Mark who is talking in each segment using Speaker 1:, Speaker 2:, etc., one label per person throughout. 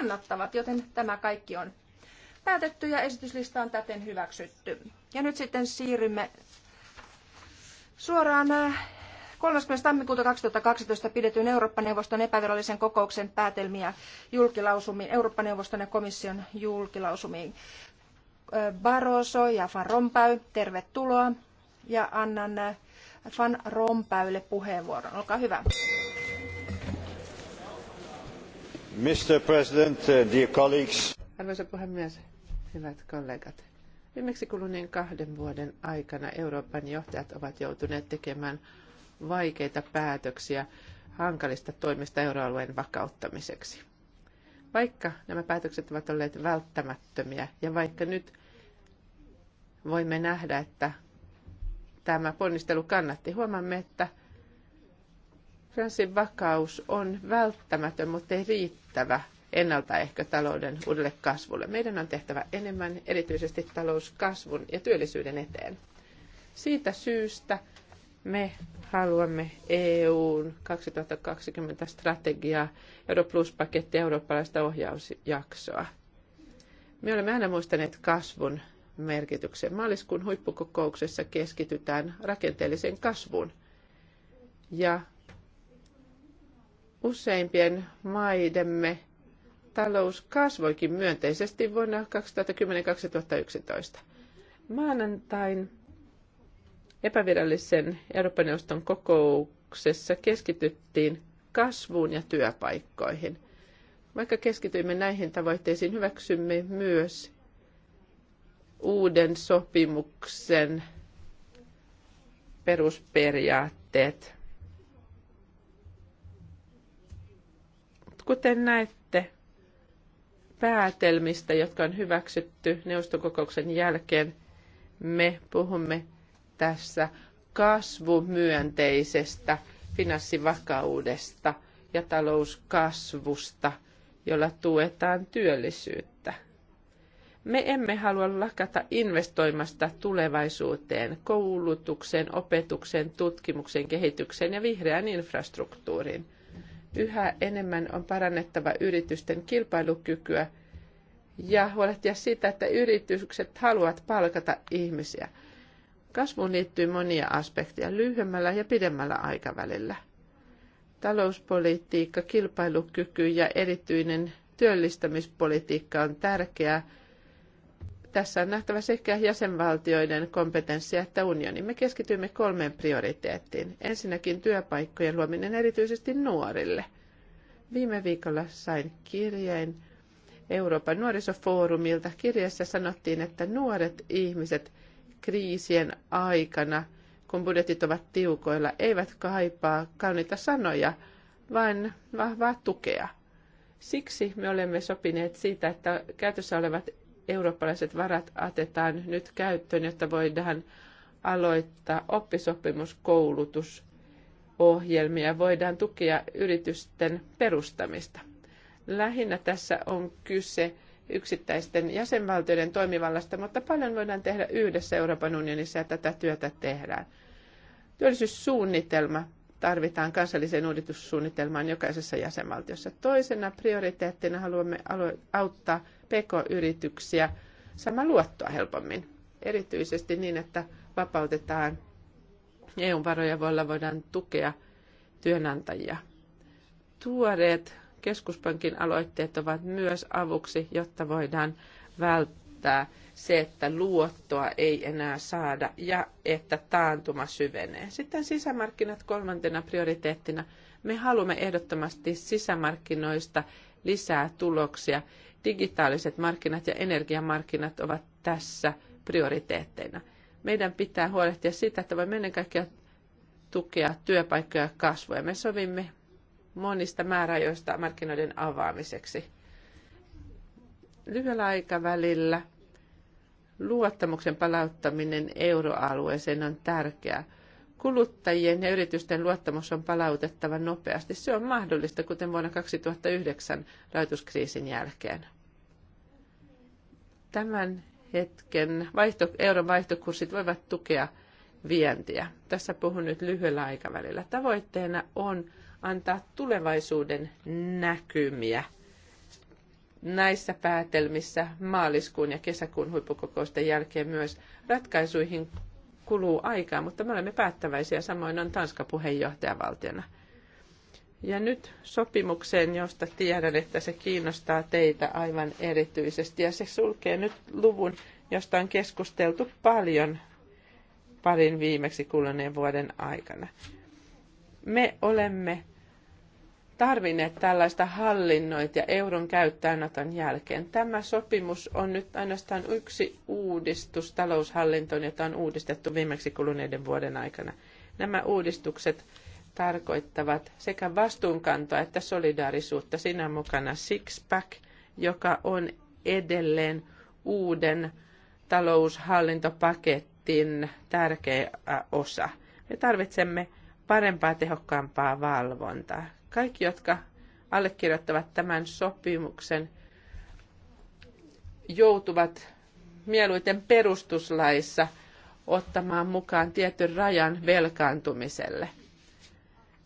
Speaker 1: kannattavat, joten tämä kaikki on päätetty ja esityslista on täten hyväksytty. Ja nyt sitten siirrymme suoraan 30. Äh, tammikuuta 2012 pidetyn Eurooppa-neuvoston epävirallisen kokouksen päätelmiä julkilausumiin, Eurooppa-neuvoston ja komission julkilausumiin. Äh, Barroso ja Van Rompuy, tervetuloa ja annan äh, Van Rompäylle puheenvuoron.
Speaker 2: Olkaa hyvä.
Speaker 3: Uh,
Speaker 2: Arvoisa puhemies, hyvät kollegat. Viimeksi kuluneen kahden vuoden aikana Euroopan johtajat ovat joutuneet tekemään vaikeita päätöksiä hankalista toimista euroalueen vakauttamiseksi. Vaikka nämä päätökset ovat olleet välttämättömiä ja vaikka nyt voimme nähdä, että tämä ponnistelu kannatti, huomaamme, että – Franssin vakaus on välttämätön, mutta ei riittävä ennaltaehkö talouden uudelle kasvulle. Meidän on tehtävä enemmän erityisesti talouskasvun ja työllisyyden eteen. Siitä syystä me haluamme EUn 2020 strategiaa, Euro Plus-paketti eurooppalaista ohjausjaksoa. Me olemme aina muistaneet kasvun merkityksen. Maaliskuun huippukokouksessa keskitytään rakenteelliseen kasvuun ja useimpien maidemme talous kasvoikin myönteisesti vuonna 2010-2011. Maanantain epävirallisen Euroopan neuvoston kokouksessa keskityttiin kasvuun ja työpaikkoihin. Vaikka keskityimme näihin tavoitteisiin, hyväksymme myös uuden sopimuksen perusperiaatteet Kuten näette päätelmistä, jotka on hyväksytty neuvostokokouksen jälkeen, me puhumme tässä kasvumyönteisestä finanssivakaudesta ja talouskasvusta, jolla tuetaan työllisyyttä. Me emme halua lakata investoimasta tulevaisuuteen, koulutukseen, opetukseen, tutkimukseen, kehitykseen ja vihreään infrastruktuuriin – Yhä enemmän on parannettava yritysten kilpailukykyä ja huolehtia siitä, että yritykset haluavat palkata ihmisiä. Kasvuun liittyy monia aspekteja lyhyemmällä ja pidemmällä aikavälillä. Talouspolitiikka, kilpailukyky ja erityinen työllistämispolitiikka on tärkeää tässä on nähtävä sekä jäsenvaltioiden kompetenssia että unioni. Me keskitymme kolmeen prioriteettiin. Ensinnäkin työpaikkojen luominen erityisesti nuorille. Viime viikolla sain kirjeen Euroopan nuorisofoorumilta. Kirjassa sanottiin, että nuoret ihmiset kriisien aikana, kun budjetit ovat tiukoilla, eivät kaipaa kauniita sanoja, vaan vahvaa tukea. Siksi me olemme sopineet siitä, että käytössä olevat eurooppalaiset varat atetaan nyt käyttöön, jotta voidaan aloittaa oppisopimuskoulutusohjelmia, voidaan tukea yritysten perustamista. Lähinnä tässä on kyse yksittäisten jäsenvaltioiden toimivallasta, mutta paljon voidaan tehdä yhdessä Euroopan unionissa ja tätä työtä tehdään. Työllisyyssuunnitelma tarvitaan kansalliseen uudistussuunnitelmaan jokaisessa jäsenvaltiossa. Toisena prioriteettina haluamme auttaa pk-yrityksiä saamaan luottoa helpommin, erityisesti niin, että vapautetaan EU-varoja, joilla voidaan tukea työnantajia. Tuoreet keskuspankin aloitteet ovat myös avuksi, jotta voidaan välttää se, että luottoa ei enää saada ja että taantuma syvenee. Sitten sisämarkkinat kolmantena prioriteettina. Me haluamme ehdottomasti sisämarkkinoista lisää tuloksia. Digitaaliset markkinat ja energiamarkkinat ovat tässä prioriteetteina. Meidän pitää huolehtia siitä, että voimme ennen kaikkea tukea työpaikkoja ja kasvua. Me sovimme monista määräajoista markkinoiden avaamiseksi. Lyhyellä aikavälillä – Luottamuksen palauttaminen euroalueeseen on tärkeää. Kuluttajien ja yritysten luottamus on palautettava nopeasti. Se on mahdollista, kuten vuonna 2009 rahoituskriisin jälkeen. Tämän hetken vaihto, euron vaihtokurssit voivat tukea vientiä. Tässä puhun nyt lyhyellä aikavälillä. Tavoitteena on antaa tulevaisuuden näkymiä – näissä päätelmissä maaliskuun ja kesäkuun huippukokousten jälkeen myös ratkaisuihin kuluu aikaa, mutta me olemme päättäväisiä, samoin on Tanska puheenjohtajavaltiona. Ja nyt sopimukseen, josta tiedän, että se kiinnostaa teitä aivan erityisesti. Ja se sulkee nyt luvun, josta on keskusteltu paljon parin viimeksi kuluneen vuoden aikana. Me olemme tarvinneet tällaista hallinnointia euron käyttäjänoton jälkeen. Tämä sopimus on nyt ainoastaan yksi uudistus taloushallintoon, jota on uudistettu viimeksi kuluneiden vuoden aikana. Nämä uudistukset tarkoittavat sekä vastuunkantoa että solidaarisuutta. Siinä on mukana Sixpack, joka on edelleen uuden taloushallintopaketin tärkeä osa. Me tarvitsemme parempaa, tehokkaampaa valvontaa. Kaikki, jotka allekirjoittavat tämän sopimuksen, joutuvat mieluiten perustuslaissa ottamaan mukaan tietyn rajan velkaantumiselle.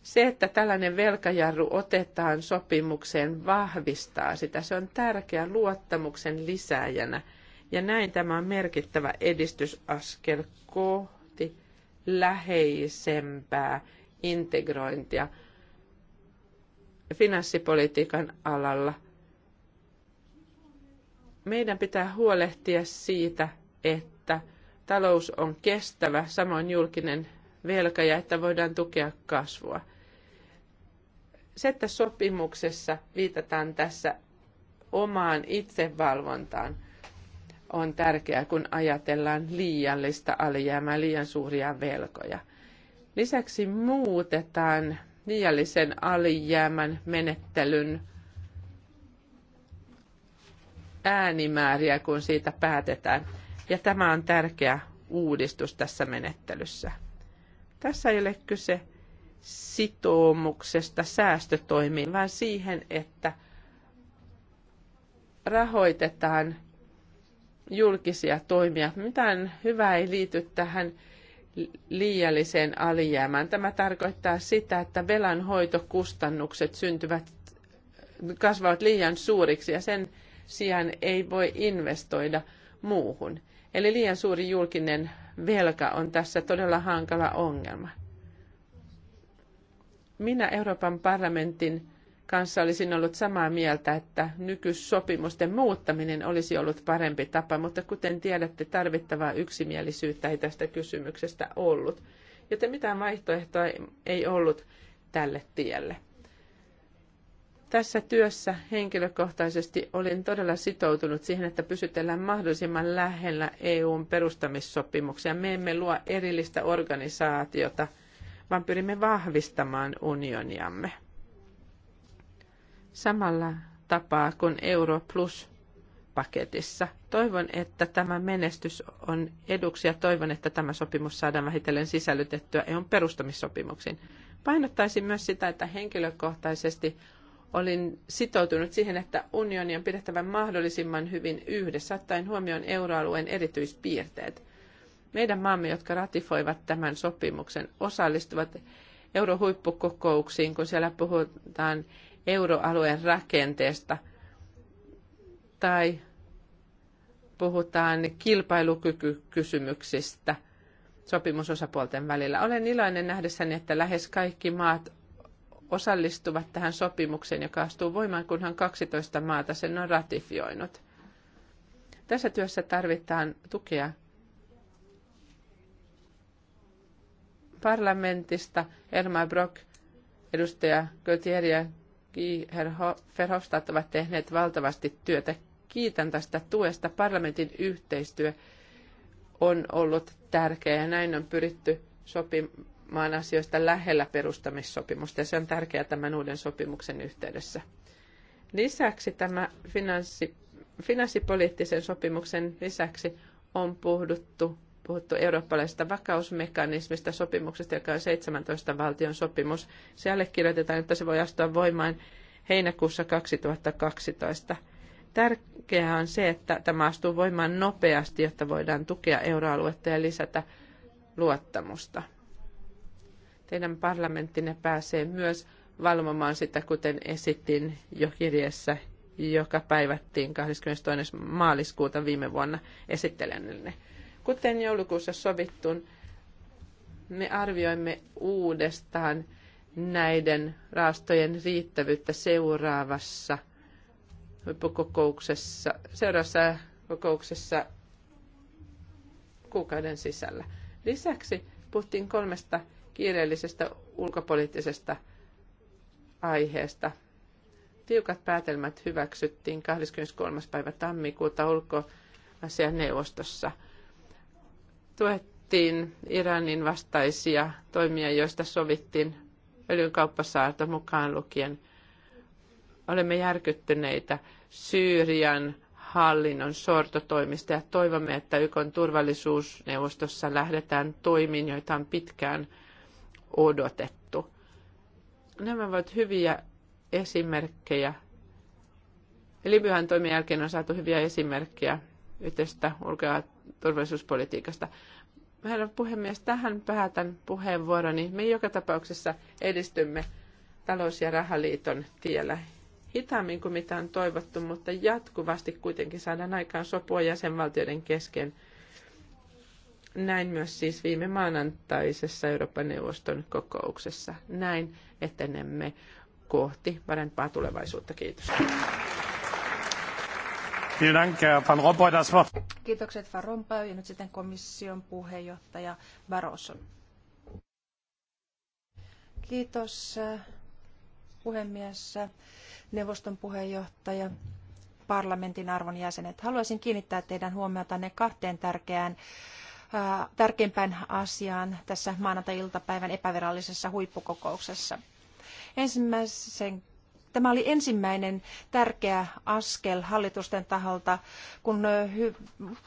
Speaker 2: Se, että tällainen velkajarru otetaan sopimukseen, vahvistaa sitä. Se on tärkeä luottamuksen lisääjänä. Ja näin tämä on merkittävä edistysaskel kohti läheisempää integrointia finanssipolitiikan alalla. Meidän pitää huolehtia siitä, että talous on kestävä, samoin julkinen velka ja että voidaan tukea kasvua. Se, että sopimuksessa viitataan tässä omaan itsevalvontaan, on tärkeää, kun ajatellaan liiallista alijäämää, liian suuria velkoja. Lisäksi muutetaan liiallisen alijäämän menettelyn äänimääriä, kun siitä päätetään. Ja tämä on tärkeä uudistus tässä menettelyssä. Tässä ei ole kyse sitoumuksesta säästötoimiin, vaan siihen, että rahoitetaan julkisia toimia. Mitään hyvää ei liity tähän liialliseen alijäämään. Tämä tarkoittaa sitä, että velanhoitokustannukset syntyvät, kasvavat liian suuriksi ja sen sijaan ei voi investoida muuhun. Eli liian suuri julkinen velka on tässä todella hankala ongelma. Minä Euroopan parlamentin kanssa olisin ollut samaa mieltä, että nykysopimusten muuttaminen olisi ollut parempi tapa, mutta kuten tiedätte, tarvittavaa yksimielisyyttä ei tästä kysymyksestä ollut. Joten mitään vaihtoehtoa ei ollut tälle tielle. Tässä työssä henkilökohtaisesti olin todella sitoutunut siihen, että pysytellään mahdollisimman lähellä EUn perustamissopimuksia. Me emme luo erillistä organisaatiota, vaan pyrimme vahvistamaan unioniamme samalla tapaa kuin Euro Plus paketissa. Toivon, että tämä menestys on eduksi ja toivon, että tämä sopimus saadaan vähitellen sisällytettyä EUn perustamissopimuksiin. Painottaisin myös sitä, että henkilökohtaisesti olin sitoutunut siihen, että unioni on pidettävä mahdollisimman hyvin yhdessä, ottaen huomioon euroalueen erityispiirteet. Meidän maamme, jotka ratifoivat tämän sopimuksen, osallistuvat eurohuippukokouksiin, kun siellä puhutaan euroalueen rakenteesta tai puhutaan kilpailukykykysymyksistä sopimusosapuolten välillä. Olen iloinen nähdessäni, että lähes kaikki maat osallistuvat tähän sopimukseen, joka astuu voimaan, kunhan 12 maata sen on ratifioinut. Tässä työssä tarvitaan tukea parlamentista, Elmar Brock, edustaja Götieri ja Draghi, herra Verhofstadt ovat tehneet valtavasti työtä. Kiitän tästä tuesta. Parlamentin yhteistyö on ollut tärkeä ja näin on pyritty sopimaan asioista lähellä perustamissopimusta ja se on tärkeää tämän uuden sopimuksen yhteydessä. Lisäksi tämä finanssi, finanssipoliittisen sopimuksen lisäksi on puhduttu puhuttu eurooppalaisesta vakausmekanismista, sopimuksesta, joka on 17 valtion sopimus. Se allekirjoitetaan, että se voi astua voimaan heinäkuussa 2012. Tärkeää on se, että tämä astuu voimaan nopeasti, jotta voidaan tukea euroaluetta ja lisätä luottamusta. Teidän parlamenttinne pääsee myös valvomaan sitä, kuten esitin jo kirjeessä, joka päivättiin 22. maaliskuuta viime vuonna esittelijänne Kuten joulukuussa sovittuun, me arvioimme uudestaan näiden raastojen riittävyyttä seuraavassa huippukokouksessa, seuraavassa kokouksessa kuukauden sisällä. Lisäksi puhuttiin kolmesta kiireellisestä ulkopoliittisesta aiheesta. Tiukat päätelmät hyväksyttiin 23. päivä tammikuuta ulkoasianneuvostossa – tuettiin Iranin vastaisia toimia, joista sovittiin öljynkauppasaarto mukaan lukien. Olemme järkyttyneitä Syyrian hallinnon sortotoimista ja toivomme, että YK turvallisuusneuvostossa lähdetään toimiin, joita on pitkään odotettu. Nämä ovat hyviä esimerkkejä. Libyan toimien jälkeen on saatu hyviä esimerkkejä yhteisestä ulko- turvallisuuspolitiikasta. Herra puhemies, tähän päätän puheenvuoroni. Me joka tapauksessa edistymme talous- ja rahaliiton tiellä hitaammin kuin mitä on toivottu, mutta jatkuvasti kuitenkin saadaan aikaan sopua jäsenvaltioiden kesken. Näin myös siis viime maanantaisessa Euroopan neuvoston kokouksessa. Näin etenemme kohti parempaa tulevaisuutta. Kiitos.
Speaker 1: Kiitokset Van Rompuy ja nyt sitten komission puheenjohtaja Barroso. Kiitos äh, puhemies, äh, neuvoston puheenjohtaja, parlamentin arvon jäsenet. Haluaisin kiinnittää teidän huomiotanne kahteen tärkeään äh, tärkeimpään asiaan tässä maanantai-iltapäivän epävirallisessa huippukokouksessa. Ensimmäisen Tämä oli ensimmäinen tärkeä askel hallitusten taholta, kun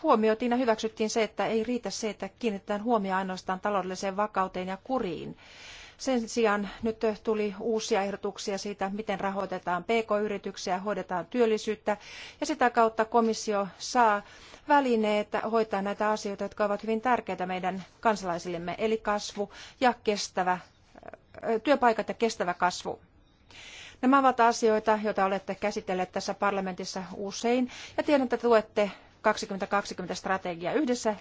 Speaker 1: huomioitiin ja hyväksyttiin se, että ei riitä se, että kiinnitetään huomio ainoastaan taloudelliseen vakauteen ja kuriin. Sen sijaan nyt tuli uusia ehdotuksia siitä, miten rahoitetaan pk-yrityksiä, hoidetaan työllisyyttä ja sitä kautta komissio saa välineet hoitaa näitä asioita, jotka ovat hyvin tärkeitä meidän kansalaisillemme, eli kasvu ja kestävä, työpaikat ja kestävä kasvu. Nämä ovat asioita, joita olette käsitelleet tässä parlamentissa usein ja tiedän, että tuette 2020 strategia yhdessä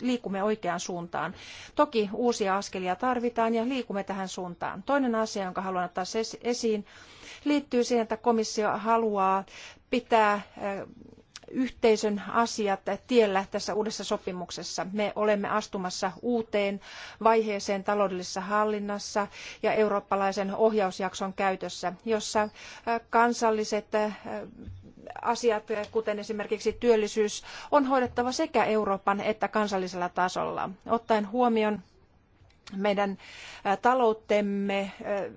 Speaker 1: liikumme oikeaan suuntaan. Toki uusia askelia tarvitaan ja liikumme tähän suuntaan. Toinen asia, jonka haluan ottaa esiin, liittyy siihen, että komissio haluaa pitää eh, yhteisön asiat tiellä tässä uudessa sopimuksessa. Me olemme astumassa uuteen vaiheeseen taloudellisessa hallinnassa ja eurooppalaisen ohjausjakson käytössä, jossa äh, kansalliset äh, asiat, kuten esimerkiksi työllisyys, on hoidettava sekä Euroopan että kansallisella tasolla, ottaen huomioon meidän taloutemme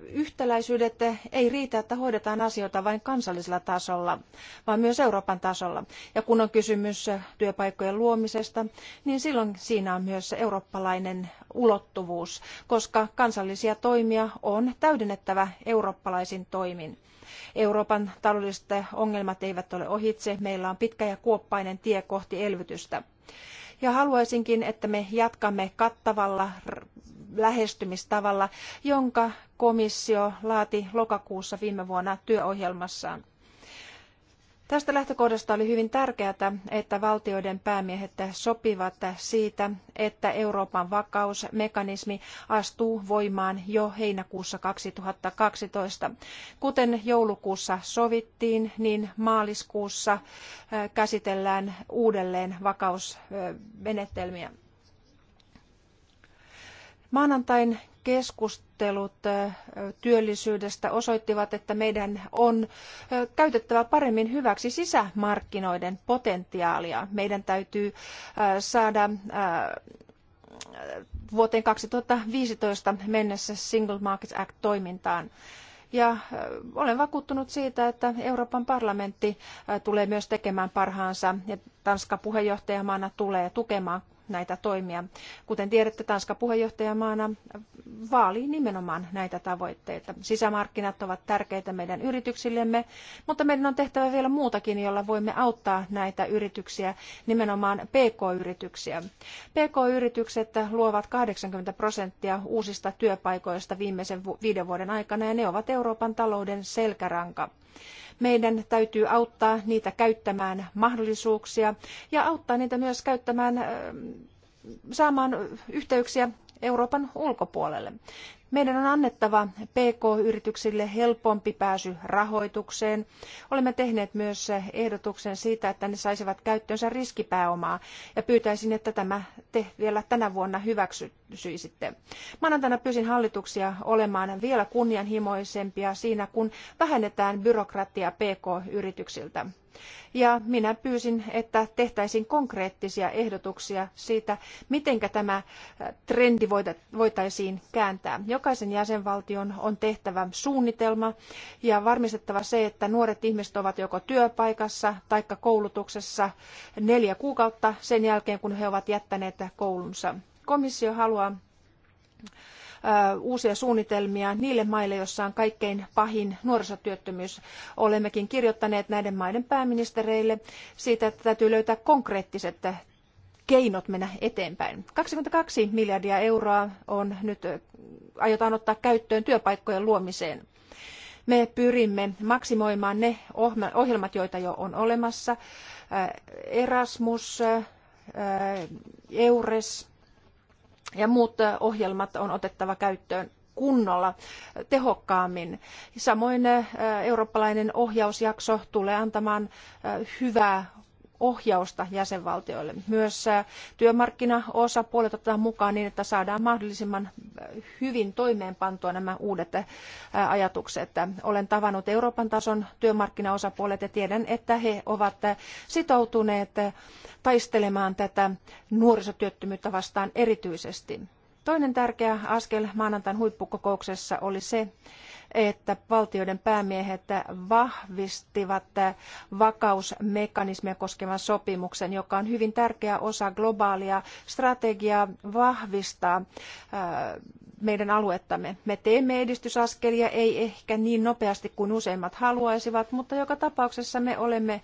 Speaker 1: yhtäläisyydet ei riitä, että hoidetaan asioita vain kansallisella tasolla, vaan myös Euroopan tasolla. Ja kun on kysymys työpaikkojen luomisesta, niin silloin siinä on myös eurooppalainen ulottuvuus, koska kansallisia toimia on täydennettävä eurooppalaisin toimin. Euroopan taloudelliset ongelmat eivät ole ohitse, meillä on pitkä ja kuoppainen tie kohti elvytystä ja haluaisinkin että me jatkamme kattavalla lähestymistavalla, jonka komissio laati lokakuussa viime vuonna työohjelmassaan. Tästä lähtökohdasta oli hyvin tärkeää, että valtioiden päämiehet sopivat siitä, että Euroopan vakausmekanismi astuu voimaan jo heinäkuussa 2012. Kuten joulukuussa sovittiin, niin maaliskuussa käsitellään uudelleen vakausmenetelmiä. Maanantain keskustelut työllisyydestä osoittivat, että meidän on käytettävä paremmin hyväksi sisämarkkinoiden potentiaalia. Meidän täytyy saada vuoteen 2015 mennessä Single Market Act toimintaan. Ja olen vakuuttunut siitä, että Euroopan parlamentti tulee myös tekemään parhaansa ja Tanska puheenjohtajamaana tulee tukemaan näitä toimia. Kuten tiedätte, Tanska puheenjohtajamaana vaalii nimenomaan näitä tavoitteita. Sisämarkkinat ovat tärkeitä meidän yrityksillemme, mutta meidän on tehtävä vielä muutakin, jolla voimme auttaa näitä yrityksiä, nimenomaan PK-yrityksiä. PK-yritykset luovat 80 prosenttia uusista työpaikoista viimeisen viiden vuoden aikana ja ne ovat Euroopan talouden selkäranka. Meidän täytyy auttaa niitä käyttämään mahdollisuuksia ja auttaa niitä myös käyttämään, saamaan yhteyksiä Euroopan ulkopuolelle. Meidän on annettava PK-yrityksille helpompi pääsy rahoitukseen. Olemme tehneet myös ehdotuksen siitä, että ne saisivat käyttöönsä riskipääomaa ja pyytäisin, että tämä te vielä tänä vuonna hyväksyisitte. Maanantaina pyysin hallituksia olemaan vielä kunnianhimoisempia siinä, kun vähennetään byrokratiaa PK-yrityksiltä. Ja minä pyysin, että tehtäisiin konkreettisia ehdotuksia siitä, miten tämä trendi voitaisiin kääntää. Jokaisen jäsenvaltion on tehtävä suunnitelma ja varmistettava se, että nuoret ihmiset ovat joko työpaikassa tai koulutuksessa neljä kuukautta sen jälkeen, kun he ovat jättäneet koulunsa. Komissio haluaa uusia suunnitelmia niille maille, joissa on kaikkein pahin nuorisotyöttömyys. Olemmekin kirjoittaneet näiden maiden pääministereille siitä, että täytyy löytää konkreettiset keinot mennä eteenpäin. 22 miljardia euroa on nyt, aiotaan ottaa käyttöön työpaikkojen luomiseen. Me pyrimme maksimoimaan ne ohjelmat, joita jo on olemassa. Erasmus, EURES ja muut ohjelmat on otettava käyttöön kunnolla, tehokkaammin. Samoin eurooppalainen ohjausjakso tulee antamaan hyvää ohjausta jäsenvaltioille. Myös työmarkkinaosapuolet otetaan mukaan niin, että saadaan mahdollisimman hyvin toimeenpantua nämä uudet ajatukset. Olen tavannut Euroopan tason työmarkkinaosapuolet ja tiedän, että he ovat sitoutuneet taistelemaan tätä nuorisotyöttömyyttä vastaan erityisesti. Toinen tärkeä askel maanantain huippukokouksessa oli se, että valtioiden päämiehet vahvistivat vakausmekanismia koskevan sopimuksen, joka on hyvin tärkeä osa globaalia strategiaa vahvistaa äh, meidän aluettamme. Me teemme edistysaskelia, ei ehkä niin nopeasti kuin useimmat haluaisivat, mutta joka tapauksessa me olemme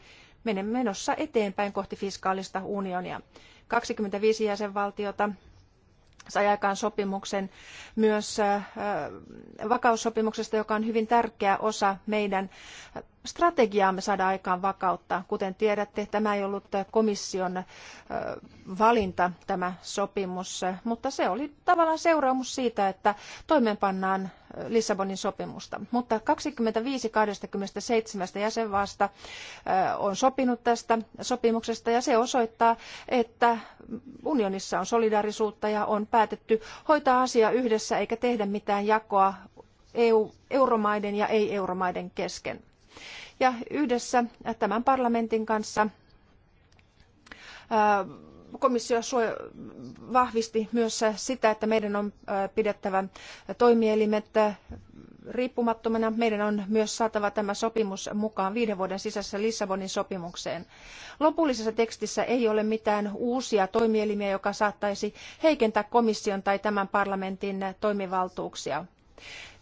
Speaker 1: menossa eteenpäin kohti fiskaalista unionia. 25 jäsenvaltiota sai aikaan sopimuksen myös äh, vakaussopimuksesta, joka on hyvin tärkeä osa meidän strategiaamme saada aikaan vakautta. Kuten tiedätte, tämä ei ollut komission äh, valinta, tämä sopimus, mutta se oli tavallaan seuraamus siitä, että toimeenpannaan Lissabonin sopimusta. Mutta 25 27 jäsenvaasta on sopinut tästä sopimuksesta ja se osoittaa, että unionissa on solidaarisuutta ja on päätetty hoitaa asia yhdessä eikä tehdä mitään jakoa EU, euromaiden ja ei-euromaiden kesken. Ja yhdessä tämän parlamentin kanssa äh, komissio vahvisti myös sitä, että meidän on pidettävä toimielimet riippumattomana. Meidän on myös saatava tämä sopimus mukaan viiden vuoden sisässä Lissabonin sopimukseen. Lopullisessa tekstissä ei ole mitään uusia toimielimiä, joka saattaisi heikentää komission tai tämän parlamentin toimivaltuuksia.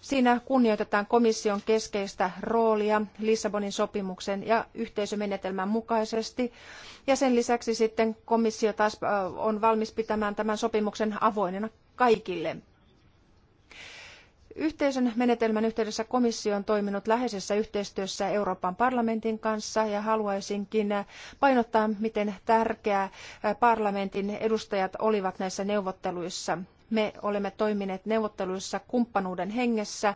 Speaker 1: Siinä kunnioitetaan komission keskeistä roolia Lissabonin sopimuksen ja yhteisömenetelmän mukaisesti. Ja sen lisäksi sitten komissio taas äh, on valmis pitämään tämän sopimuksen avoinena kaikille. Yhteisön menetelmän yhteydessä komissio on toiminut läheisessä yhteistyössä Euroopan parlamentin kanssa ja haluaisinkin äh, painottaa, miten tärkeää äh, parlamentin edustajat olivat näissä neuvotteluissa me olemme toimineet neuvotteluissa kumppanuuden hengessä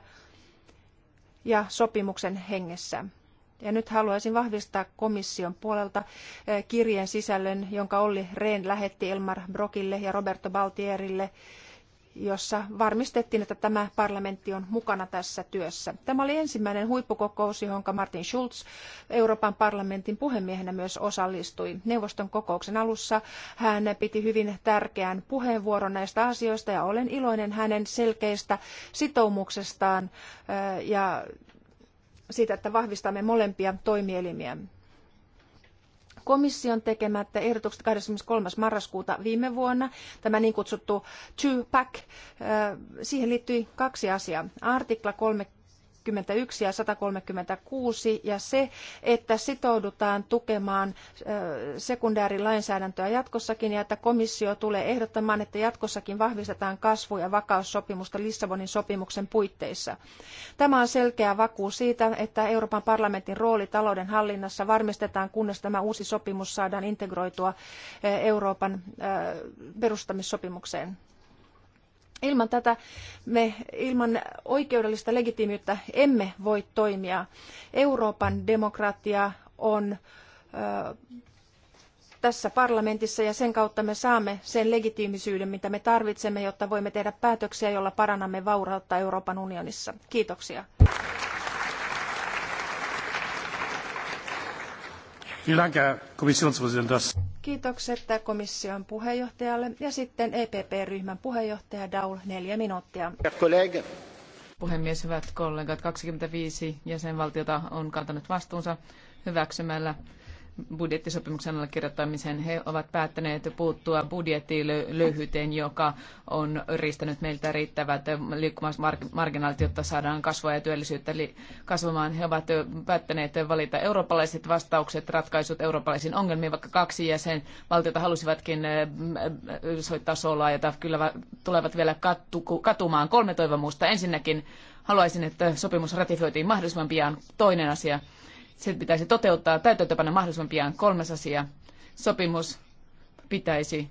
Speaker 1: ja sopimuksen hengessä. Ja nyt haluaisin vahvistaa komission puolelta eh, kirjeen sisällön, jonka Olli Rehn lähetti Elmar Brokille ja Roberto Baltierille jossa varmistettiin, että tämä parlamentti on mukana tässä työssä. Tämä oli ensimmäinen huippukokous, johon Martin Schulz Euroopan parlamentin puhemiehenä myös osallistui. Neuvoston kokouksen alussa hän piti hyvin tärkeän puheenvuoron näistä asioista ja olen iloinen hänen selkeistä sitoumuksestaan ja siitä, että vahvistamme molempia toimielimiä komission tekemät ehdotukset 23. marraskuuta viime vuonna, tämä niin kutsuttu two-pack, äh, siihen liittyi kaksi asiaa. Artikla kolme 131 ja 136 ja se, että sitoudutaan tukemaan sekundäärilainsäädäntöä jatkossakin ja että komissio tulee ehdottamaan, että jatkossakin vahvistetaan kasvu- ja vakaussopimusta Lissabonin sopimuksen puitteissa. Tämä on selkeä vakuus siitä, että Euroopan parlamentin rooli talouden hallinnassa varmistetaan, kunnes tämä uusi sopimus saadaan integroitua Euroopan perustamissopimukseen. Ilman tätä me ilman oikeudellista legitiimiyttä emme voi toimia. Euroopan demokratia on ö, tässä parlamentissa ja sen kautta me saamme sen legitiimisyyden, mitä me tarvitsemme, jotta voimme tehdä päätöksiä, joilla parannamme vaurautta Euroopan unionissa. Kiitoksia. Kiitokset komission puheenjohtajalle ja sitten EPP-ryhmän puheenjohtaja Daul neljä minuuttia.
Speaker 4: Puhemies, hyvät kollegat, 25 jäsenvaltiota on kantanut vastuunsa hyväksymällä budjettisopimuksen allekirjoittamisen. He ovat päättäneet puuttua budjettilöyhyyteen, joka on riistänyt meiltä riittävät liikkumismarginaalit, jotta saadaan kasvua ja työllisyyttä kasvamaan. He ovat päättäneet valita eurooppalaiset vastaukset, ratkaisut eurooppalaisiin ongelmiin, vaikka kaksi jäsenvaltiota halusivatkin eh, eh, soittaa solaa, jota kyllä tulevat vielä katumaan. Kolme toivomusta. Ensinnäkin haluaisin, että sopimus ratifioitiin mahdollisimman pian. Toinen asia se pitäisi toteuttaa täytäntöpana mahdollisimman pian. Kolmas asia. Sopimus pitäisi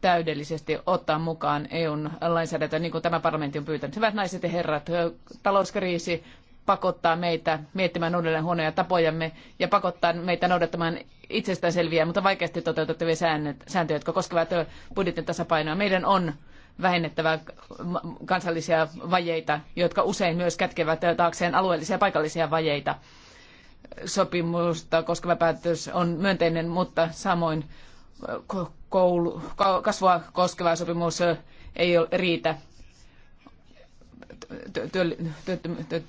Speaker 4: täydellisesti ottaa mukaan EUn lainsäädäntöön, niin kuin tämä parlamentti on pyytänyt. Hyvät naiset ja herrat, talouskriisi pakottaa meitä miettimään uudelleen huonoja tapojamme ja pakottaa meitä noudattamaan selviä, mutta vaikeasti toteutettavia sääntöjä, jotka koskevat budjetin tasapainoa. Meidän on vähennettävä kansallisia vajeita, jotka usein myös kätkevät taakseen alueellisia ja paikallisia vajeita sopimusta koskeva päätös on myönteinen, mutta samoin koulu, kasvua koskeva sopimus ei ole, riitä.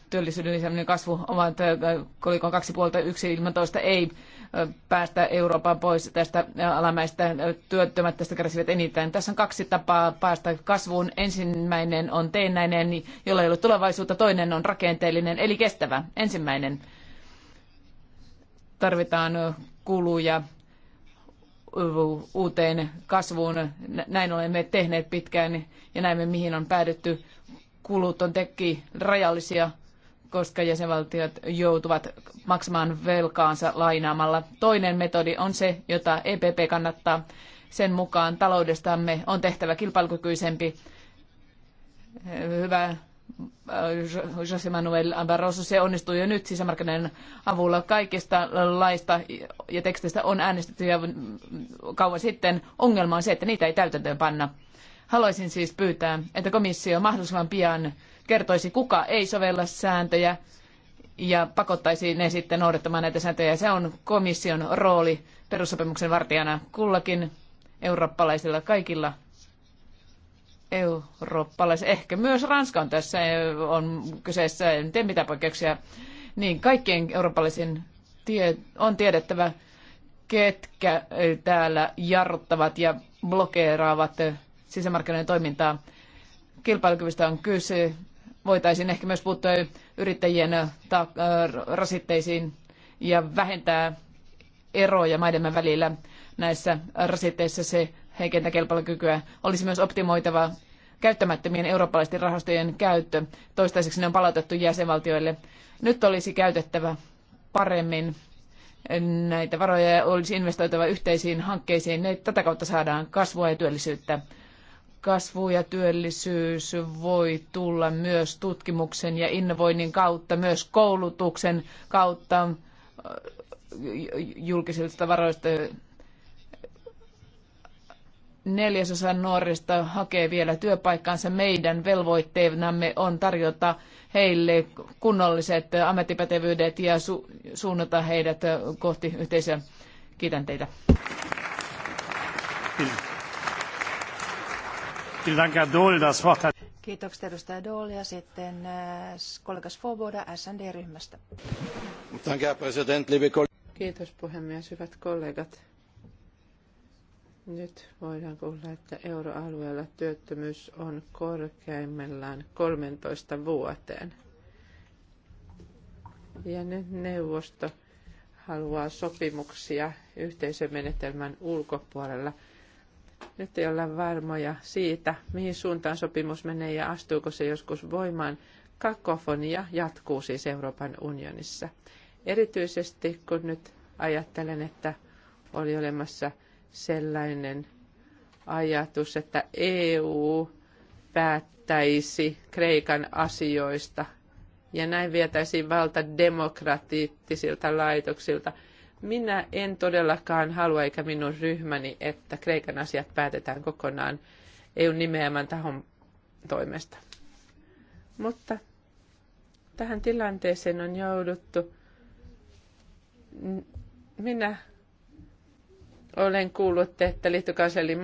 Speaker 4: Työllisyyden lisääminen ja kasvu ovat kolikon kaksi puolta, yksi ilman toista ei päästä Euroopan pois tästä alamäistä työttömät tästä kärsivät eniten. Tässä on kaksi tapaa päästä kasvuun. Ensimmäinen on teennäinen, jolla ei ole tulevaisuutta. Toinen on rakenteellinen, eli kestävä. Ensimmäinen tarvitaan kuluja uuteen kasvuun. Näin olemme tehneet pitkään ja näemme, mihin on päädytty. Kulut on teki rajallisia, koska jäsenvaltiot joutuvat maksamaan velkaansa lainaamalla. Toinen metodi on se, jota EPP kannattaa. Sen mukaan taloudestamme on tehtävä kilpailukykyisempi. Hyvä José Manuel Barroso, se onnistuu jo nyt sisämarkkinoiden avulla. Kaikista laista ja teksteistä on äänestetty jo kauan sitten. Ongelma on se, että niitä ei täytäntöön panna. Haluaisin siis pyytää, että komissio mahdollisimman pian kertoisi, kuka ei sovella sääntöjä ja pakottaisi ne sitten noudattamaan näitä sääntöjä. Se on komission rooli perussopimuksen vartijana kullakin eurooppalaisilla kaikilla Eurooppalaiset Ehkä myös Ranska on tässä on kyseessä, en tiedä mitä poikkeuksia. Niin kaikkien eurooppalaisen tie, on tiedettävä, ketkä eh, täällä jarruttavat ja blokeeraavat eh, sisämarkkinoiden toimintaa. Kilpailukyvystä on kyse. Voitaisiin ehkä myös puuttua yrittäjien eh, ta- rasitteisiin ja vähentää eroja maidemme välillä näissä rasitteissa. Se heikentää kilpailukykyä. Olisi myös optimoitava käyttämättömien eurooppalaisten rahastojen käyttö. Toistaiseksi ne on palautettu jäsenvaltioille. Nyt olisi käytettävä paremmin näitä varoja ja olisi investoitava yhteisiin hankkeisiin. Tätä kautta saadaan kasvua ja työllisyyttä. Kasvu ja työllisyys voi tulla myös tutkimuksen ja innovoinnin kautta, myös koulutuksen kautta julkisilta varoista neljäsosa nuorista hakee vielä työpaikkaansa. Meidän velvoitteenamme on tarjota heille kunnolliset ammattipätevyydet ja su- suunnata heidät kohti yhteisöä. Kiitän
Speaker 3: teitä.
Speaker 1: Kiitokset edustaja Dool ja sitten äh, kollega Svoboda
Speaker 2: SND-ryhmästä. Kiitos puhemies, hyvät kollegat nyt voidaan kuulla, että euroalueella työttömyys on korkeimmillaan 13 vuoteen. Ja nyt neuvosto haluaa sopimuksia yhteisömenetelmän ulkopuolella. Nyt ei olla varmoja siitä, mihin suuntaan sopimus menee ja astuuko se joskus voimaan. Kakofonia jatkuu siis Euroopan unionissa. Erityisesti kun nyt ajattelen, että oli olemassa – sellainen ajatus, että EU päättäisi Kreikan asioista ja näin vietäisiin valta demokratiittisilta laitoksilta. Minä en todellakaan halua eikä minun ryhmäni, että Kreikan asiat päätetään kokonaan EUn nimeämän tahon toimesta. Mutta tähän tilanteeseen on jouduttu. Minä olen kuullut, että liittokansleri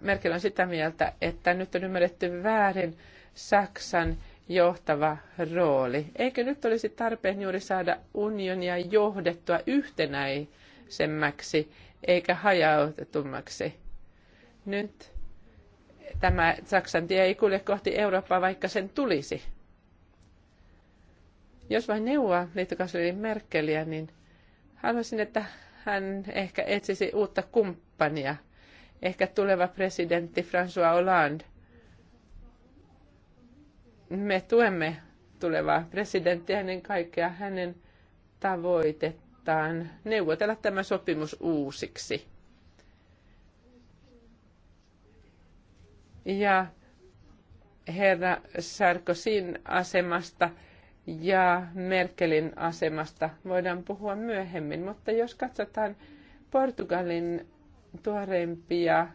Speaker 2: Merkel on sitä mieltä, että nyt on ymmärretty väärin Saksan johtava rooli. Eikö nyt olisi tarpeen juuri saada unionia johdettua yhtenäisemmäksi eikä hajautetummaksi? Nyt tämä Saksan tie ei kulje kohti Eurooppaa, vaikka sen tulisi. Jos vain neuvoa liittokansleri Merkeliä, niin haluaisin, että hän ehkä etsisi uutta kumppania. Ehkä tuleva presidentti François Hollande. Me tuemme tulevaa presidenttiä ennen kaikkea hänen tavoitettaan neuvotella tämä sopimus uusiksi. Ja herra Sarkozyn asemasta – ja Merkelin asemasta voidaan puhua myöhemmin, mutta jos katsotaan Portugalin tuoreimpia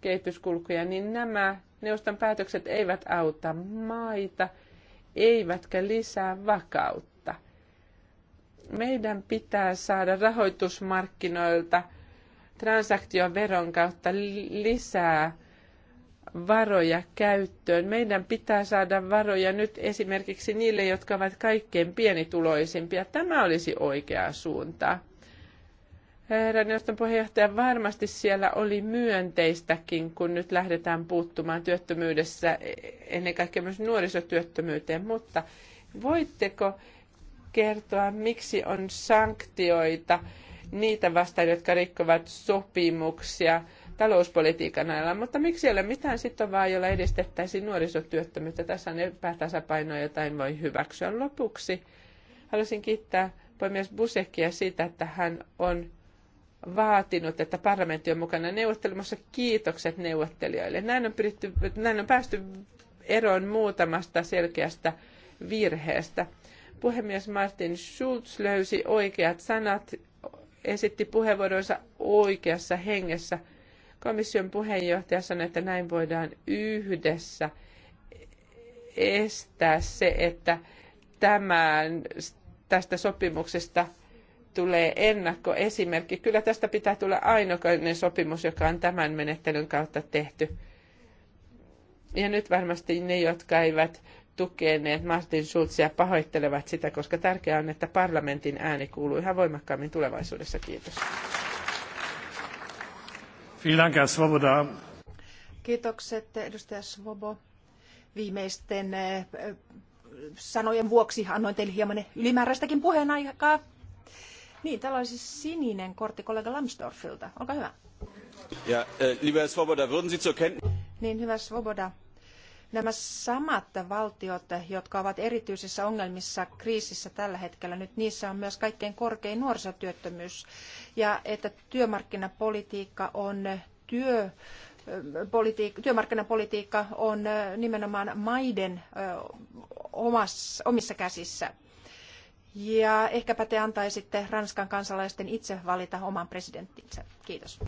Speaker 2: kehityskulkuja, niin nämä neuvoston päätökset eivät auta maita, eivätkä lisää vakautta. Meidän pitää saada rahoitusmarkkinoilta transaktioveron kautta lisää varoja käyttöön. Meidän pitää saada varoja nyt esimerkiksi niille, jotka ovat kaikkein pienituloisimpia. Tämä olisi oikea suunta. Neuvoston puheenjohtaja, varmasti siellä oli myönteistäkin, kun nyt lähdetään puuttumaan työttömyydessä, ennen kaikkea myös nuorisotyöttömyyteen, mutta voitteko kertoa, miksi on sanktioita niitä vastaan, jotka rikkovat sopimuksia, talouspolitiikan alalla, mutta miksi ei ole mitään sitovaa, jolla edistettäisiin nuorisotyöttömyyttä? Tässä on epätasapainoa, jota en voi hyväksyä. Lopuksi haluaisin kiittää puhemies Busekia siitä, että hän on vaatinut, että parlamentti on mukana neuvottelemassa. Kiitokset neuvottelijoille. Näin on, pyritty, näin on päästy eroon muutamasta selkeästä virheestä. Puhemies Martin Schulz löysi oikeat sanat, esitti puheenvuoronsa oikeassa hengessä – Komission puheenjohtaja sanoi, että näin voidaan yhdessä estää se, että tämän, tästä sopimuksesta tulee ennakkoesimerkki. Kyllä tästä pitää tulla ainokainen sopimus, joka on tämän menettelyn kautta tehty. Ja nyt varmasti ne, jotka eivät tukeneet Martin Schulzia, pahoittelevat sitä, koska tärkeää on, että parlamentin ääni kuuluu yhä voimakkaammin tulevaisuudessa. Kiitos. Kiitokset edustaja
Speaker 1: Svobo. Viimeisten eh, eh, sanojen vuoksi annoin teille hieman ylimääräistäkin puheenaikaa. Niin, täällä olisi sininen kortti kollega Lambsdorffilta. Olkaa hyvä.
Speaker 3: Ja, äh, eh, lieber Svoboda, würden Sie zur Kenntnis...
Speaker 1: Niin, hyvä Svoboda nämä samat valtiot, jotka ovat erityisissä ongelmissa kriisissä tällä hetkellä, nyt niissä on myös kaikkein korkein nuorisotyöttömyys ja että työmarkkinapolitiikka on työ työmarkkinapolitiikka on nimenomaan maiden omissa käsissä. Ja ehkäpä te antaisitte Ranskan kansalaisten itse valita oman presidenttinsä. Kiitos.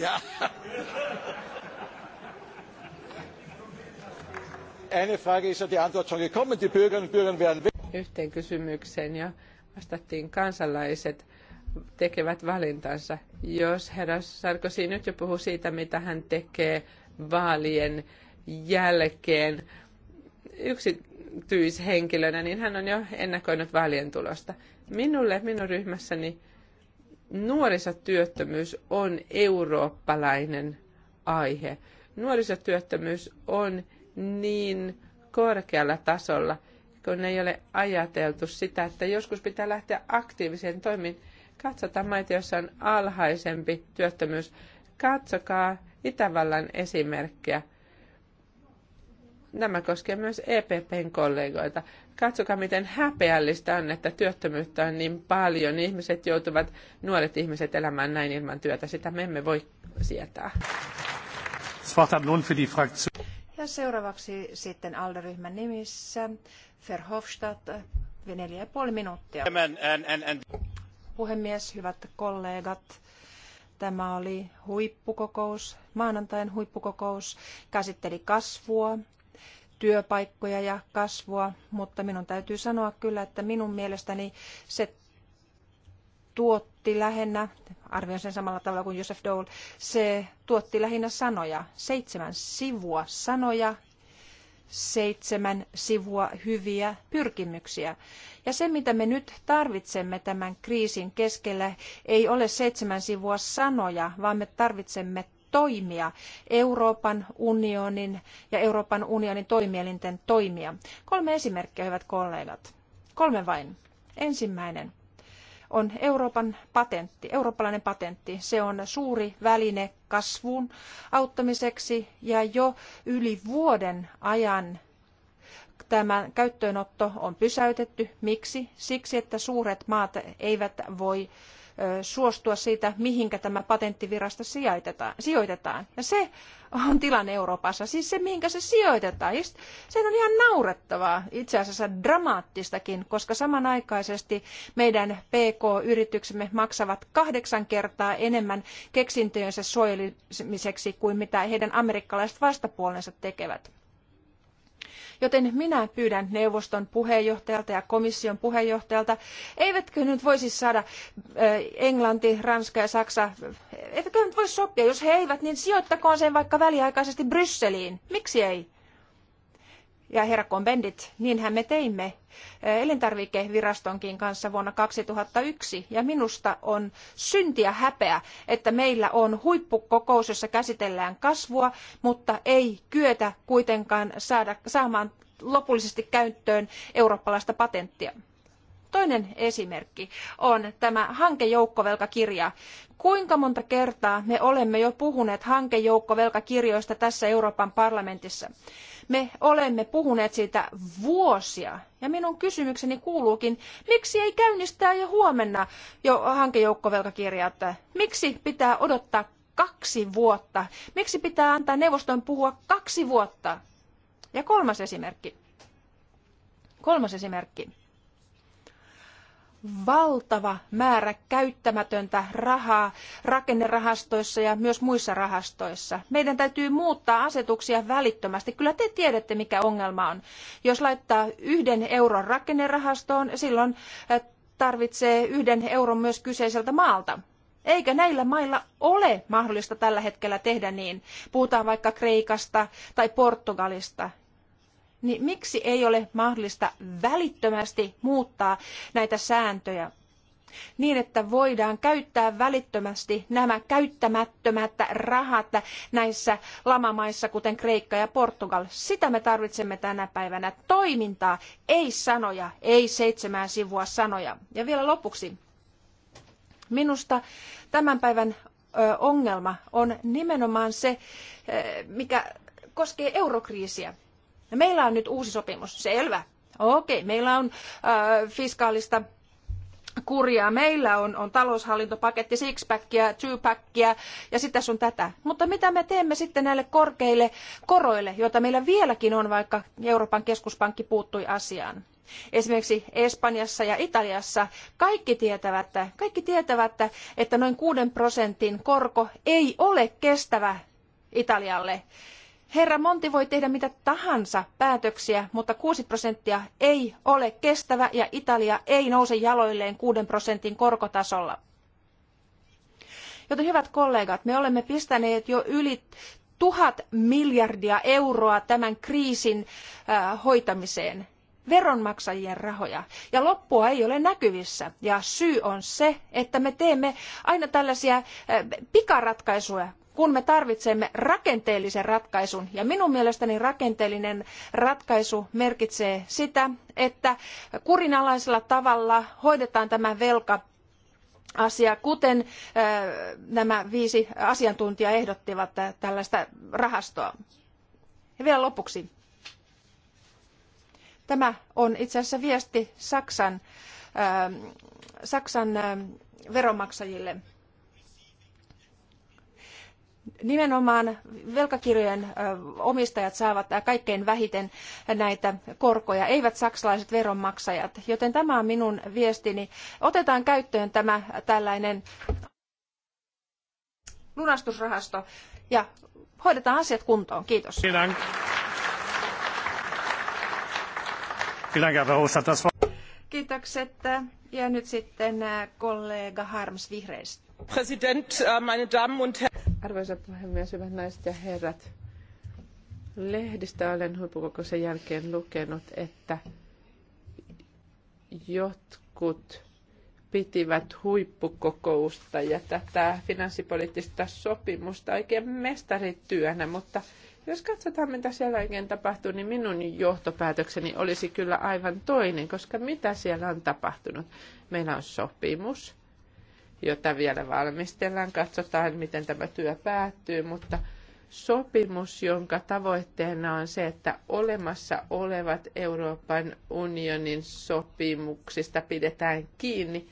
Speaker 3: Ja. Eine Frage ist ja die Antwort schon gekommen. Die Bürgerinnen und Bürger werden
Speaker 2: Yhteen kysymykseen ja vastattiin kansalaiset tekevät valintansa. Jos herra Sarkozy nyt jo puhuu siitä, mitä hän tekee vaalien jälkeen yksityishenkilönä, niin hän on jo ennakoinut vaalien tulosta. Minulle, minun ryhmässäni nuorisotyöttömyys on eurooppalainen aihe. Nuorisotyöttömyys on niin korkealla tasolla, kun ei ole ajateltu sitä, että joskus pitää lähteä aktiiviseen toimiin. Katsotaan maita, joissa on alhaisempi työttömyys. Katsokaa Itävallan esimerkkiä. Nämä koskee myös EPPn kollegoita. Katsokaa, miten häpeällistä on, että työttömyyttä on niin paljon. Ihmiset joutuvat, nuoret ihmiset elämään näin ilman työtä. Sitä me emme voi sietää.
Speaker 1: Ja seuraavaksi sitten alderyhmän nimissä Verhofstadt, neljä ja puoli minuuttia. Puhemies, hyvät kollegat, tämä oli huippukokous, maanantain huippukokous, käsitteli kasvua, työpaikkoja ja kasvua, mutta minun täytyy sanoa kyllä, että minun mielestäni se tuotti lähinnä, arvioin sen samalla tavalla kuin Joseph Dole, se tuotti lähinnä sanoja, seitsemän sivua sanoja, seitsemän sivua hyviä pyrkimyksiä. Ja se, mitä me nyt tarvitsemme tämän kriisin keskellä, ei ole seitsemän sivua sanoja, vaan me tarvitsemme toimia, Euroopan unionin ja Euroopan unionin toimielinten toimia. Kolme esimerkkiä, hyvät kollegat. Kolme vain. Ensimmäinen on Euroopan patentti, eurooppalainen patentti. Se on suuri väline kasvuun auttamiseksi ja jo yli vuoden ajan tämä käyttöönotto on pysäytetty. Miksi? Siksi, että suuret maat eivät voi suostua siitä, mihinkä tämä patenttivirasto sijoitetaan. Ja se on tilanne Euroopassa, siis se mihinkä se sijoitetaan. Se on ihan naurettavaa, itse asiassa dramaattistakin, koska samanaikaisesti meidän PK-yrityksemme maksavat kahdeksan kertaa enemmän keksintöjensä suojelemiseksi kuin mitä heidän amerikkalaiset vastapuolensa tekevät Joten minä pyydän neuvoston puheenjohtajalta ja komission puheenjohtajalta, eivätkö nyt voisi saada Englanti, Ranska ja Saksa, eivätkö nyt voisi sopia, jos he eivät, niin sijoittakoon sen vaikka väliaikaisesti Brysseliin. Miksi ei? ja herra Bendit, niinhän me teimme eh, elintarvikevirastonkin kanssa vuonna 2001. Ja minusta on syntiä häpeä, että meillä on huippukokous, jossa käsitellään kasvua, mutta ei kyetä kuitenkaan saamaan lopullisesti käyttöön eurooppalaista patenttia. Toinen esimerkki on tämä hankejoukkovelkakirja. Kuinka monta kertaa me olemme jo puhuneet hankejoukkovelkakirjoista tässä Euroopan parlamentissa? Me olemme puhuneet siitä vuosia. Ja minun kysymykseni kuuluukin, miksi ei käynnistää jo huomenna jo hankejoukkovelkakirjaa? Miksi pitää odottaa kaksi vuotta? Miksi pitää antaa neuvoston puhua kaksi vuotta? Ja kolmas esimerkki. Kolmas esimerkki valtava määrä käyttämätöntä rahaa rakennerahastoissa ja myös muissa rahastoissa. Meidän täytyy muuttaa asetuksia välittömästi. Kyllä te tiedätte, mikä ongelma on. Jos laittaa yhden euron rakennerahastoon, silloin eh, tarvitsee yhden euron myös kyseiseltä maalta. Eikä näillä mailla ole mahdollista tällä hetkellä tehdä niin. Puhutaan vaikka Kreikasta tai Portugalista niin miksi ei ole mahdollista välittömästi muuttaa näitä sääntöjä niin, että voidaan käyttää välittömästi nämä käyttämättömät rahat näissä lamamaissa, kuten Kreikka ja Portugal. Sitä me tarvitsemme tänä päivänä. Toimintaa, ei sanoja, ei seitsemää sivua sanoja. Ja vielä lopuksi. Minusta tämän päivän ongelma on nimenomaan se, mikä koskee eurokriisiä. No meillä on nyt uusi sopimus, selvä. Okei, meillä on äh, fiskaalista kuria. Meillä on, on taloushallintopaketti, two twopackia ja sitä sun tätä. Mutta mitä me teemme sitten näille korkeille koroille, joita meillä vieläkin on, vaikka Euroopan keskuspankki puuttui asiaan? Esimerkiksi Espanjassa ja Italiassa kaikki tietävät, kaikki tietävät että noin 6 prosentin korko ei ole kestävä Italialle Herra Monti voi tehdä mitä tahansa päätöksiä, mutta 6 prosenttia ei ole kestävä ja Italia ei nouse jaloilleen 6 prosentin korkotasolla. Joten hyvät kollegat, me olemme pistäneet jo yli tuhat miljardia euroa tämän kriisin äh, hoitamiseen veronmaksajien rahoja ja loppua ei ole näkyvissä ja syy on se että me teemme aina tällaisia äh, pikaratkaisuja kun me tarvitsemme rakenteellisen ratkaisun. Ja minun mielestäni rakenteellinen ratkaisu merkitsee sitä, että kurinalaisella tavalla hoidetaan tämä velka asia, kuten nämä viisi asiantuntijaa ehdottivat tällaista rahastoa. Ja vielä lopuksi. Tämä on itse asiassa viesti Saksan, veronmaksajille – nimenomaan velkakirjojen omistajat saavat kaikkein vähiten näitä korkoja, eivät saksalaiset veronmaksajat. Joten tämä on minun viestini. Otetaan käyttöön tämä tällainen lunastusrahasto ja hoidetaan asiat kuntoon. Kiitos. Kiitokset. Ja nyt sitten äh, kollega Harms vihreistä. Äh, Arvoisa puhemies,
Speaker 2: hyvät naiset ja herrat. Lehdistä olen huippukokouksen jälkeen lukenut, että jotkut pitivät huippukokousta ja tätä finanssipoliittista sopimusta oikein mestarityönä, mutta jos katsotaan, mitä siellä oikein tapahtuu, niin minun johtopäätökseni olisi kyllä aivan toinen, koska mitä siellä on tapahtunut? Meillä on sopimus, jota vielä valmistellaan. Katsotaan, miten tämä työ päättyy, mutta sopimus, jonka tavoitteena on se, että olemassa olevat Euroopan unionin sopimuksista pidetään kiinni.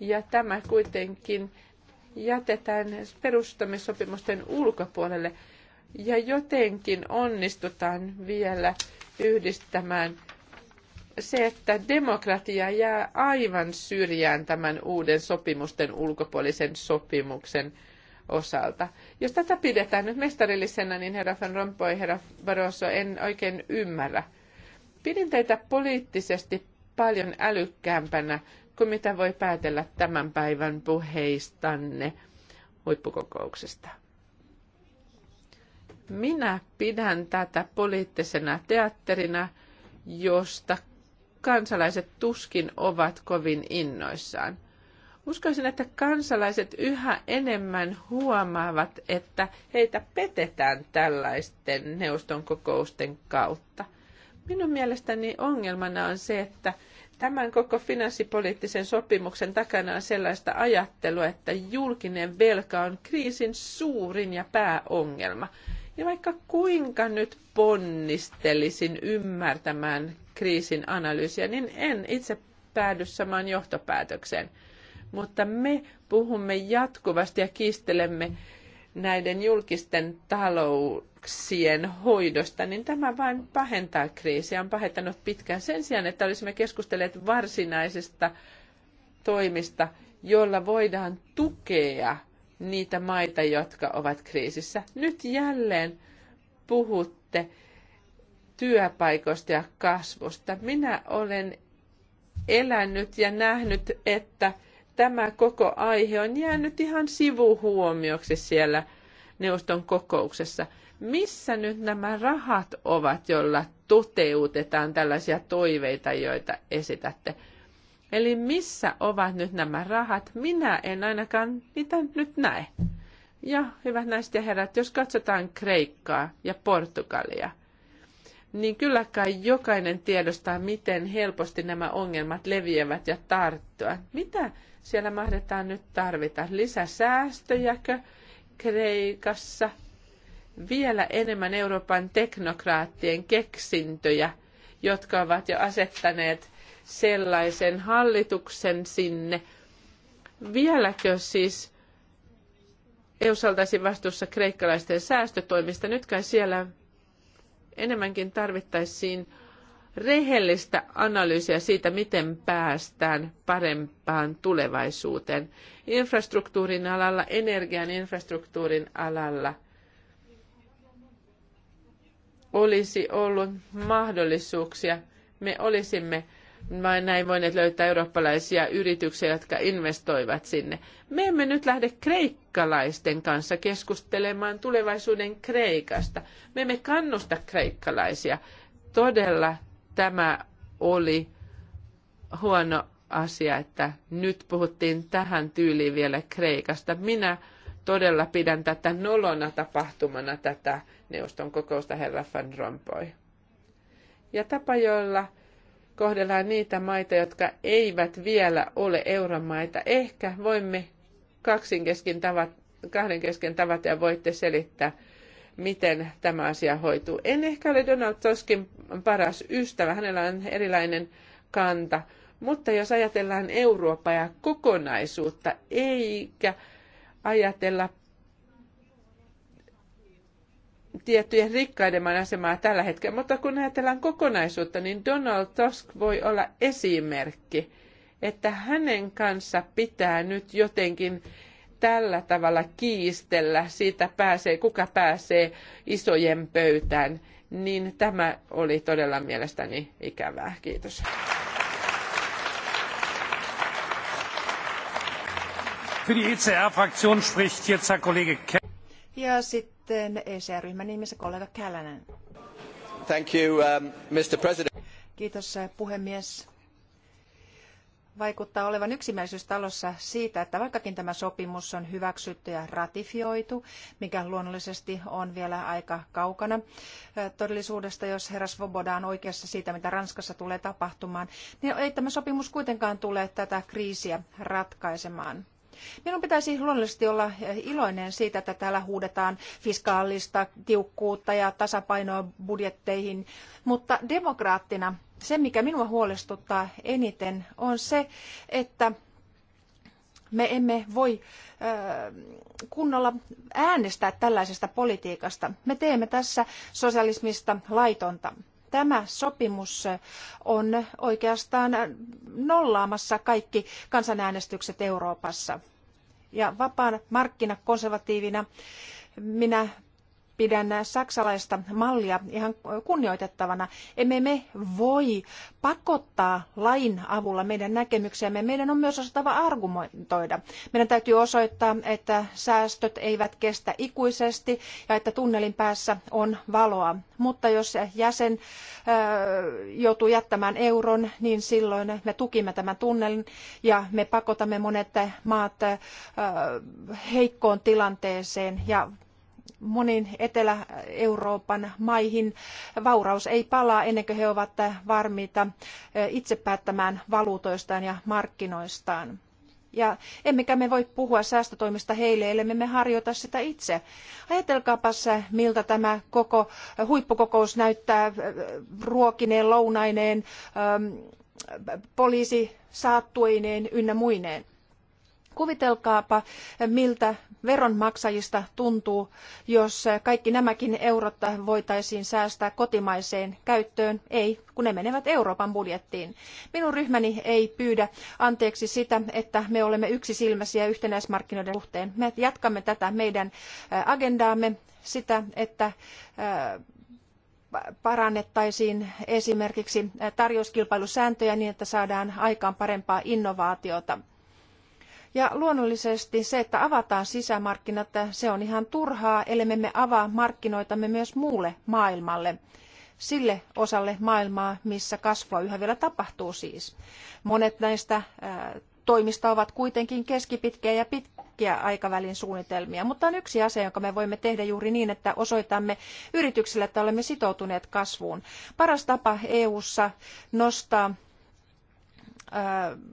Speaker 2: Ja tämä kuitenkin jätetään perustamissopimusten ulkopuolelle ja jotenkin onnistutaan vielä yhdistämään se, että demokratia jää aivan syrjään tämän uuden sopimusten ulkopuolisen sopimuksen osalta. Jos tätä pidetään nyt mestarillisena, niin herra Van Rompuy, herra Barroso, en oikein ymmärrä. Pidin teitä poliittisesti paljon älykkäämpänä kuin mitä voi päätellä tämän päivän puheistanne huippukokouksesta. Minä pidän tätä poliittisena teatterina, josta kansalaiset tuskin ovat kovin innoissaan. Uskoisin, että kansalaiset yhä enemmän huomaavat, että heitä petetään tällaisten neuvoston kokousten kautta. Minun mielestäni ongelmana on se, että tämän koko finanssipoliittisen sopimuksen takana on sellaista ajattelua, että julkinen velka on kriisin suurin ja pääongelma. Ja vaikka kuinka nyt ponnistelisin ymmärtämään kriisin analyysiä, niin en itse päädy samaan johtopäätökseen. Mutta me puhumme jatkuvasti ja kiistelemme näiden julkisten talouksien hoidosta, niin tämä vain pahentaa kriisiä, on pahentanut pitkään sen sijaan, että olisimme keskustelleet varsinaisista toimista, joilla voidaan tukea niitä maita, jotka ovat kriisissä. Nyt jälleen puhutte työpaikoista ja kasvusta. Minä olen elänyt ja nähnyt, että tämä koko aihe on jäänyt ihan sivuhuomioksi siellä neuvoston kokouksessa. Missä nyt nämä rahat ovat, joilla toteutetaan tällaisia toiveita, joita esitätte? Eli missä ovat nyt nämä rahat? Minä en ainakaan niitä nyt näe. Ja hyvät naiset ja herrat, jos katsotaan Kreikkaa ja Portugalia – niin kyllä kai jokainen tiedostaa, miten helposti nämä ongelmat leviävät ja tarttua. Mitä siellä mahdetaan nyt tarvita? Lisäsäästöjäkö Kreikassa? Vielä enemmän Euroopan teknokraattien keksintöjä, jotka ovat jo asettaneet sellaisen hallituksen sinne. Vieläkö siis EU oltaisiin vastuussa kreikkalaisten säästötoimista? Nyt kai siellä enemmänkin tarvittaisiin rehellistä analyysiä siitä, miten päästään parempaan tulevaisuuteen. Infrastruktuurin alalla, energian infrastruktuurin alalla olisi ollut mahdollisuuksia. Me olisimme vain näin voineet löytää eurooppalaisia yrityksiä, jotka investoivat sinne. Me emme nyt lähde kreikkalaisten kanssa keskustelemaan tulevaisuuden Kreikasta. Me emme kannusta kreikkalaisia. Todella tämä oli huono asia, että nyt puhuttiin tähän tyyliin vielä Kreikasta. Minä todella pidän tätä nolona tapahtumana tätä neuvoston kokousta herra Van Rompuy. Ja tapa, jolla kohdellaan niitä maita, jotka eivät vielä ole euromaita. Ehkä voimme kaksinkeskin tavat, kahden kesken tavata ja voitte selittää, miten tämä asia hoituu. En ehkä ole Donald Tuskin paras ystävä, hänellä on erilainen kanta, mutta jos ajatellaan Eurooppaa ja kokonaisuutta, eikä ajatella tiettyjen rikkaiden asemaa tällä hetkellä, mutta kun ajatellaan kokonaisuutta, niin Donald Tusk voi olla esimerkki, että hänen kanssa pitää nyt jotenkin tällä tavalla kiistellä siitä, pääsee, kuka pääsee isojen pöytään, niin tämä oli todella mielestäni ikävää. Kiitos.
Speaker 3: Für die ECR-Fraktion spricht jetzt Herr Kollege
Speaker 1: ja sitten sitten ECR-ryhmän nimissä kollega Kälänen.
Speaker 3: Thank you, um, Mr. President.
Speaker 1: Kiitos äh, puhemies. Vaikuttaa olevan yksimielisyys talossa siitä, että vaikkakin tämä sopimus on hyväksytty ja ratifioitu, mikä luonnollisesti on vielä aika kaukana äh, todellisuudesta, jos herra Svoboda on oikeassa siitä, mitä Ranskassa tulee tapahtumaan, niin ei tämä sopimus kuitenkaan tule tätä kriisiä ratkaisemaan Minun pitäisi luonnollisesti olla eh, iloinen siitä, että täällä huudetaan fiskaalista tiukkuutta ja tasapainoa budjetteihin, mutta demokraattina se, mikä minua huolestuttaa eniten, on se, että me emme voi eh, kunnolla äänestää tällaisesta politiikasta. Me teemme tässä sosialismista laitonta tämä sopimus on oikeastaan nollaamassa kaikki kansanäänestykset Euroopassa. Ja vapaan markkinakonservatiivina minä pidän saksalaista mallia ihan kunnioitettavana. Emme me voi pakottaa lain avulla meidän näkemyksiämme. Meidän on myös osattava argumentoida. Meidän täytyy osoittaa, että säästöt eivät kestä ikuisesti ja että tunnelin päässä on valoa. Mutta jos jäsen joutuu jättämään euron, niin silloin me tukimme tämän tunnelin ja me pakotamme monet maat heikkoon tilanteeseen ja moniin Etelä-Euroopan maihin vauraus ei palaa ennen kuin he ovat valmiita itse päättämään valuutoistaan ja markkinoistaan. emmekä me voi puhua säästötoimista heille, ellemme me harjoita sitä itse. Ajatelkaapas, miltä tämä koko huippukokous näyttää ruokineen, lounaineen, poliisi ynnä muineen. Kuvitelkaapa, miltä veronmaksajista tuntuu, jos kaikki nämäkin eurot voitaisiin säästää kotimaiseen käyttöön. Ei, kun ne menevät Euroopan budjettiin. Minun ryhmäni ei pyydä anteeksi sitä, että me olemme yksisilmäisiä yhtenäismarkkinoiden suhteen. Me jatkamme tätä meidän agendaamme, sitä, että parannettaisiin esimerkiksi tarjouskilpailusääntöjä niin, että saadaan aikaan parempaa innovaatiota ja luonnollisesti se, että avataan sisämarkkinat, se on ihan turhaa, ellei me avaa markkinoitamme myös muulle maailmalle sille osalle maailmaa, missä kasvua yhä vielä tapahtuu siis. Monet näistä äh, toimista ovat kuitenkin keskipitkiä ja pitkiä aikavälin suunnitelmia, mutta on yksi asia, jonka me voimme tehdä juuri niin, että osoitamme yrityksille, että olemme sitoutuneet kasvuun. Paras tapa EU:ssa nostaa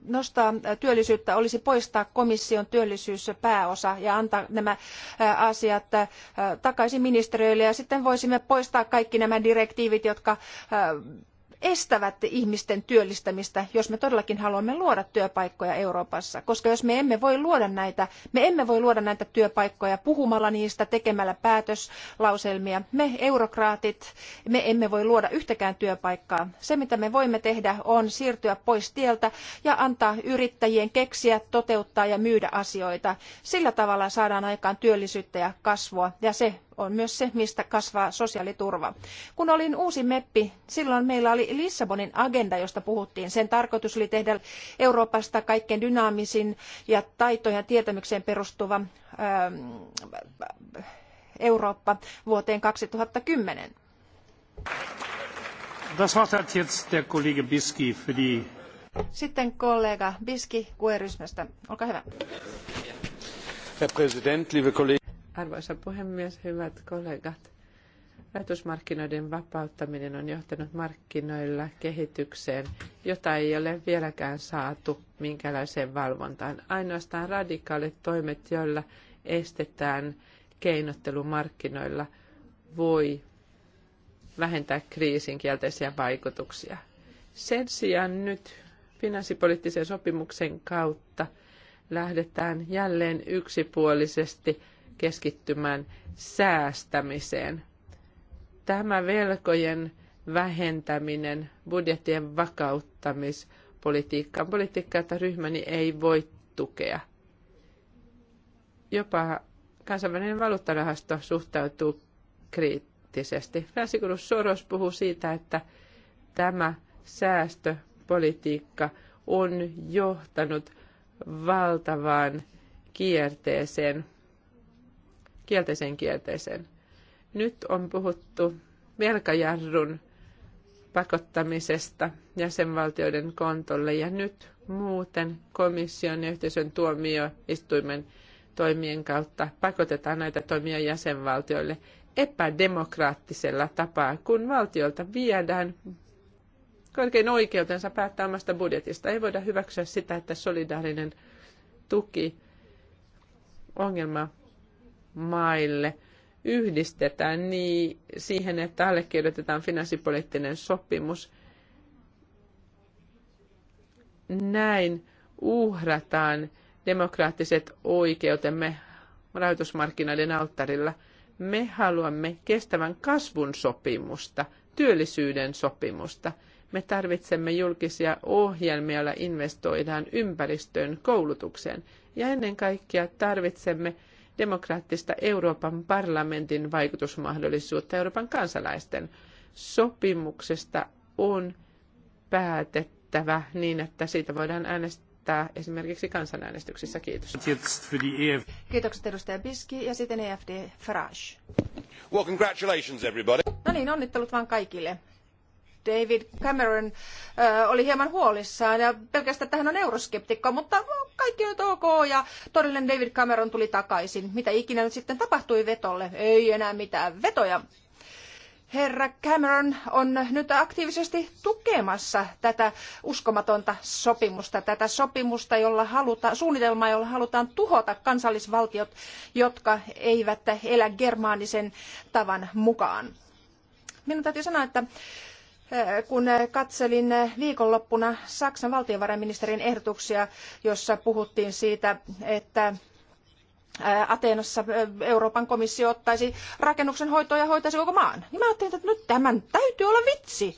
Speaker 1: nostaa työllisyyttä olisi poistaa komission työllisyyspääosa ja antaa nämä asiat takaisin ministeriöille ja sitten voisimme poistaa kaikki nämä direktiivit jotka estävät ihmisten työllistämistä, jos me todellakin haluamme luoda työpaikkoja Euroopassa. Koska jos me emme voi luoda näitä, me emme voi luoda näitä työpaikkoja puhumalla niistä, tekemällä päätöslauselmia. Me eurokraatit, me emme voi luoda yhtäkään työpaikkaa. Se mitä me voimme tehdä on siirtyä pois tieltä ja antaa yrittäjien keksiä, toteuttaa ja myydä asioita. Sillä tavalla saadaan aikaan työllisyyttä ja kasvua ja se on myös se, mistä kasvaa sosiaaliturva. Kun olin uusi meppi, silloin meillä oli Lissabonin agenda, josta puhuttiin. Sen tarkoitus oli tehdä Euroopasta kaikkein dynaamisin ja taitoihin ja tietämykseen perustuva ähm, Eurooppa vuoteen 2010.
Speaker 3: Das Wort hat jetzt der Kollege Biski für die
Speaker 1: sitten kollega Biski gue ryhmästä Olkaa hyvä.
Speaker 3: Herr Präsident, liebe Kollegen!
Speaker 2: Arvoisa puhemies, hyvät kollegat. Rahoitusmarkkinoiden vapauttaminen on johtanut markkinoilla kehitykseen, jota ei ole vieläkään saatu minkälaiseen valvontaan. Ainoastaan radikaalit toimet, joilla estetään keinottelu markkinoilla, voi vähentää kriisin kielteisiä vaikutuksia. Sen sijaan nyt finanssipoliittisen sopimuksen kautta lähdetään jälleen yksipuolisesti – keskittymään säästämiseen. Tämä velkojen vähentäminen, budjettien vakauttamispolitiikka on politiikka, jota ryhmäni ei voi tukea. Jopa kansainvälinen valuuttarahasto suhtautuu kriittisesti. Fransikulus Soros puhuu siitä, että tämä säästöpolitiikka on johtanut valtavaan kierteeseen kielteiseen kielteiseen. Nyt on puhuttu velkajarrun pakottamisesta jäsenvaltioiden kontolle ja nyt muuten komission ja yhteisön tuomioistuimen toimien kautta pakotetaan näitä toimia jäsenvaltioille epädemokraattisella tapaa, kun valtiolta viedään korkein oikeutensa päättää omasta budjetista. Ei voida hyväksyä sitä, että solidaarinen tuki ongelma maille yhdistetään niin siihen, että allekirjoitetaan finanssipoliittinen sopimus. Näin uhrataan demokraattiset oikeutemme rahoitusmarkkinoiden alttarilla. Me haluamme kestävän kasvun sopimusta, työllisyyden sopimusta. Me tarvitsemme julkisia ohjelmia, joilla investoidaan ympäristöön, koulutukseen. Ja ennen kaikkea tarvitsemme demokraattista Euroopan parlamentin vaikutusmahdollisuutta Euroopan kansalaisten. Sopimuksesta on päätettävä niin, että siitä voidaan äänestää esimerkiksi kansanäänestyksissä.
Speaker 3: Kiitos.
Speaker 1: Kiitokset edustaja Biski ja sitten EFD Farage.
Speaker 3: Well, congratulations everybody.
Speaker 1: No niin, onnittelut vaan kaikille. David Cameron oli hieman huolissaan ja pelkästään tähän on euroskeptikko, mutta kaikki on ok ja todellinen David Cameron tuli takaisin. Mitä ikinä nyt sitten tapahtui vetolle? Ei enää mitään vetoja. Herra Cameron on nyt aktiivisesti tukemassa tätä uskomatonta sopimusta, tätä sopimusta, jolla halutaan, suunnitelmaa, jolla halutaan tuhota kansallisvaltiot, jotka eivät elä germaanisen tavan mukaan. Minun täytyy sanoa, että Eh, kun katselin eh, viikonloppuna Saksan valtiovarainministerin ehdotuksia, jossa puhuttiin siitä, että eh, Ateenassa Euroopan komissio ottaisi rakennuksen hoitoa ja hoitaisi koko maan. Niin mä ajattelin, että nyt tämän täytyy olla vitsi.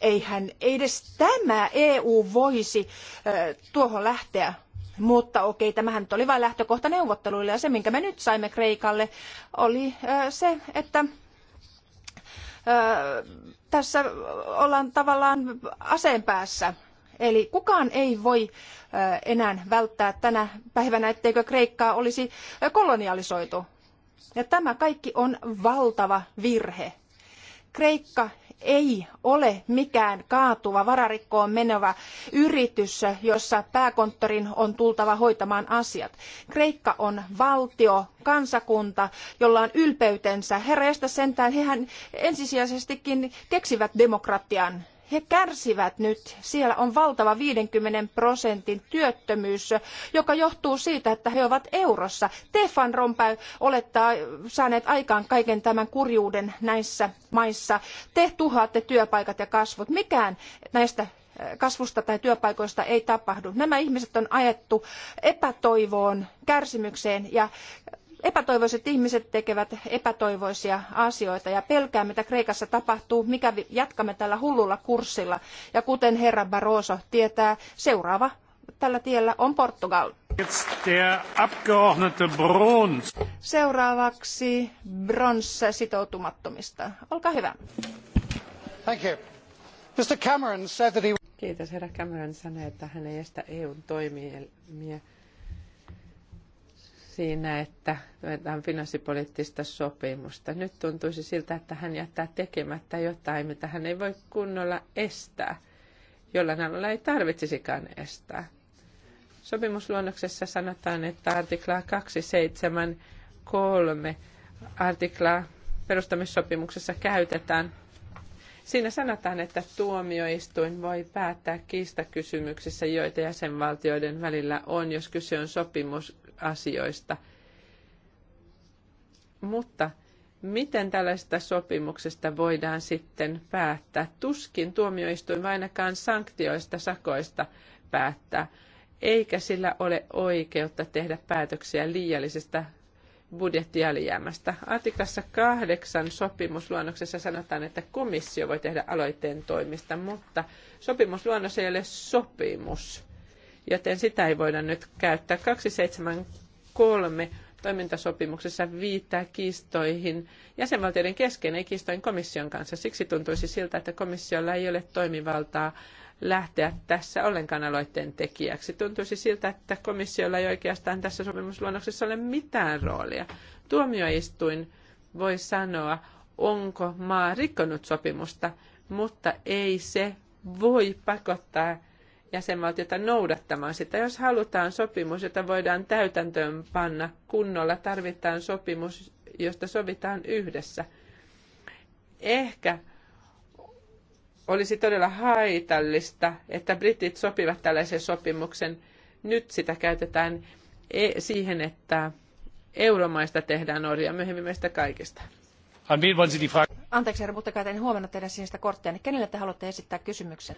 Speaker 1: Eihän edes tämä EU voisi tuohon lähteä. Mutta okei, tämähän nyt oli vain lähtökohta neuvotteluille ja se, minkä me nyt saimme Kreikalle, oli se, että tässä ollaan tavallaan aseen päässä. Eli kukaan ei voi enää välttää tänä päivänä, etteikö Kreikkaa olisi kolonialisoitu. Ja tämä kaikki on valtava virhe. Kreikka ei ole mikään kaatuva vararikkoon menevä yritys, jossa pääkonttorin on tultava hoitamaan asiat. Kreikka on valtio, kansakunta, jolla on ylpeytensä. Herra sentään, hehän ensisijaisestikin keksivät demokratian he kärsivät nyt. Siellä on valtava 50 prosentin työttömyys, joka johtuu siitä, että he ovat eurossa. Tefan Rompäy olettaa saaneet aikaan kaiken tämän kurjuuden näissä maissa. Te tuhoatte työpaikat ja kasvut. Mikään näistä eh, kasvusta tai työpaikoista ei tapahdu. Nämä ihmiset on ajettu epätoivoon, kärsimykseen ja Epätoivoiset ihmiset tekevät epätoivoisia asioita ja pelkään, mitä Kreikassa tapahtuu, mikäli jatkamme tällä hullulla kurssilla. Ja kuten herra Barroso tietää, seuraava tällä tiellä on Portugal. Seuraavaksi Brons
Speaker 2: sitoutumattomista. Olkaa hyvä. Thank you. Mr. Cameron said that he... Kiitos. Herra Cameron sanoi, että hän ei estä EUn toimia siinä, että tuetaan finanssipoliittista sopimusta. Nyt tuntuisi siltä, että hän jättää tekemättä jotain, mitä hän ei voi kunnolla estää, jollain alalla ei tarvitsisikaan estää. Sopimusluonnoksessa sanotaan, että artiklaa 273 artiklaa perustamissopimuksessa käytetään. Siinä sanotaan, että tuomioistuin voi päättää kiistakysymyksissä, joita jäsenvaltioiden välillä on, jos kyse on sopimus asioista. Mutta miten tällaisesta sopimuksesta voidaan sitten päättää? Tuskin tuomioistuin ainakaan sanktioista, sakoista päättää, eikä sillä ole oikeutta tehdä päätöksiä liiallisesta budjettialijäämästä. Artiklassa kahdeksan sopimusluonnoksessa sanotaan, että komissio voi tehdä aloitteen toimista, mutta sopimusluonnos ei ole sopimus joten sitä ei voida nyt käyttää. 273 toimintasopimuksessa viittaa kiistoihin jäsenvaltioiden kesken, ei kiistoihin komission kanssa. Siksi tuntuisi siltä, että komissiolla ei ole toimivaltaa lähteä tässä ollenkaan aloitteen tekijäksi. Tuntuisi siltä, että komissiolla ei oikeastaan tässä sopimusluonnoksessa ole mitään roolia. Tuomioistuin voi sanoa, onko maa rikkonut sopimusta, mutta ei se voi pakottaa jäsenvaltiota noudattamaan sitä. Jos halutaan sopimus, jota voidaan täytäntöön panna kunnolla, tarvitaan sopimus, josta sovitaan yhdessä. Ehkä olisi todella haitallista, että britit sopivat tällaisen sopimuksen. Nyt sitä käytetään e- siihen, että euromaista tehdään orja, myöhemmin meistä kaikista. Anteeksi, herra, mutta kai en huomannut teidän sinistä korttia. Kenelle te haluatte esittää kysymyksen?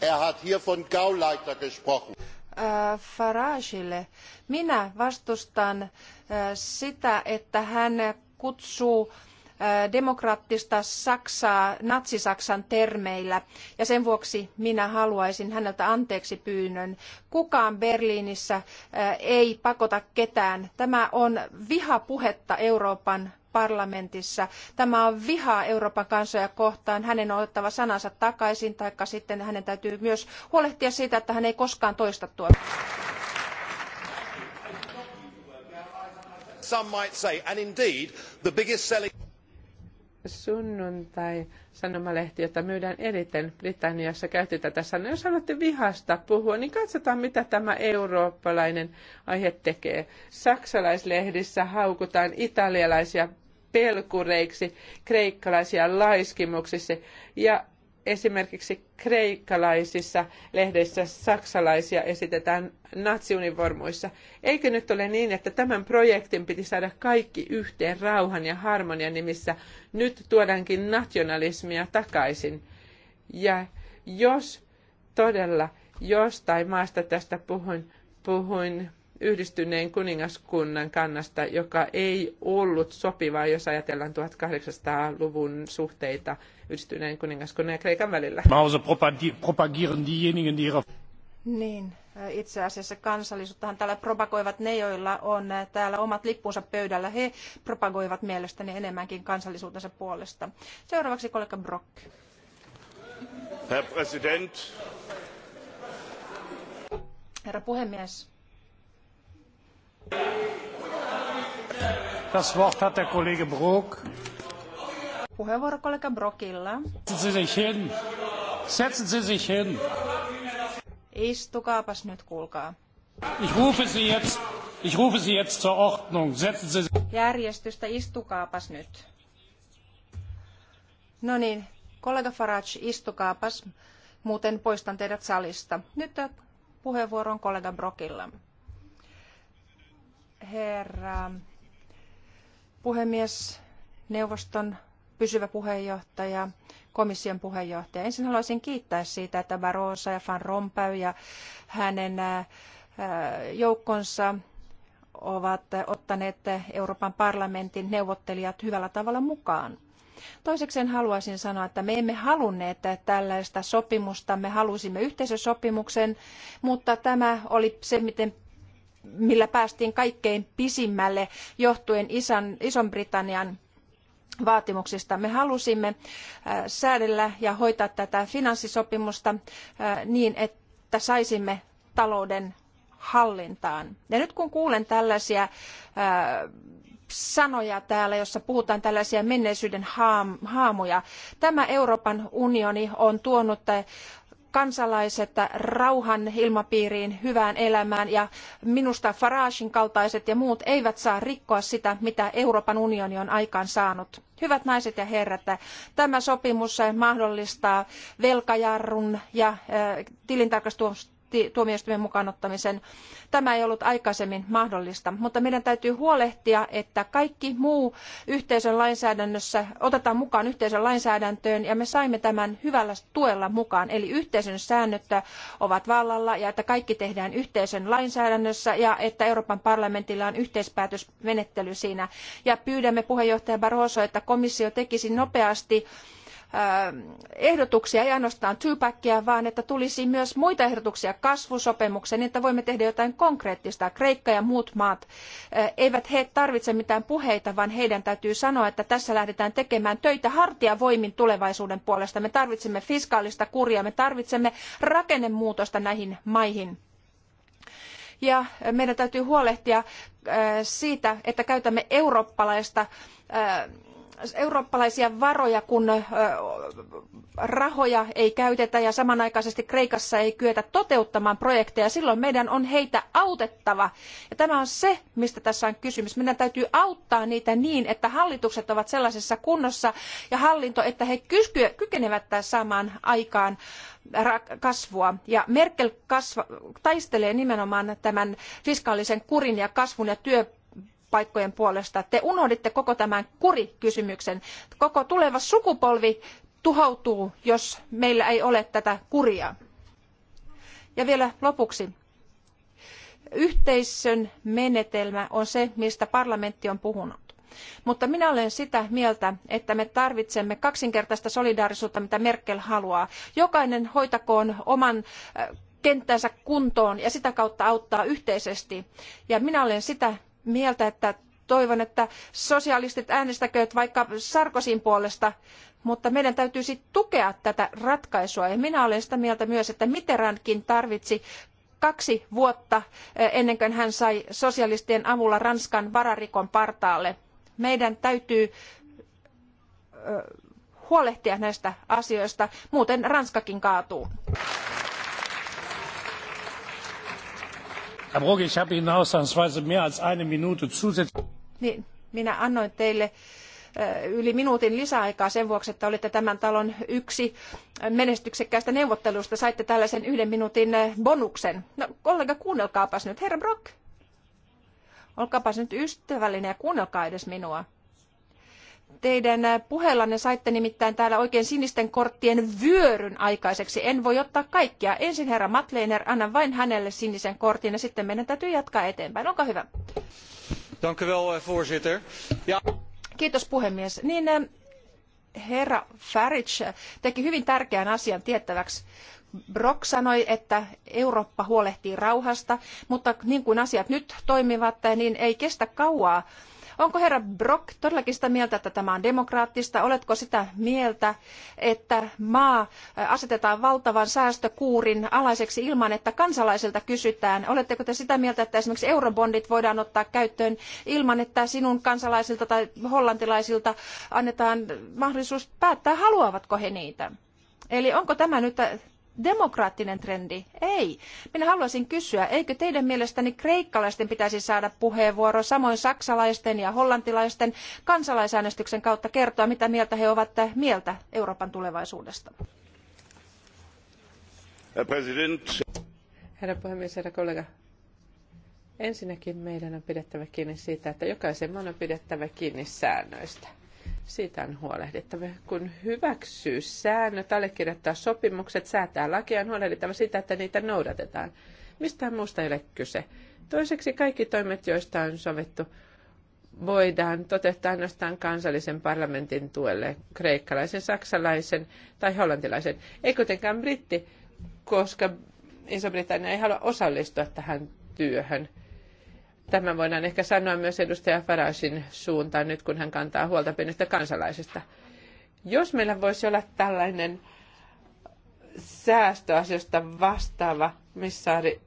Speaker 3: Er hat hier von Gauleiter gesprochen.
Speaker 1: Äh, Faragelle. Minä vastustan äh, sitä, että hän kutsuu äh, demokraattista Saksaa natsisaksan termeillä ja sen vuoksi minä haluaisin häneltä anteeksi pyynnön. Kukaan Berliinissä äh, ei pakota ketään. Tämä on vihapuhetta Euroopan parlamentissa. Tämä on viha Euroopan kansoja kohtaan. Hänen on otettava sanansa takaisin, taikka sitten hänen täytyy myös huolehtia siitä, että hän ei koskaan toista tuota.
Speaker 2: Some might say, and
Speaker 1: indeed, the biggest selling
Speaker 2: sunnuntai sanomalehti, jota myydään eriten Britanniassa, käytti tätä sanaa. Jos haluatte vihasta puhua, niin katsotaan, mitä tämä eurooppalainen aihe tekee. Saksalaislehdissä haukutaan italialaisia pelkureiksi, kreikkalaisia laiskimuksiksi ja esimerkiksi kreikkalaisissa lehdeissä saksalaisia esitetään natsiunivormuissa. Eikö nyt ole niin, että tämän projektin piti saada kaikki yhteen rauhan ja harmonian nimissä? Nyt tuodaankin nationalismia takaisin. Ja jos todella jostain maasta tästä puhuin, puhuin yhdistyneen kuningaskunnan kannasta, joka ei ollut sopivaa, jos ajatellaan 1800-luvun suhteita yhdistyneen kuningaskunnan ja Kreikan välillä. Niin, itse
Speaker 1: asiassa kansallisuuttahan täällä propagoivat ne, joilla on täällä omat lippunsa pöydällä. He propagoivat mielestäni enemmänkin kansallisuutensa puolesta. Seuraavaksi kollega Brock.
Speaker 3: Herr President.
Speaker 1: Herra puhemies.
Speaker 3: Das Wort hat der Kollege Brok.
Speaker 1: Puheenvuoro kollega Brokilla.
Speaker 3: Setzen Sie sich hin. Setzen Sie sich hin.
Speaker 1: Istukaapas nyt, kuulkaa.
Speaker 3: Ich rufe Sie jetzt, ich rufe Sie jetzt zur Ordnung. Setzen Sie sich...
Speaker 1: Järjestystä, istukaapas nyt. No niin, kollega Farage, istukaapas. Muuten poistan teidät salista. Nyt äh, puheenvuoro kollega Brokilla herra puhemies, neuvoston pysyvä puheenjohtaja, komission puheenjohtaja. Ensin haluaisin kiittää siitä, että Barroso ja Van Rompuy ja hänen äh, joukkonsa ovat ottaneet Euroopan parlamentin neuvottelijat hyvällä tavalla mukaan. Toisekseen haluaisin sanoa, että me emme halunneet tällaista sopimusta, me halusimme yhteisösopimuksen, mutta tämä oli se, miten millä päästiin kaikkein pisimmälle johtuen Ison-Britannian vaatimuksista. Me halusimme äh, säädellä ja hoitaa tätä finanssisopimusta äh, niin, että saisimme talouden hallintaan. Ja nyt kun kuulen tällaisia äh, sanoja täällä, jossa puhutaan tällaisia menneisyyden haamuja. Tämä Euroopan unioni on tuonut kansalaiset rauhan ilmapiiriin, hyvään elämään ja minusta faragen kaltaiset ja muut eivät saa rikkoa sitä, mitä Euroopan unioni on aikaan saanut. Hyvät naiset ja herrat, tämä sopimus mahdollistaa velkajarrun ja eh, tilintarkastustuomioistuimen tuomioistuimen mukaan ottamisen. Tämä ei ollut aikaisemmin mahdollista, mutta meidän täytyy huolehtia, että kaikki muu yhteisön lainsäädännössä otetaan mukaan yhteisön lainsäädäntöön ja me saimme tämän hyvällä tuella mukaan. Eli yhteisön säännöt ovat vallalla ja että kaikki tehdään yhteisön lainsäädännössä ja että Euroopan parlamentilla on yhteispäätösmenettely siinä. Ja pyydämme puheenjohtaja Barroso, että komissio tekisi nopeasti ehdotuksia, ei ainoastaan tyypäkkiä, vaan että tulisi myös muita ehdotuksia kasvusopimukseen, niin että voimme tehdä jotain konkreettista. Kreikka ja muut maat, eivät he tarvitse mitään puheita, vaan heidän täytyy sanoa, että tässä lähdetään tekemään töitä hartiavoimin tulevaisuuden puolesta. Me tarvitsemme fiskaalista kuria, me tarvitsemme rakennemuutosta näihin maihin ja meidän täytyy huolehtia siitä, että käytämme eurooppalaista eurooppalaisia varoja, kun rahoja ei käytetä ja samanaikaisesti Kreikassa ei kyetä toteuttamaan projekteja. Silloin meidän on heitä autettava. Ja tämä on se, mistä tässä on kysymys. Meidän täytyy auttaa niitä niin, että hallitukset ovat sellaisessa kunnossa ja hallinto, että he kykenevät saamaan aikaan kasvua. Ja Merkel kasva, taistelee nimenomaan tämän fiskaalisen kurin ja kasvun ja työ työpaikkojen puolesta. Te unohditte koko tämän kurikysymyksen. Koko tuleva sukupolvi tuhoutuu, jos meillä ei ole tätä kuria. Ja vielä lopuksi. Yhteisön menetelmä on se, mistä parlamentti on puhunut. Mutta minä olen sitä mieltä, että me tarvitsemme kaksinkertaista solidaarisuutta, mitä Merkel haluaa. Jokainen hoitakoon oman äh, kenttänsä kuntoon ja sitä kautta auttaa yhteisesti. Ja minä olen sitä mieltä, että toivon, että sosialistit äänestäkööt vaikka Sarkosin puolesta, mutta meidän täytyisi tukea tätä ratkaisua. Ja minä olen sitä mieltä myös, että Mitterrandkin tarvitsi kaksi vuotta eh, ennen kuin hän sai sosialistien avulla Ranskan vararikon partaalle. Meidän täytyy eh, huolehtia näistä asioista, muuten Ranskakin kaatuu.
Speaker 3: Herr Brok, ich habe Ihnen ausnahmsweise mehr als eine Minute zusätzlich...
Speaker 1: Niin, minä annoin teille äh, yli minuutin lisäaikaa sen vuoksi, että olitte tämän talon yksi menestyksekkäistä neuvottelusta Saitte tällaisen yhden minuutin äh, bonuksen. No kollega, kuunnelkaapas nyt. Herra Brock, olkaapas nyt ystävällinen ja kuunnelkaa edes minua teidän puheellanne saitte nimittäin täällä oikein sinisten korttien vyöryn aikaiseksi. En voi ottaa kaikkia. Ensin herra Matleiner, annan vain hänelle sinisen kortin ja sitten meidän täytyy jatkaa eteenpäin. Olkaa hyvä.
Speaker 4: Dank eh, voorzitter. Ja...
Speaker 1: Kiitos puhemies. Niin, eh, herra Farage teki hyvin tärkeän asian tiettäväksi. Brok sanoi, että Eurooppa huolehtii rauhasta, mutta niin kuin asiat nyt toimivat, eh, niin ei kestä kauaa Onko herra Brock todellakin sitä mieltä, että tämä on demokraattista? Oletko sitä mieltä, että maa asetetaan valtavan säästökuurin alaiseksi ilman, että kansalaisilta kysytään? Oletteko te sitä mieltä, että esimerkiksi eurobondit voidaan ottaa käyttöön ilman, että sinun kansalaisilta tai hollantilaisilta annetaan mahdollisuus päättää, haluavatko he niitä? Eli onko tämä nyt demokraattinen trendi? Ei. Minä haluaisin kysyä, eikö teidän mielestäni kreikkalaisten pitäisi saada puheenvuoro, samoin saksalaisten ja hollantilaisten kansalaisäänestyksen kautta kertoa, mitä mieltä he ovat mieltä Euroopan tulevaisuudesta?
Speaker 3: Herr
Speaker 2: Herra puhemies, herra kollega. Ensinnäkin meidän on pidettävä kiinni siitä, että jokaisen maan on pidettävä kiinni säännöistä siitä on huolehdittava, kun hyväksyy säännöt, allekirjoittaa sopimukset, säätää lakia, on huolehdittava sitä, että niitä noudatetaan. Mistään muusta ei ole kyse. Toiseksi kaikki toimet, joista on sovittu, voidaan toteuttaa ainoastaan kansallisen parlamentin tuelle, kreikkalaisen, saksalaisen tai hollantilaisen. Ei kuitenkaan britti, koska Iso-Britannia ei halua osallistua tähän työhön – Tämä voidaan ehkä sanoa myös edustaja Farajin suuntaan nyt, kun hän kantaa huolta pienestä kansalaisesta. Jos meillä voisi olla tällainen säästöasioista vastaava missaari,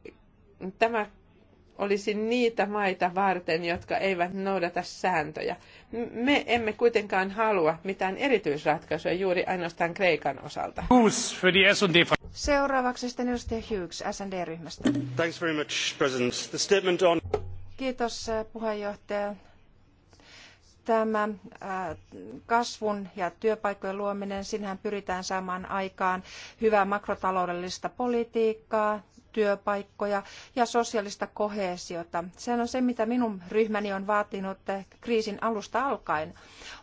Speaker 2: tämä olisi niitä maita varten, jotka eivät noudata sääntöjä. Me emme kuitenkaan halua mitään erityisratkaisuja juuri ainoastaan Kreikan osalta.
Speaker 3: Seuraavaksi
Speaker 1: sitten edustaja Hughes SND-ryhmästä.
Speaker 3: Thanks very much, President. The statement on...
Speaker 1: Kiitos puheenjohtaja. Tämä kasvun ja työpaikkojen luominen, sinähän pyritään saamaan aikaan hyvää makrotaloudellista politiikkaa, työpaikkoja ja sosiaalista koheesiota. Sehän on se, mitä minun ryhmäni on vaatinut eh, kriisin alusta alkaen.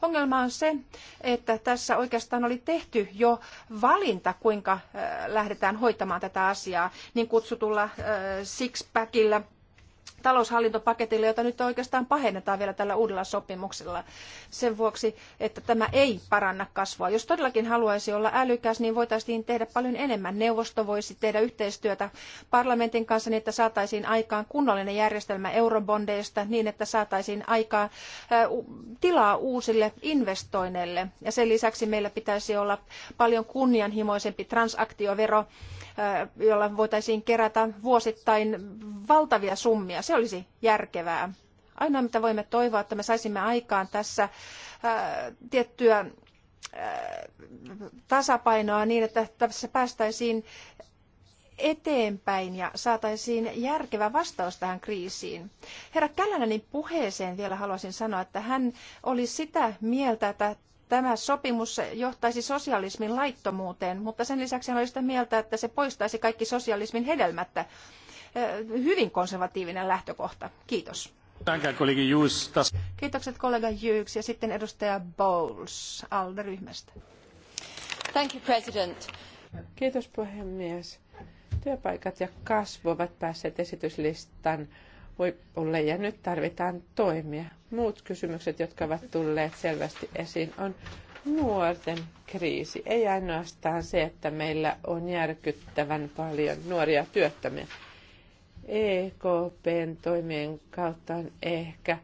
Speaker 1: Ongelma on se, että tässä oikeastaan oli tehty jo valinta, kuinka lähdetään hoitamaan tätä asiaa niin kutsutulla six-packillä – taloushallintopaketille, jota nyt oikeastaan pahennetaan vielä tällä uudella sopimuksella sen vuoksi, että tämä ei paranna kasvua. Jos todellakin haluaisi olla älykäs, niin voitaisiin tehdä paljon enemmän. Neuvosto voisi tehdä yhteistyötä parlamentin kanssa niin, että saataisiin aikaan kunnollinen järjestelmä eurobondeista niin, että saataisiin aikaa tilaa uusille investoinneille. Ja sen lisäksi meillä pitäisi olla paljon kunnianhimoisempi transaktiovero jolla voitaisiin kerätä vuosittain valtavia summia. Se olisi järkevää. Ainoa mitä voimme toivoa, että me saisimme aikaan tässä tiettyä tasapainoa niin, että tässä päästäisiin eteenpäin ja saataisiin järkevä vastaus tähän kriisiin. Herra Kälänenin puheeseen vielä haluaisin sanoa, että hän oli sitä mieltä, että Tämä sopimus johtaisi sosialismin laittomuuteen, mutta sen lisäksi hän oli sitä mieltä, että se poistaisi kaikki sosialismin hedelmättä. Hyvin konservatiivinen lähtökohta. Kiitos. Kiitokset kollega Hughes
Speaker 2: ja sitten edustaja Bowles ALDE-ryhmästä. Thank you, President. Kiitos puhemies. Työpaikat ja kasvu ovat päässeet esityslistan olla, ja nyt tarvitaan toimia. Muut kysymykset, jotka ovat tulleet selvästi esiin, on nuorten kriisi. Ei ainoastaan se, että meillä on järkyttävän paljon nuoria työttömiä. EKPn toimien kautta on ehkä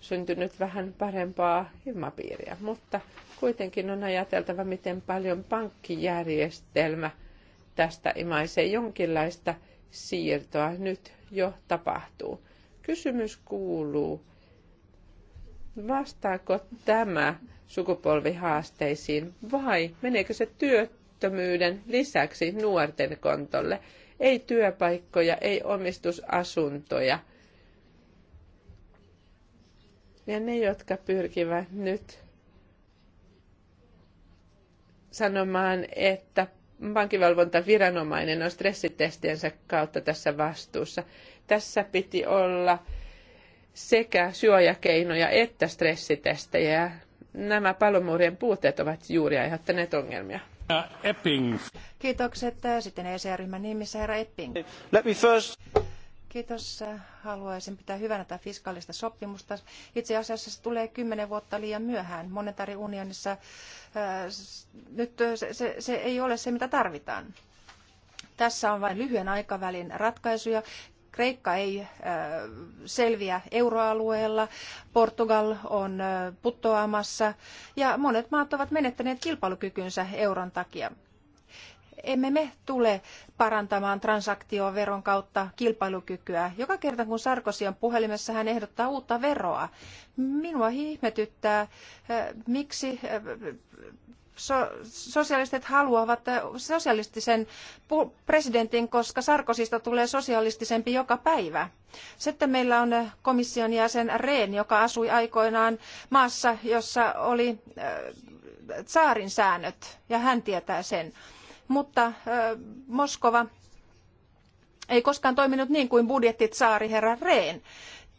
Speaker 2: syntynyt vähän parempaa ilmapiiriä, mutta kuitenkin on ajateltava, miten paljon pankkijärjestelmä tästä imaisee jonkinlaista siirtoa nyt jo tapahtuu. Kysymys kuuluu, vastaako tämä sukupolvihaasteisiin vai meneekö se työttömyyden lisäksi nuorten kontolle? Ei työpaikkoja, ei omistusasuntoja. Ja ne, jotka pyrkivät nyt sanomaan, että pankivalvontaviranomainen on stressitestiensä kautta tässä vastuussa. Tässä piti olla sekä syöjäkeinoja että stressitestejä. Nämä palomuurien puutteet ovat juuri aiheuttaneet ongelmia.
Speaker 3: Epping. Kiitokset.
Speaker 1: Sitten ECR-ryhmän nimissä herra Epping.
Speaker 3: Let me first...
Speaker 1: Kiitos. Haluaisin pitää hyvänä tätä fiskaalista sopimusta. Itse asiassa se tulee kymmenen vuotta liian myöhään. Monetaariunionissa äh, nyt se, se, se ei ole se, mitä tarvitaan. Tässä on vain lyhyen aikavälin ratkaisuja Kreikka ei selviä euroalueella, Portugal on putoamassa ja monet maat ovat menettäneet kilpailukykynsä euron takia. Emme me tule parantamaan transaktioveron kautta kilpailukykyä. Joka kerta kun Sarkozy on puhelimessa, hän ehdottaa uutta veroa. Minua ihmetyttää, miksi so, sosialistit haluavat eh, sosialistisen presidentin, koska Sarkosista tulee sosialistisempi joka päivä. Sitten meillä on eh, komission jäsen Rehn, joka asui aikoinaan maassa, jossa oli äh, tsaarin säännöt, ja hän tietää sen. Mutta äh, Moskova ei koskaan toiminut niin kuin budjettitsaari herra Rehn.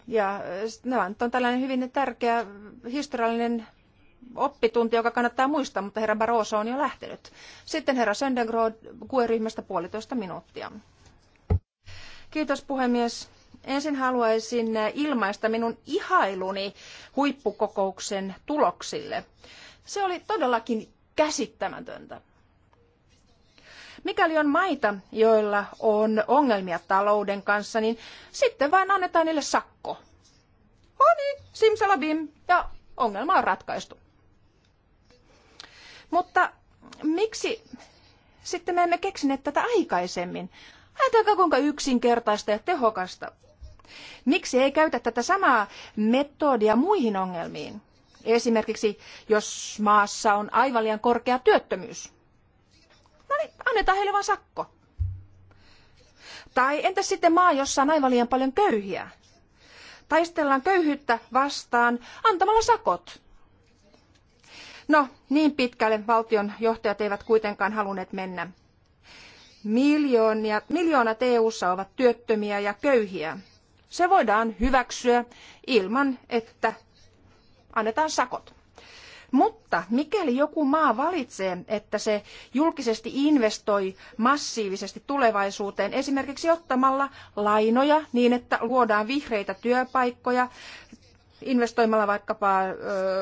Speaker 1: Ja äh, no, on tällainen hyvin tärkeä historiallinen oppitunti, joka kannattaa muistaa, mutta herra Barroso on jo lähtenyt. Sitten herra Söndengrod QE-ryhmästä puolitoista minuuttia. Kiitos puhemies. Ensin haluaisin ilmaista minun ihailuni huippukokouksen tuloksille. Se oli todellakin käsittämätöntä. Mikäli on maita, joilla on ongelmia talouden kanssa, niin sitten vain annetaan niille sakko. Oni, simsalabim, ja ongelma on ratkaistu. Mutta miksi sitten me emme keksineet tätä aikaisemmin? Ajatelkaa kuinka yksinkertaista ja tehokasta. Miksi ei käytä tätä samaa metodia muihin ongelmiin? Esimerkiksi jos maassa on aivan liian korkea työttömyys. No niin, annetaan heille vain sakko. Tai entäs sitten maa, jossa on aivan liian paljon köyhiä? Taistellaan köyhyyttä vastaan antamalla sakot. No, niin pitkälle valtion johtajat eivät kuitenkaan halunneet mennä. Miljoonia, miljoonat EU-ssa ovat työttömiä ja köyhiä. Se voidaan hyväksyä ilman, että annetaan sakot. Mutta mikäli joku maa valitsee, että se julkisesti investoi massiivisesti tulevaisuuteen, esimerkiksi ottamalla lainoja niin, että luodaan vihreitä työpaikkoja, investoimalla vaikkapa ö,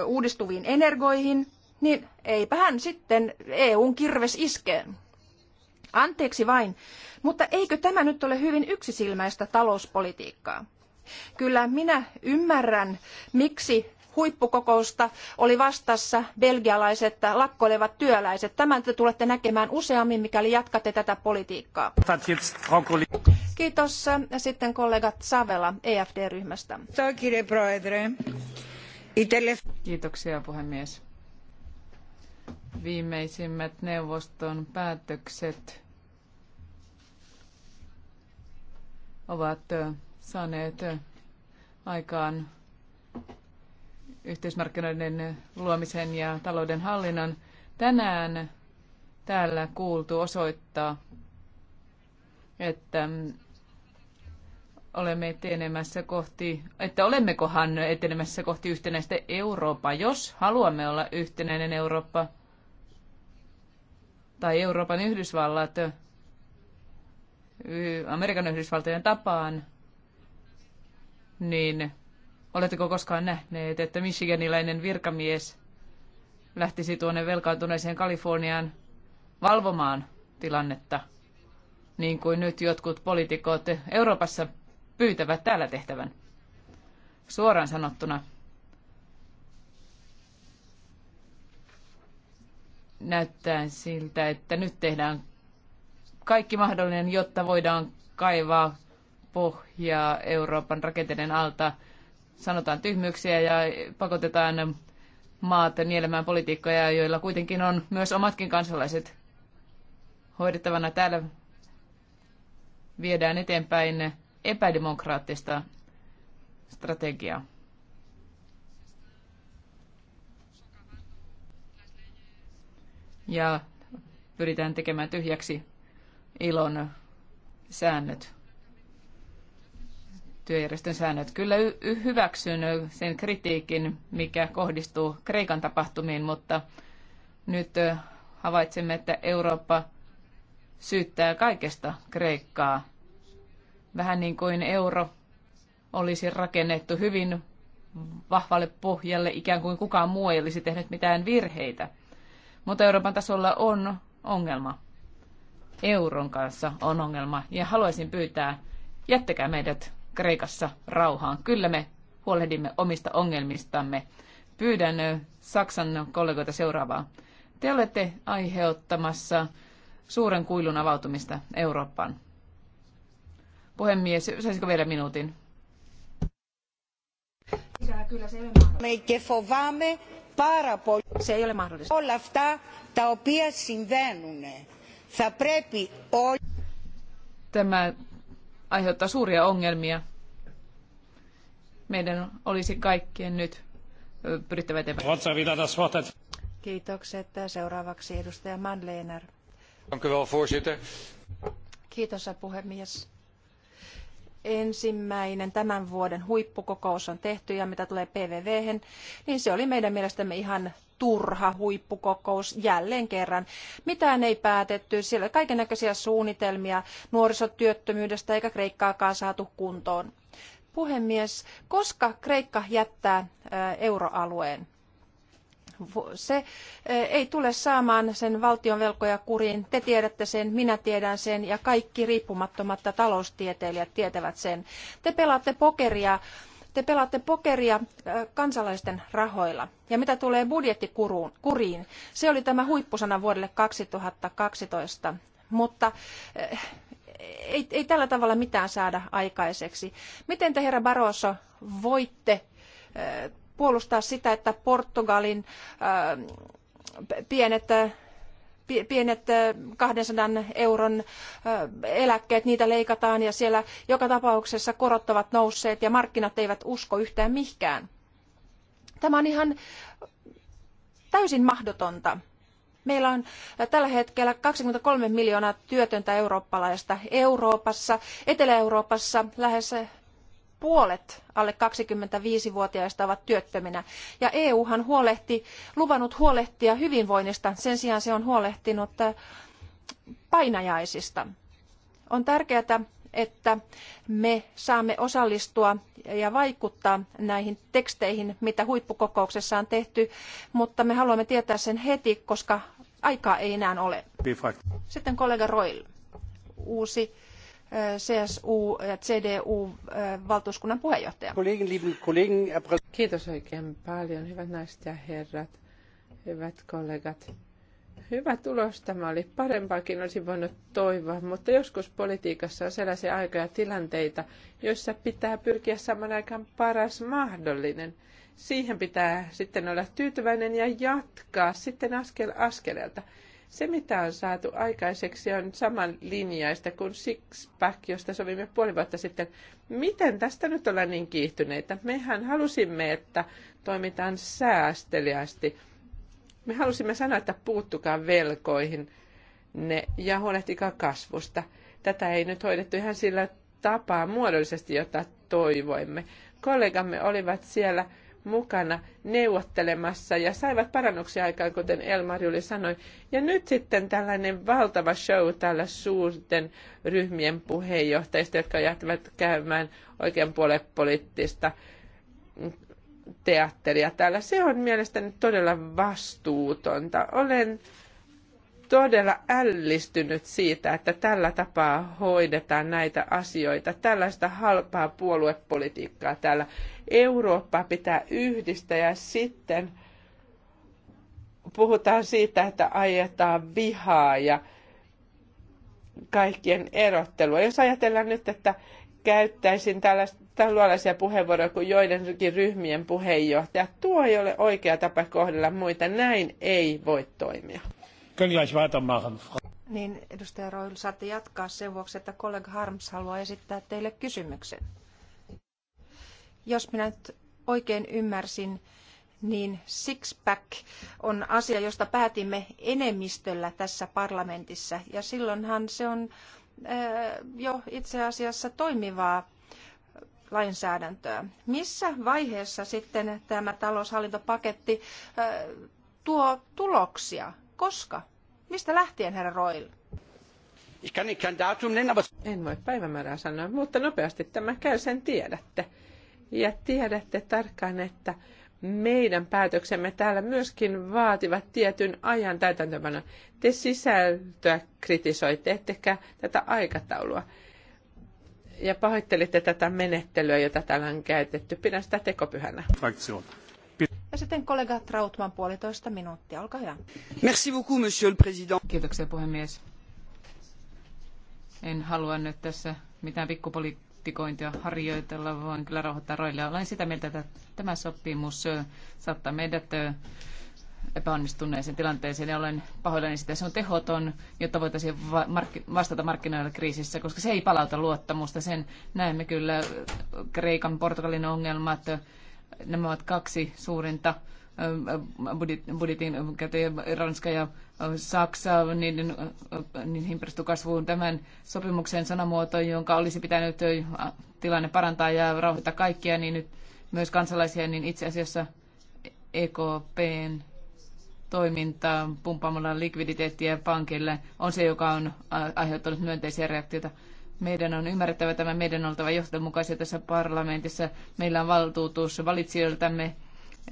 Speaker 1: uudistuviin energoihin, niin eipä hän sitten EUn kirves iskee. Anteeksi vain, mutta eikö tämä nyt ole hyvin yksisilmäistä talouspolitiikkaa? Kyllä minä ymmärrän, miksi huippukokousta oli vastassa belgialaiset lakkoilevat työläiset. Tämän te tulette näkemään useammin, mikäli jatkatte tätä politiikkaa. Kiitos. Ja sitten kollega Savela EFD-ryhmästä.
Speaker 4: Kiitoksia puhemies viimeisimmät neuvoston päätökset ovat saaneet aikaan yhteismarkkinoiden luomisen ja talouden hallinnan. Tänään täällä kuultu osoittaa, että mm, olemme etenemässä kohti, että olemmekohan etenemässä kohti yhtenäistä Eurooppaa. Jos haluamme olla yhtenäinen Eurooppa, tai Euroopan Yhdysvallat Amerikan Yhdysvaltojen tapaan, niin oletteko koskaan nähneet, että michiganilainen virkamies lähtisi tuonne velkaantuneeseen Kaliforniaan valvomaan tilannetta, niin kuin nyt jotkut poliitikot Euroopassa pyytävät täällä tehtävän? Suoraan sanottuna näyttää siltä, että nyt tehdään kaikki mahdollinen, jotta voidaan kaivaa pohjaa Euroopan rakenteiden alta. Sanotaan tyhmyyksiä ja pakotetaan maat nielemään politiikkoja, joilla kuitenkin on myös omatkin kansalaiset hoidettavana täällä viedään eteenpäin epädemokraattista strategiaa. ja pyritään tekemään tyhjäksi ilon säännöt, työjärjestön säännöt. Kyllä hyväksyn sen kritiikin, mikä kohdistuu Kreikan tapahtumiin, mutta nyt havaitsemme, että Eurooppa syyttää kaikesta Kreikkaa. Vähän niin kuin euro olisi rakennettu hyvin vahvalle pohjalle, ikään kuin kukaan muu ei olisi tehnyt mitään virheitä mutta Euroopan tasolla on ongelma. Euron kanssa on ongelma ja haluaisin pyytää, jättäkää meidät Kreikassa rauhaan. Kyllä me huolehdimme omista ongelmistamme. Pyydän Saksan kollegoita seuraavaa. Te olette aiheuttamassa suuren kuilun avautumista Eurooppaan. Puhemies, saisiko vielä minuutin?
Speaker 1: Me kyllä se πάρα πολύ όλα αυτά τα οποία συμβαίνουν.
Speaker 4: Θα πρέπει όλοι... Tämä aiheuttaa suuria ongelmia.
Speaker 1: Meidän olisi kaikkien nyt
Speaker 3: pyrittävä eteenpäin.
Speaker 1: Kiitokset. Seuraavaksi edustaja Manleener. Kiitos puhemies ensimmäinen tämän vuoden huippukokous on tehty ja mitä tulee PVV, niin se oli meidän mielestämme ihan turha huippukokous jälleen kerran. Mitään ei päätetty, siellä oli näköisiä suunnitelmia nuorisotyöttömyydestä eikä Kreikkaakaan saatu kuntoon. Puhemies, koska Kreikka jättää euroalueen? se e, ei tule saamaan sen valtion velkoja kuriin. Te tiedätte sen, minä tiedän sen ja kaikki riippumattomat taloustieteilijät tietävät sen. Te pelaatte pokeria te pelaatte pokeria e, kansalaisten rahoilla. Ja mitä tulee budjettikuriin, se oli tämä huippusana vuodelle 2012. Mutta e, ei, ei tällä tavalla mitään saada aikaiseksi. Miten te, herra Barroso, voitte puolustaa sitä, että Portugalin äh, pienet äh, pienet 200 äh, euron eläkkeet, niitä leikataan ja siellä joka tapauksessa korot ovat nousseet ja markkinat eivät usko yhtään mihkään. Tämä on ihan täysin mahdotonta. Meillä on tällä hetkellä 23 miljoonaa työtöntä eurooppalaista Euroopassa, Etelä-Euroopassa lähes puolet alle 25-vuotiaista ovat työttöminä. Ja EU han huolehti, luvannut huolehtia hyvinvoinnista, sen sijaan se on huolehtinut äh, painajaisista. On tärkeää, että me saamme osallistua ja vaikuttaa näihin teksteihin, mitä huippukokouksessa on tehty, mutta me haluamme tietää sen heti, koska aikaa ei enää ole. Sitten kollega Roil, uusi CSU- ja CDU-valtuuskunnan
Speaker 2: puheenjohtaja. Kiitos oikein paljon, hyvät naiset ja herrat, hyvät kollegat. Hyvä tulos tämä oli. Parempaakin olisi voinut toivoa, mutta joskus politiikassa on sellaisia aikoja ja tilanteita, joissa pitää pyrkiä saman aikaan paras mahdollinen. Siihen pitää sitten olla tyytyväinen ja jatkaa sitten askel askeleelta. Se, mitä on saatu aikaiseksi, on linjaista kuin Sixpack, josta sovimme puoli vuotta sitten. Miten tästä nyt ollaan niin kiihtyneitä? Mehän halusimme, että toimitaan säästeliästi. Me halusimme sanoa, että puuttukaa velkoihin ne ja huolehtikaa kasvusta. Tätä ei nyt hoidettu ihan sillä tapaa muodollisesti, jota toivoimme. Kollegamme olivat siellä mukana neuvottelemassa ja saivat parannuksia aikaan, kuten Elmar Juli sanoi. Ja nyt sitten tällainen valtava show täällä suurten ryhmien puheenjohtajista, jotka jättävät käymään oikein puolen poliittista teatteria täällä. Se on mielestäni todella vastuutonta. Olen todella ällistynyt siitä, että tällä tapaa hoidetaan näitä asioita, tällaista halpaa puoluepolitiikkaa täällä. Eurooppaa pitää yhdistää ja sitten puhutaan siitä, että ajetaan vihaa ja kaikkien erottelua. Jos ajatellaan nyt, että käyttäisin tällaista tällaisia puheenvuoroja kuin joidenkin ryhmien puheenjohtaja, tuo ei ole oikea tapa kohdella muita. Näin ei voi toimia.
Speaker 3: Können gleich weitermachen.
Speaker 2: Niin,
Speaker 1: edustaja Roil, saatte jatkaa sen vuoksi, että kollega Harms haluaa esittää teille kysymyksen. Jos minä nyt oikein ymmärsin, niin six-pack on asia, josta päätimme enemmistöllä tässä parlamentissa. Ja silloinhan se on äh, jo itse asiassa toimivaa lainsäädäntöä. Missä vaiheessa sitten tämä taloushallintopaketti äh, tuo tuloksia? Koska? Mistä lähtien, herra Roil?
Speaker 2: En voi päivämäärää sanoa, mutta nopeasti tämä käy, sen tiedätte. Ja tiedätte tarkkaan, että meidän päätöksemme täällä myöskin vaativat tietyn ajan täytäntöpanoa. Te sisältöä kritisoitte, ettekä tätä aikataulua. Ja pahoittelitte tätä menettelyä, jota täällä on käytetty. Pidän sitä tekopyhänä. Fraktion. Ja sitten kollega
Speaker 1: Trautman puolitoista minuuttia, olkaa hyvä.
Speaker 2: Merci beaucoup, monsieur le président. Kiitoksia puhemies.
Speaker 4: En halua nyt tässä mitään pikkupolitikointia harjoitella, vaan kyllä rauhoittaa roille. Olen sitä mieltä, että tämä sopimus saattaa meidät epäonnistuneeseen tilanteeseen ja olen pahoillani sitä. Se on tehoton, jotta voitaisiin vastata markkinoilla kriisissä, koska se ei palauta luottamusta. Sen näemme kyllä Kreikan, Portugalin ongelmat, Nämä ovat kaksi suurinta budjetin käteen Ranska ja Saksa, niiden, niihin perustuu kasvuun tämän sopimuksen sanamuoto, jonka olisi pitänyt tilanne parantaa ja rauhoittaa kaikkia, niin nyt myös kansalaisia, niin itse asiassa EKPn toiminta pumppaamalla likviditeettiä pankille on se, joka on aiheuttanut myönteisiä reaktioita. Meidän on ymmärrettävä tämä, meidän on oltava johdonmukaisia tässä parlamentissa. Meillä on valtuutus valitsijoiltamme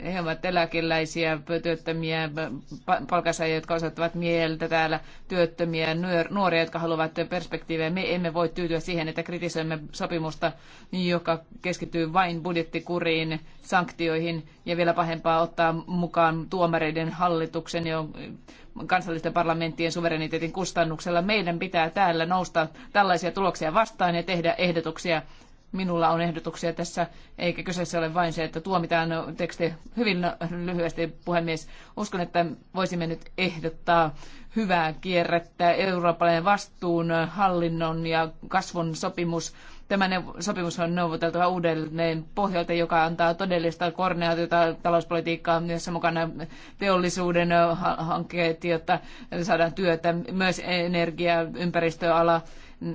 Speaker 4: he ovat eläkeläisiä, työttömiä, palkansaajia, jotka osoittavat mieltä täällä, työttömiä, nuoria, jotka haluavat perspektiivejä. Me emme voi tyytyä siihen, että kritisoimme sopimusta, joka keskittyy vain budjettikuriin, sanktioihin ja vielä pahempaa ottaa mukaan tuomareiden hallituksen ja kansallisten parlamenttien suvereniteetin kustannuksella. Meidän pitää täällä nousta tällaisia tuloksia vastaan ja tehdä ehdotuksia minulla on ehdotuksia tässä, eikä kyseessä ole vain se, että tuomitaan teksti hyvin lyhyesti, puhemies. Uskon, että voisimme nyt ehdottaa hyvää kierrettä, eurooppalainen vastuun, hallinnon ja kasvun sopimus. Tämä sopimus on neuvoteltu uudelleen pohjalta, joka antaa todellista koordinaatiota talouspolitiikkaan, jossa mukana teollisuuden hankkeet, jotta saadaan työtä, myös energia- ja ympäristöala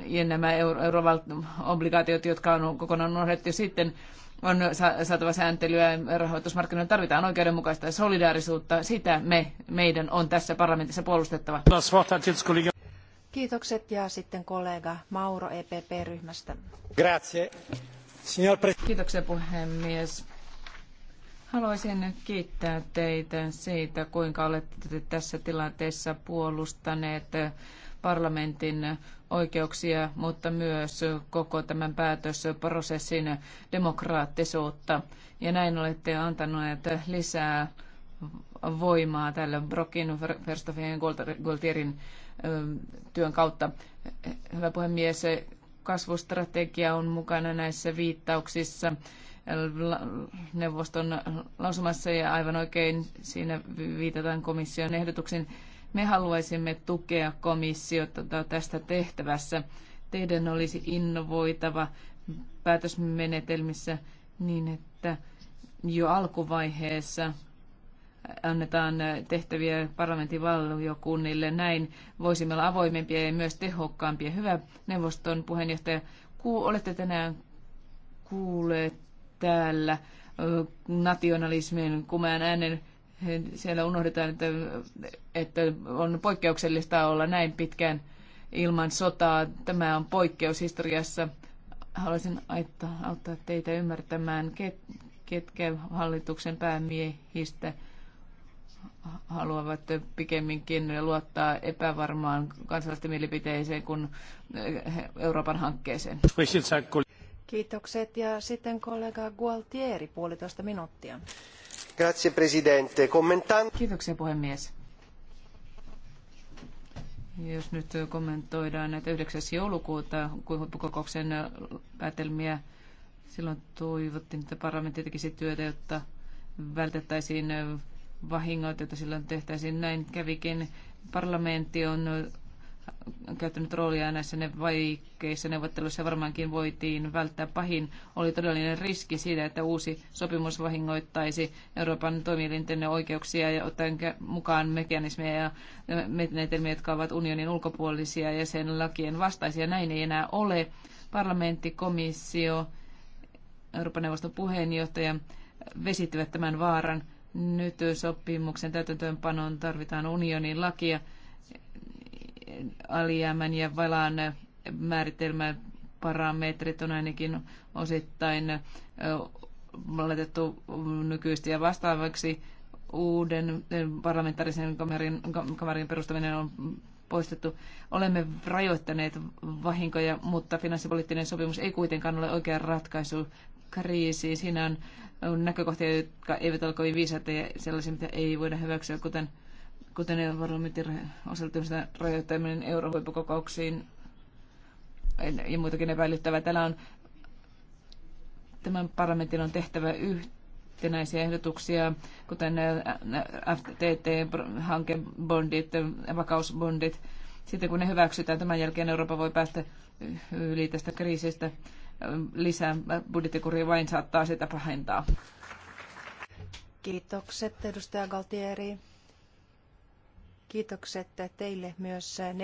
Speaker 4: ja nämä euro- euroobligaatiot, jotka on kokonaan unohdettu sitten, on saatava sääntelyä, rahoitusmarkkinoilla tarvitaan oikeudenmukaista ja solidaarisuutta. Sitä me, meidän on tässä parlamentissa puolustettava.
Speaker 1: Kiitokset ja sitten kollega Mauro EPP-ryhmästä.
Speaker 4: Grazie. Signor Kiitoksia puhemies. Haluaisin kiittää teitä siitä, kuinka olette tässä tilanteessa puolustaneet parlamentin oikeuksia, mutta myös koko tämän päätösprosessin demokraattisuutta. Ja näin olette antaneet lisää voimaa tälle Brokin, Verstofien ja Gultierin ähm, työn kautta. Hyvä puhemies, kasvustrategia on mukana näissä viittauksissa neuvoston lausumassa ja aivan oikein siinä viitataan komission ehdotuksiin. Me haluaisimme tukea komissiota tästä tehtävässä. Teidän olisi innovoitava päätösmenetelmissä niin, että jo alkuvaiheessa annetaan tehtäviä parlamentin valiokunnille. Näin voisimme olla avoimempia ja myös tehokkaampia. Hyvä neuvoston puheenjohtaja, ku, olette tänään kuulleet täällä nationalismin kumean äänen siellä unohdetaan, että, että on poikkeuksellista olla näin pitkään ilman sotaa. Tämä on poikkeus historiassa. Haluaisin auttaa, auttaa teitä ymmärtämään, ket, ketkä hallituksen päämiehistä haluavat pikemminkin luottaa epävarmaan kansalaisten mielipiteeseen kuin Euroopan hankkeeseen.
Speaker 1: Kiitokset ja sitten kollega Gualtieri puolitoista minuuttia arvoisa
Speaker 4: puhemies. Jos nyt kommentoidaan näitä 9. joulukuuta huippukokouksen päätelmiä, silloin toivottiin, että parlamentti tekisi työtä, jotta vältettäisiin vahingot, joita silloin tehtäisiin. Näin kävikin. Parlamentti on käyttänyt roolia näissä ne vaikeissa neuvotteluissa varmaankin voitiin välttää pahin. Oli todellinen riski siitä, että uusi sopimus vahingoittaisi Euroopan toimielinten oikeuksia ja ottaen mukaan mekanismeja ja menetelmiä, jotka ovat unionin ulkopuolisia ja sen lakien vastaisia. Näin ei enää ole. Parlamentti, komissio, Euroopan neuvoston puheenjohtaja vesittivät tämän vaaran. Nyt sopimuksen täytäntöönpanoon tarvitaan unionin lakia alijäämän ja valan määritelmän parametrit on ainakin osittain laitettu nykyistä vastaavaksi. Uuden parlamentaarisen kamerin, kamerin perustaminen on poistettu. Olemme rajoittaneet vahinkoja, mutta finanssipoliittinen sopimus ei kuitenkaan ole oikea ratkaisu kriisiin. Siinä on näkökohtia, jotka eivät ole kovin viisaita ja sellaisia, mitä ei voida hyväksyä, kuten kuten EU-parlamentin osallistumisen rajoittaminen eurohuippukokouksiin ja muitakin epäilyttävää. Täällä on tämän parlamentin on tehtävä yhtenäisiä ehdotuksia, kuten FTT-hankebondit, vakausbondit. Sitten kun ne hyväksytään, tämän jälkeen Eurooppa voi päästä yli tästä kriisistä. Lisää budjettikuria vain saattaa sitä pahentaa.
Speaker 1: Kiitokset, edustaja Galtieri. Kiitokset teille myös eh,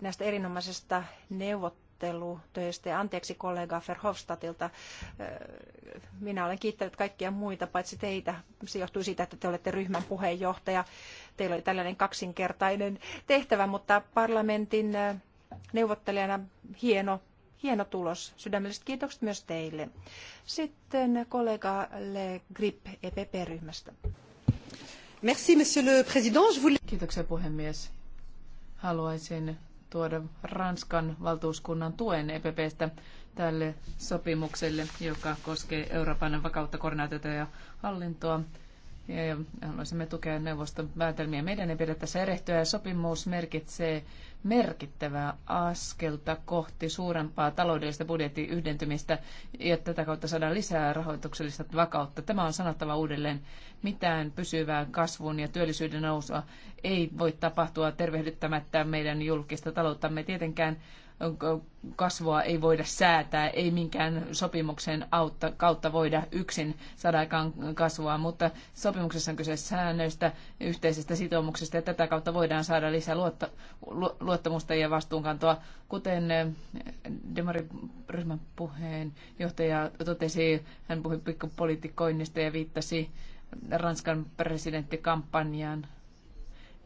Speaker 1: näistä erinomaisesta neuvottelutöistä ja anteeksi kollega Verhofstadtilta. Eh, minä olen kiittänyt kaikkia muita paitsi teitä. Se johtui siitä, että te olette ryhmän puheenjohtaja. Teillä oli tällainen kaksinkertainen tehtävä, mutta parlamentin eh, neuvottelijana hieno Hieno tulos. Sydämelliset kiitokset myös teille. Sitten kollega Le Grip EPP-ryhmästä.
Speaker 4: Merci, Kiitoksia puhemies. Haluaisin tuoda Ranskan valtuuskunnan tuen EPPstä tälle sopimukselle, joka koskee Euroopan vakautta, koordinaatiota ja hallintoa ja haluaisimme tukea neuvoston päätelmiä. Meidän ei pidä tässä erehtyä ja sopimus merkitsee merkittävää askelta kohti suurempaa taloudellista budjetin yhdentymistä ja tätä kautta saadaan lisää rahoituksellista vakautta. Tämä on sanottava uudelleen. Mitään pysyvää kasvun ja työllisyyden nousua ei voi tapahtua tervehdyttämättä meidän julkista talouttamme. Tietenkään kasvua ei voida säätää, ei minkään sopimuksen autta, kautta voida yksin saada aikaan kasvua, mutta sopimuksessa on kyse säännöistä, yhteisestä sitoumuksesta ja tätä kautta voidaan saada lisää luotta, luottamusta ja vastuunkantoa. Kuten eh, demariryhmän puheenjohtaja totesi, hän puhui pikkupolitikoinnista ja viittasi Ranskan presidenttikampanjaan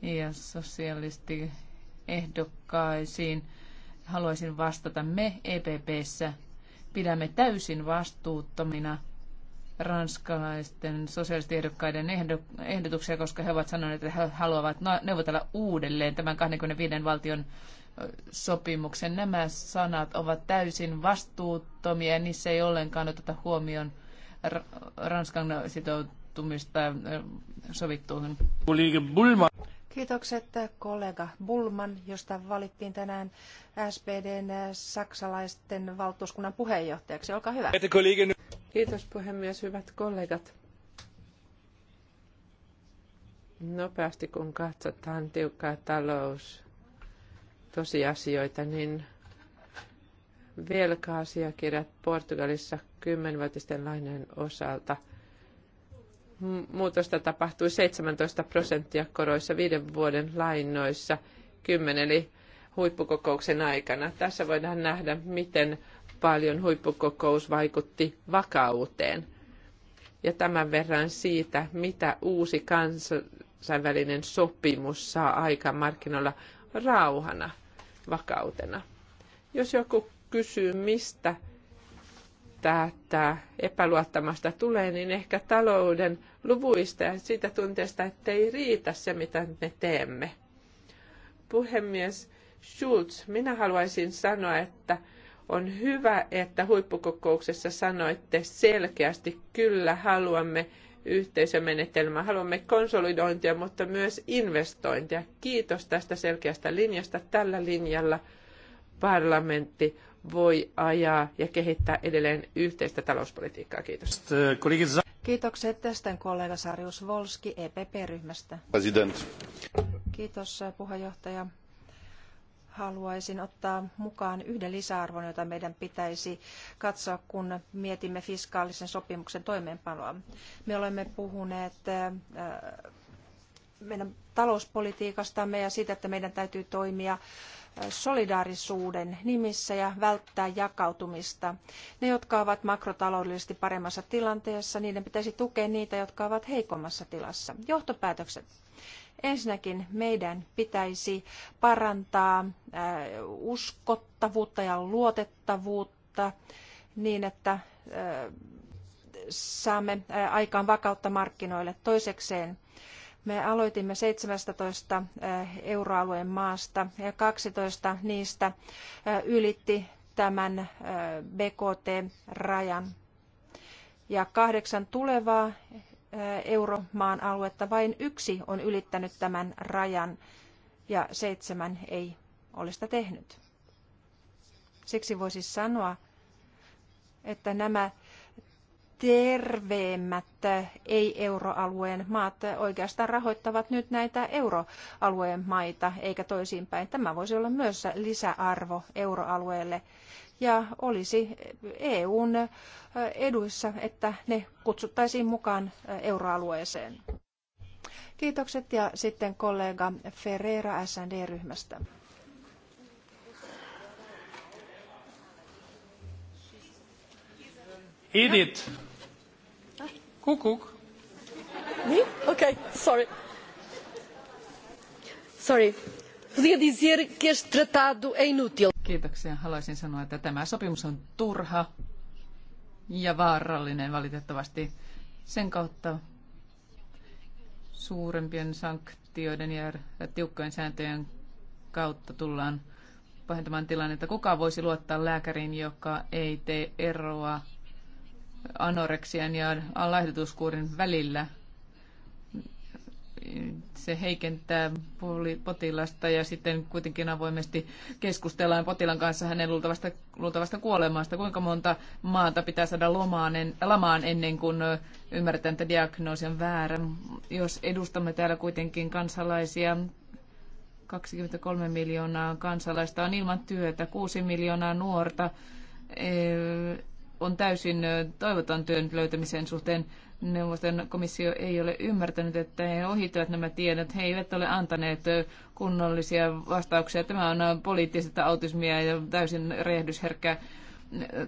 Speaker 4: ja sosialistiehdokkaisiin. ehdokkaisiin haluaisin vastata. Me EPPssä pidämme täysin vastuuttomina ranskalaisten sosiaalistiehdokkaiden ehdotuksia, koska he ovat sanoneet, että he haluavat neuvotella uudelleen tämän 25 valtion sopimuksen. Nämä sanat ovat täysin vastuuttomia ja niissä ei ollenkaan oteta huomioon Ranskan sitoutumista sovittuun.
Speaker 1: Kiitokset kollega Bullman, josta valittiin tänään SPDn eh, saksalaisten valtuuskunnan puheenjohtajaksi. Olkaa hyvä.
Speaker 2: Kiitos puhemies, hyvät kollegat. Nopeasti kun katsotaan tiukkaa talous tosiasioita, niin velka-asiakirjat Portugalissa kymmenvuotisten lainojen osalta – muutosta tapahtui 17 prosenttia koroissa viiden vuoden lainoissa 10 eli huippukokouksen aikana. Tässä voidaan nähdä, miten paljon huippukokous vaikutti vakauteen. Ja tämän verran siitä, mitä uusi kansainvälinen sopimus saa aikaan markkinoilla rauhana, vakautena. Jos joku kysyy, mistä että epäluottamasta tulee, niin ehkä talouden luvuista ja siitä tunteesta, että ei riitä se, mitä me teemme. Puhemies Schulz, minä haluaisin sanoa, että on hyvä, että huippukokouksessa sanoitte selkeästi, kyllä haluamme yhteisömenetelmää, haluamme konsolidointia, mutta myös investointia. Kiitos tästä selkeästä linjasta. Tällä linjalla parlamentti voi ajaa ja kehittää edelleen yhteistä talouspolitiikkaa. Kiitos. Kiitokset tästä kollega Sarius Volski EPP-ryhmästä.
Speaker 3: President.
Speaker 1: Kiitos puheenjohtaja. Haluaisin ottaa mukaan yhden lisäarvon, jota meidän pitäisi katsoa, kun mietimme fiskaalisen sopimuksen toimeenpanoa. Me olemme puhuneet äh, meidän talouspolitiikastamme ja siitä, että meidän täytyy toimia solidaarisuuden nimissä ja välttää jakautumista. Ne, jotka ovat makrotaloudellisesti paremmassa tilanteessa, niiden pitäisi tukea niitä, jotka ovat heikommassa tilassa. Johtopäätökset. Ensinnäkin meidän pitäisi parantaa äh, uskottavuutta ja luotettavuutta niin, että äh, saamme äh, aikaan vakautta markkinoille. Toisekseen me aloitimme 17 eh, euroalueen maasta ja 12 niistä eh, ylitti tämän eh, BKT-rajan. Ja kahdeksan tulevaa euromaan aluetta vain yksi on ylittänyt tämän rajan ja seitsemän ei ole sitä tehnyt. Siksi voisi sanoa, että nämä terveemmät eh, ei-euroalueen maat eh, oikeastaan rahoittavat nyt näitä euroalueen maita, eikä toisinpäin. Tämä voisi olla myös lisäarvo euroalueelle ja olisi EUn eh, eduissa, että ne kutsuttaisiin mukaan euroalueeseen. Kiitokset ja sitten kollega Ferreira SND-ryhmästä.
Speaker 3: Edith.
Speaker 2: Kuckuck. Me? Okay, sorry. Sorry. Podia dizer que este tratado
Speaker 4: é inútil. Kiitoksia. Haluaisin sanoa, että tämä sopimus on turha ja vaarallinen valitettavasti. Sen kautta suurempien sanktioiden ja tiukkojen sääntöjen kautta tullaan pahentamaan tilannetta. Kuka voisi luottaa lääkäriin, joka ei tee eroa anoreksian ja laihdutuskuurin välillä. Se heikentää potilasta ja sitten kuitenkin avoimesti keskustellaan potilaan kanssa hänen luultavasta, luultavasta kuolemasta. Kuinka monta maata pitää saada lomaan en, lamaan ennen kuin ymmärretään, että diagnoosi on väärä. Jos edustamme täällä kuitenkin kansalaisia, 23 miljoonaa kansalaista on ilman työtä, 6 miljoonaa nuorta e- on täysin toivoton työn löytämisen suhteen. Neuvoston komissio ei ole ymmärtänyt, että he ohittavat nämä tiedot. He eivät ole antaneet kunnollisia vastauksia. Tämä on poliittista autismia ja täysin rehdysherkkä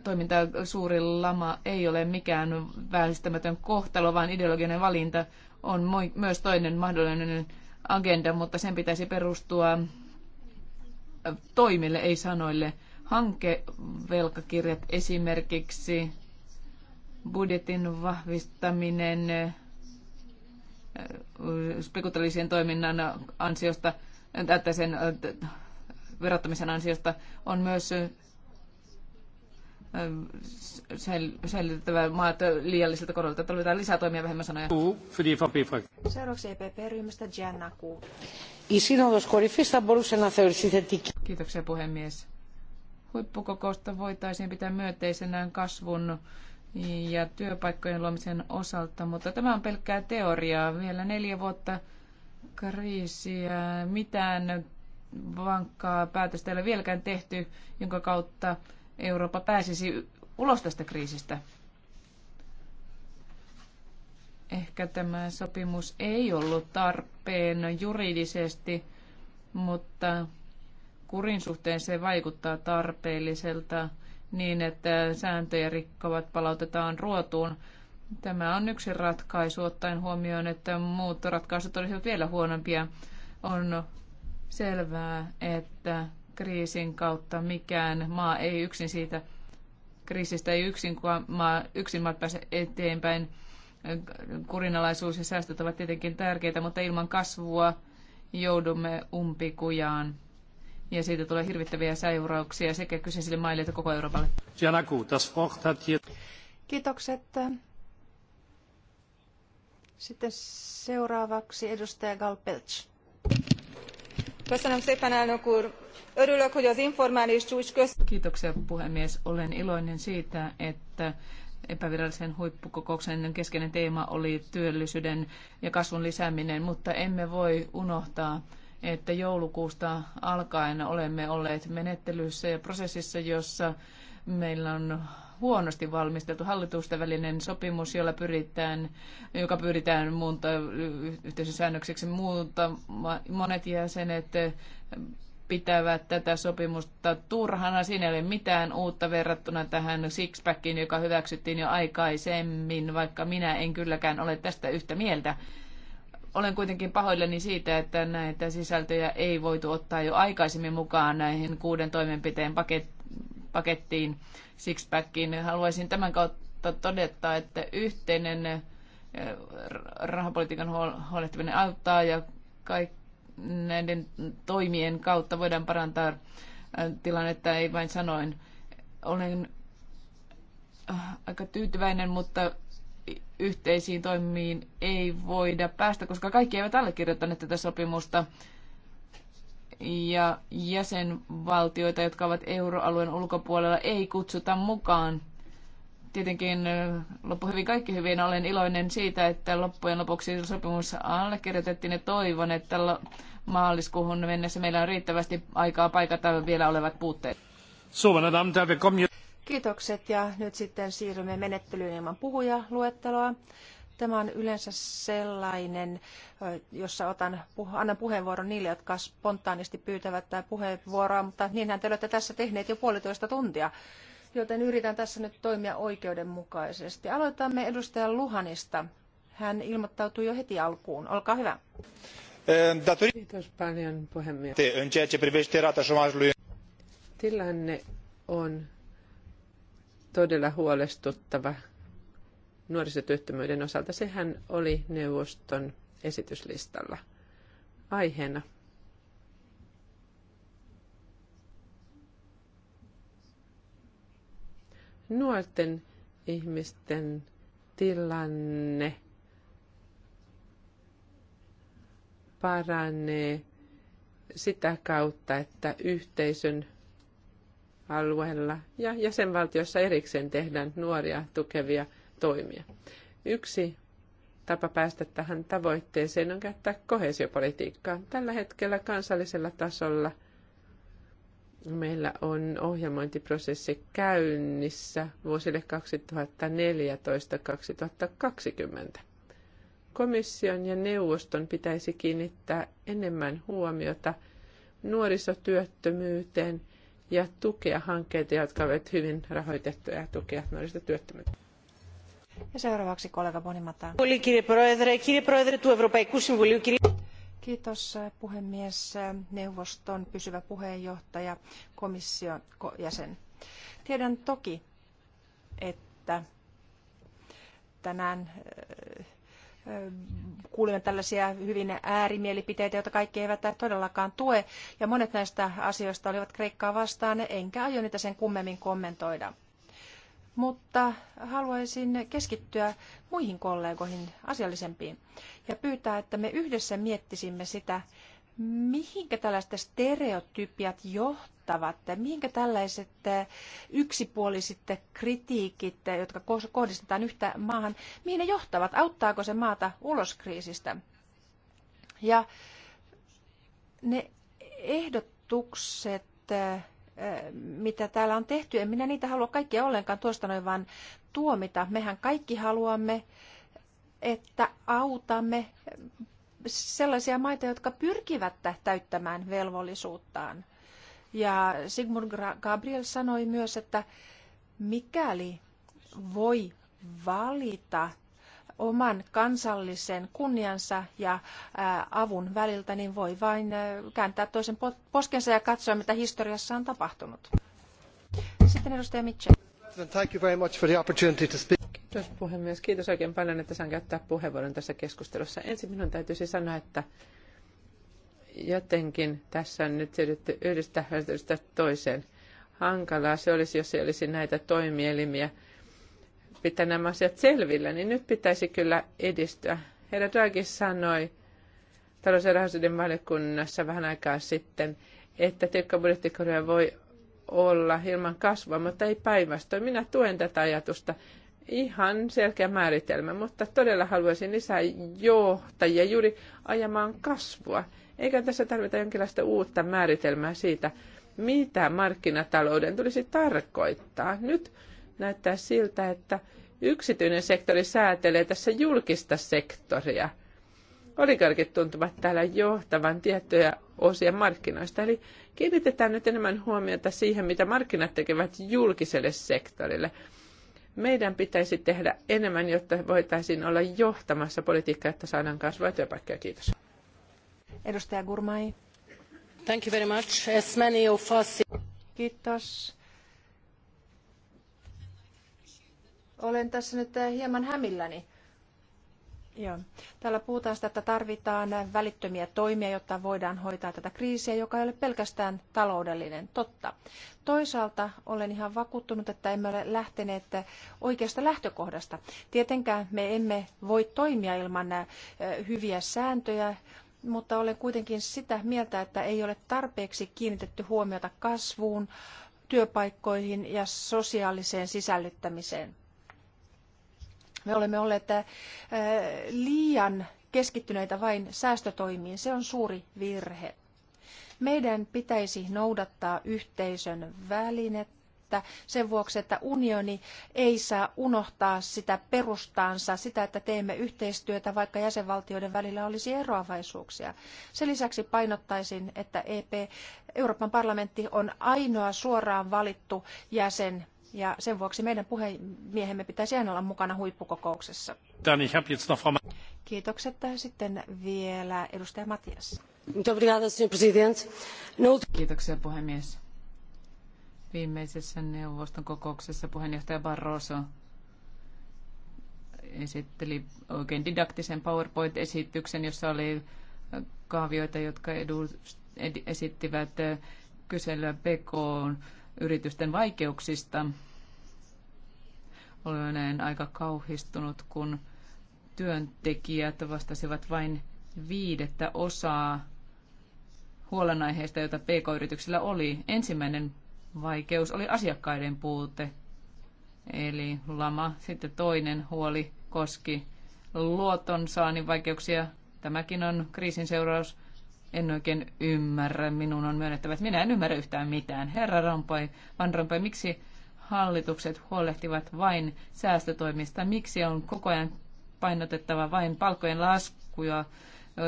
Speaker 4: toiminta suuri lama ei ole mikään vääristämätön kohtalo, vaan ideologinen valinta on myös toinen mahdollinen agenda, mutta sen pitäisi perustua toimille, ei sanoille hankevelkakirjat esimerkiksi, budjetin vahvistaminen spekulatiivisen toiminnan ansiosta, että sen verottamisen ansiosta on myös säilytettävä maat liialliselta korolta. Tarvitaan lisää toimia vähemmän sanoja.
Speaker 1: Seuraavaksi EPP-ryhmästä Gianna Kuu.
Speaker 4: Η Σύνοδος Κορυφής θα μπορούσε να θεωρηθεί θετική. Kiitoksia puhemies huippukokousta voitaisiin pitää myönteisenä kasvun ja työpaikkojen luomisen osalta, mutta tämä on pelkkää teoriaa. Vielä neljä vuotta kriisiä, mitään vankkaa päätöstä ei ole vieläkään tehty, jonka kautta Eurooppa pääsisi ulos tästä kriisistä. Ehkä tämä sopimus ei ollut tarpeen juridisesti, mutta kurin suhteen se vaikuttaa tarpeelliselta niin, että sääntöjä rikkovat palautetaan ruotuun. Tämä on yksi ratkaisu, ottaen huomioon, että muut ratkaisut olisivat vielä huonompia. On selvää, että kriisin kautta mikään maa ei yksin siitä kriisistä ei yksin, kun maa, yksin maa pääse eteenpäin. Kurinalaisuus ja säästöt ovat tietenkin tärkeitä, mutta ilman kasvua joudumme umpikujaan ja siitä tulee hirvittäviä seurauksia sekä kyseisille maille että koko Euroopalle. Kiitokset.
Speaker 1: Sitten seuraavaksi edustaja Galpelch.
Speaker 4: Kiitoksia puhemies. Olen iloinen siitä, että epävirallisen huippukokouksen keskeinen teema oli työllisyyden ja kasvun lisääminen, mutta emme voi unohtaa että joulukuusta alkaen olemme olleet menettelyssä ja prosessissa, jossa meillä on huonosti valmisteltu hallitusten välinen sopimus, jolla pyritään, joka pyritään muunta, yhteisön säännökseksi muuta. Monet jäsenet pitävät tätä sopimusta turhana. Siinä ei ole mitään uutta verrattuna tähän sixpackiin, joka hyväksyttiin jo aikaisemmin, vaikka minä en kylläkään ole tästä yhtä mieltä. Olen kuitenkin pahoillani siitä, että näitä sisältöjä ei voitu ottaa jo aikaisemmin mukaan näihin kuuden toimenpiteen pakettiin, sixpackiin. Haluaisin tämän kautta todeta, että yhteinen eh, rahapolitiikan huolehtiminen auttaa ja kaikki näiden toimien kautta voidaan parantaa eh, tilannetta, ei vain sanoin. Olen eh, aika tyytyväinen, mutta yhteisiin toimiin ei voida päästä, koska kaikki eivät allekirjoittaneet tätä sopimusta. Ja jäsenvaltioita, jotka ovat euroalueen ulkopuolella, ei kutsuta mukaan. Tietenkin loppu hyvin, kaikki hyvin. Olen iloinen siitä, että loppujen lopuksi sopimus allekirjoitettiin ja toivon, että maaliskuuhun mennessä meillä on riittävästi aikaa paikata vielä olevat
Speaker 3: puutteet. So, meine
Speaker 1: Kiitokset ja nyt sitten siirrymme menettelyyn ilman puhujaluetteloa. Tämä on yleensä sellainen, jossa otan, annan puheenvuoron niille, jotka spontaanisti pyytävät tämä puheenvuoroa, mutta niinhän te olette tässä tehneet jo puolitoista tuntia, joten yritän tässä nyt toimia oikeudenmukaisesti. Aloitamme edustaja Luhanista. Hän ilmoittautui jo heti alkuun. Olkaa hyvä.
Speaker 2: Ehm, Kiitos paljon puhemies. Tilanne on todella huolestuttava nuorisotyöttömyyden osalta. Sehän oli neuvoston esityslistalla aiheena. Nuorten ihmisten tilanne paranee sitä kautta, että yhteisön alueella ja jäsenvaltiossa erikseen tehdään nuoria tukevia toimia. Yksi tapa päästä tähän tavoitteeseen on käyttää kohesiopolitiikkaa. Tällä hetkellä kansallisella tasolla meillä on ohjelmointiprosessi käynnissä vuosille 2014-2020. Komission ja neuvoston pitäisi kiinnittää enemmän huomiota nuorisotyöttömyyteen – ja tukea hankkeita, jotka ovat hyvin rahoitettuja ja tukea nuorista työttömyyttä.
Speaker 1: Ja seuraavaksi kollega Bonimata. Kiitos äh, puhemies, äh, neuvoston pysyvä puheenjohtaja, komission jäsen. Tiedän toki, että tänään äh, kuulimme tällaisia hyvin äärimielipiteitä, joita kaikki eivät todellakaan tue, ja monet näistä asioista olivat Kreikkaa vastaan, enkä aio niitä sen kummemmin kommentoida. Mutta haluaisin keskittyä muihin kollegoihin asiallisempiin ja pyytää, että me yhdessä miettisimme sitä, mihinkä tällaiset stereotypiat johtavat että Mihinkä tällaiset eh, yksipuoliset kritiikit, eh, jotka kohdistetaan yhtä maahan, mihin ne johtavat? Auttaako se maata ulos kriisistä? Ja ne ehdotukset, eh, mitä täällä on tehty, en minä niitä halua kaikkia ollenkaan tuosta noin vaan tuomita. Mehän kaikki haluamme, että autamme sellaisia maita, jotka pyrkivät täyttämään velvollisuuttaan. Ja Sigmund Gabriel sanoi myös, että mikäli voi valita oman kansallisen kunniansa ja avun väliltä, niin voi vain kääntää toisen poskensa ja katsoa, mitä historiassa on
Speaker 3: tapahtunut.
Speaker 2: Sitten edustaja Mitchell.
Speaker 3: Thank you very much for the opportunity to speak.
Speaker 2: Kiitos puhemies. Kiitos oikein paljon, että saan käyttää puheenvuoron tässä keskustelussa. Ensin minun täytyisi sanoa, että jotenkin tässä on nyt siirrytty yhdestä hälytystä toiseen. Hankalaa se olisi, jos ei olisi näitä toimielimiä pitää nämä asiat selvillä, niin nyt pitäisi kyllä edistyä. Herra Draghi sanoi talous- ja rahaisuuden valiokunnassa vähän aikaa sitten, että tiukka budjettikoria voi olla ilman kasvua, mutta ei päinvastoin. Minä tuen tätä ajatusta ihan selkeä määritelmä, mutta todella haluaisin lisää johtajia juuri ajamaan kasvua. Eikä tässä tarvita jonkinlaista uutta määritelmää siitä, mitä markkinatalouden tulisi tarkoittaa. Nyt näyttää siltä, että yksityinen sektori säätelee tässä julkista sektoria. Oligarkit tuntuvat täällä johtavan tiettyjä osia markkinoista. Eli kiinnitetään nyt enemmän huomiota siihen, mitä markkinat tekevät julkiselle sektorille. Meidän pitäisi tehdä enemmän, jotta voitaisiin olla johtamassa politiikkaa, että saadaan kasvua ja työpaikkoja. Kiitos.
Speaker 1: Edustaja Gurmai. Thank you very much. As many of us... Kiitos. Olen tässä nyt eh, hieman hämilläni Joo. Täällä puhutaan sitä, että tarvitaan välittömiä toimia, jotta voidaan hoitaa tätä kriisiä, joka ei ole pelkästään taloudellinen. Totta. Toisaalta olen ihan vakuuttunut, että emme ole lähteneet oikeasta lähtökohdasta. Tietenkään me emme voi toimia ilman hyviä sääntöjä, mutta olen kuitenkin sitä mieltä, että ei ole tarpeeksi kiinnitetty huomiota kasvuun, työpaikkoihin ja sosiaaliseen sisällyttämiseen me olemme olleet liian keskittyneitä vain säästötoimiin. Se on suuri virhe. Meidän pitäisi noudattaa yhteisön välinettä sen vuoksi, että unioni ei saa unohtaa sitä perustaansa, sitä, että teemme yhteistyötä, vaikka jäsenvaltioiden välillä olisi eroavaisuuksia. Sen lisäksi painottaisin, että EP, Euroopan parlamentti on ainoa suoraan valittu jäsen ja sen vuoksi meidän puhemiehemme pitäisi aina olla mukana huippukokouksessa. Kiitokset. Äh, sitten vielä edustaja Matias. No Kiitoksia puhemies.
Speaker 4: Viimeisessä neuvoston kokouksessa puheenjohtaja Barroso esitteli oikein didaktisen PowerPoint-esityksen, jossa oli kaavioita, jotka edu, ed, esittivät kyselyä PK yritysten vaikeuksista. Olen aika kauhistunut, kun työntekijät vastasivat vain viidettä osaa huolenaiheista, joita pk-yrityksillä oli. Ensimmäinen vaikeus oli asiakkaiden puute, eli lama. Sitten toinen huoli koski luotonsaannin vaikeuksia. Tämäkin on kriisin seuraus. En oikein ymmärrä, minun on myönnettävä, että minä en ymmärrä yhtään mitään. Herra Rampoi, Van Rampoi, miksi hallitukset huolehtivat vain säästötoimista? Miksi on koko ajan painotettava vain palkkojen laskuja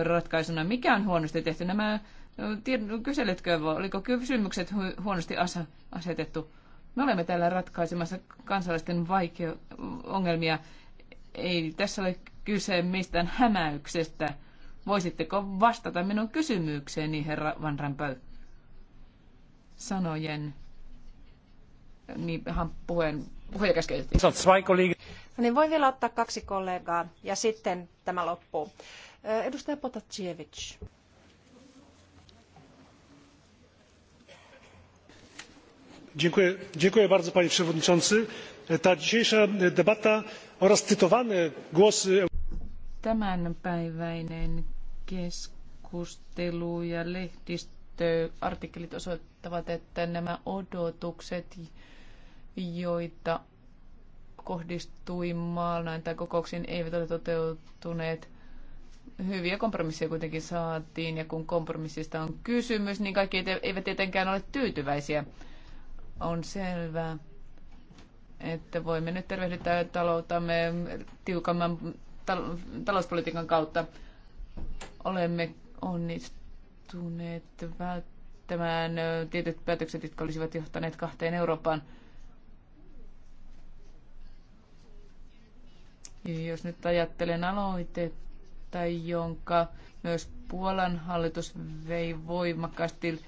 Speaker 4: ratkaisuna? Mikä on huonosti tehty? Nämä no, no, kyselytkö, oliko kysymykset huonosti asetettu? Me olemme täällä ratkaisemassa kansalaisten vaikea ongelmia. Ei tässä ole kyse mistään hämäyksestä Voisitteko vastata minun kysymykseeni, herra Van Rampel? Sanojen niin hän puheen, puheen käskeytettiin.
Speaker 1: No niin, voin vielä ottaa kaksi kollegaa ja sitten tämä loppuu. Edustaja Potatsiewicz.
Speaker 3: Dziękuję, dziękuję bardzo panie przewodniczący. Ta dzisiejsza debata oraz cytowane głosy
Speaker 4: Tämänpäiväinen keskustelu ja lehdistöartikkelit osoittavat, että nämä odotukset, joita kohdistui maanantai kokouksiin, eivät ole toteutuneet. Hyviä kompromisseja kuitenkin saatiin, ja kun kompromissista on kysymys, niin kaikki eivät tietenkään ole tyytyväisiä. On selvää, että voimme nyt tervehdyttää taloutamme tiukamman tal- talouspolitiikan kautta olemme onnistuneet välttämään tietyt päätökset, jotka olisivat johtaneet kahteen Euroopan. Jos nyt ajattelen aloitetta, jonka myös Puolan hallitus vei voimakkaasti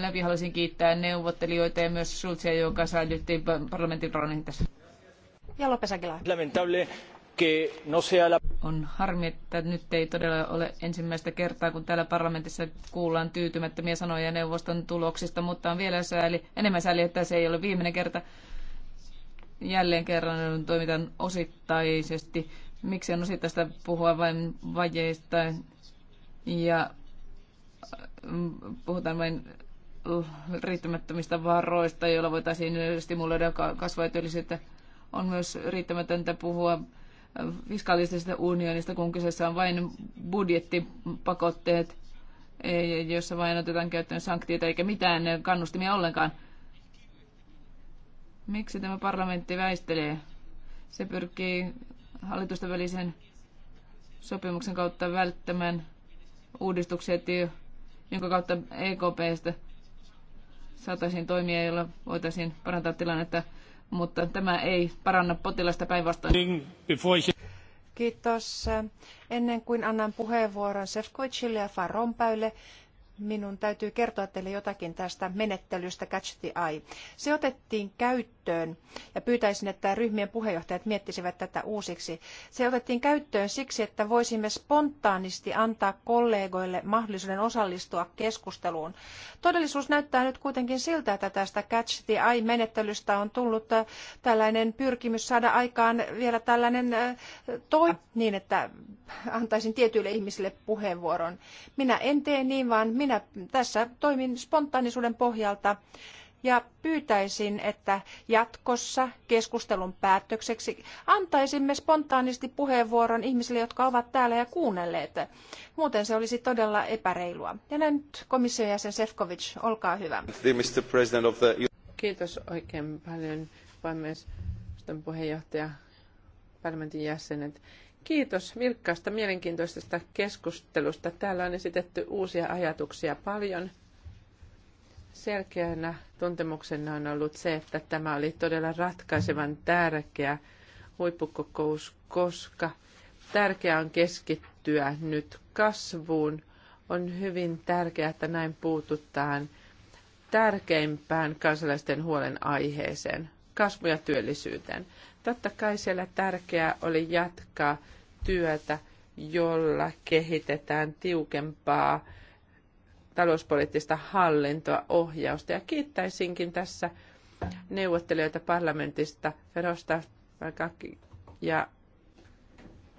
Speaker 4: läpi, haluaisin kiittää neuvottelijoita ja myös Schulzia, joka säilytti parlamentin roolin tässä.
Speaker 1: Ja Lopes Aguilar.
Speaker 3: Lamentable No
Speaker 4: on harmi, että nyt ei todella ole ensimmäistä kertaa, kun täällä parlamentissa kuullaan tyytymättömiä sanoja neuvoston tuloksista, mutta on vielä sääli, enemmän sääli, että se ei ole viimeinen kerta. Jälleen kerran toimitaan osittaisesti. Miksi on osittaista puhua vain vajeista ja mm, puhutaan vain riittämättömistä varoista, joilla voitaisiin stimuloida kasvua ja työllisyyttä. On myös riittämätöntä puhua fiskaalisesta unionista, kun kyseessä on vain budjettipakotteet, e, jossa vain otetaan käyttöön sanktioita eikä mitään kannustimia ollenkaan. Miksi tämä parlamentti väistelee? Se pyrkii hallitusten välisen sopimuksen kautta välttämään uudistuksia, jonka kautta EKPstä saataisiin toimia, joilla voitaisiin parantaa tilannetta mutta tämä ei paranna potilasta päinvastoin.
Speaker 1: Kiitos. Ennen kuin annan puheenvuoron Sefcoicille ja Farompäylle, minun täytyy kertoa teille jotakin tästä menettelystä Catch the Eye. Se otettiin käyttöön, ja pyytäisin, että ryhmien puheenjohtajat miettisivät tätä uusiksi. Se otettiin käyttöön siksi, että voisimme spontaanisti antaa kollegoille mahdollisuuden osallistua keskusteluun. Todellisuus näyttää nyt kuitenkin siltä, että tästä Catch the Eye-menettelystä on tullut äh, tällainen pyrkimys saada aikaan vielä tällainen äh, toi, niin että antaisin tietyille ihmisille puheenvuoron. Minä en tee niin, vaan minä minä tässä toimin spontaanisuuden pohjalta ja pyytäisin, että jatkossa keskustelun päättökseksi antaisimme spontaanisti puheenvuoron ihmisille, jotka ovat täällä ja kuunnelleet. Muuten se olisi todella epäreilua. Ja nyt komission jäsen efovi olkaa hyvä.
Speaker 2: Kiitos oikein paljon, puhemies, puheenjohtaja, parlamentin jäsenet. Kiitos vilkkaasta mielenkiintoisesta keskustelusta. Täällä on esitetty uusia ajatuksia paljon. Selkeänä tuntemuksena on ollut se, että tämä oli todella ratkaisevan tärkeä huippukokous, koska tärkeää on keskittyä nyt kasvuun. On hyvin tärkeää, että näin puututaan tärkeimpään kansalaisten huolen aiheeseen, kasvu- ja työllisyyteen. Totta kai siellä tärkeää oli jatkaa työtä, jolla kehitetään tiukempaa talouspoliittista hallintoa, ohjausta. Ja kiittäisinkin tässä neuvottelijoita parlamentista, Ferosta ja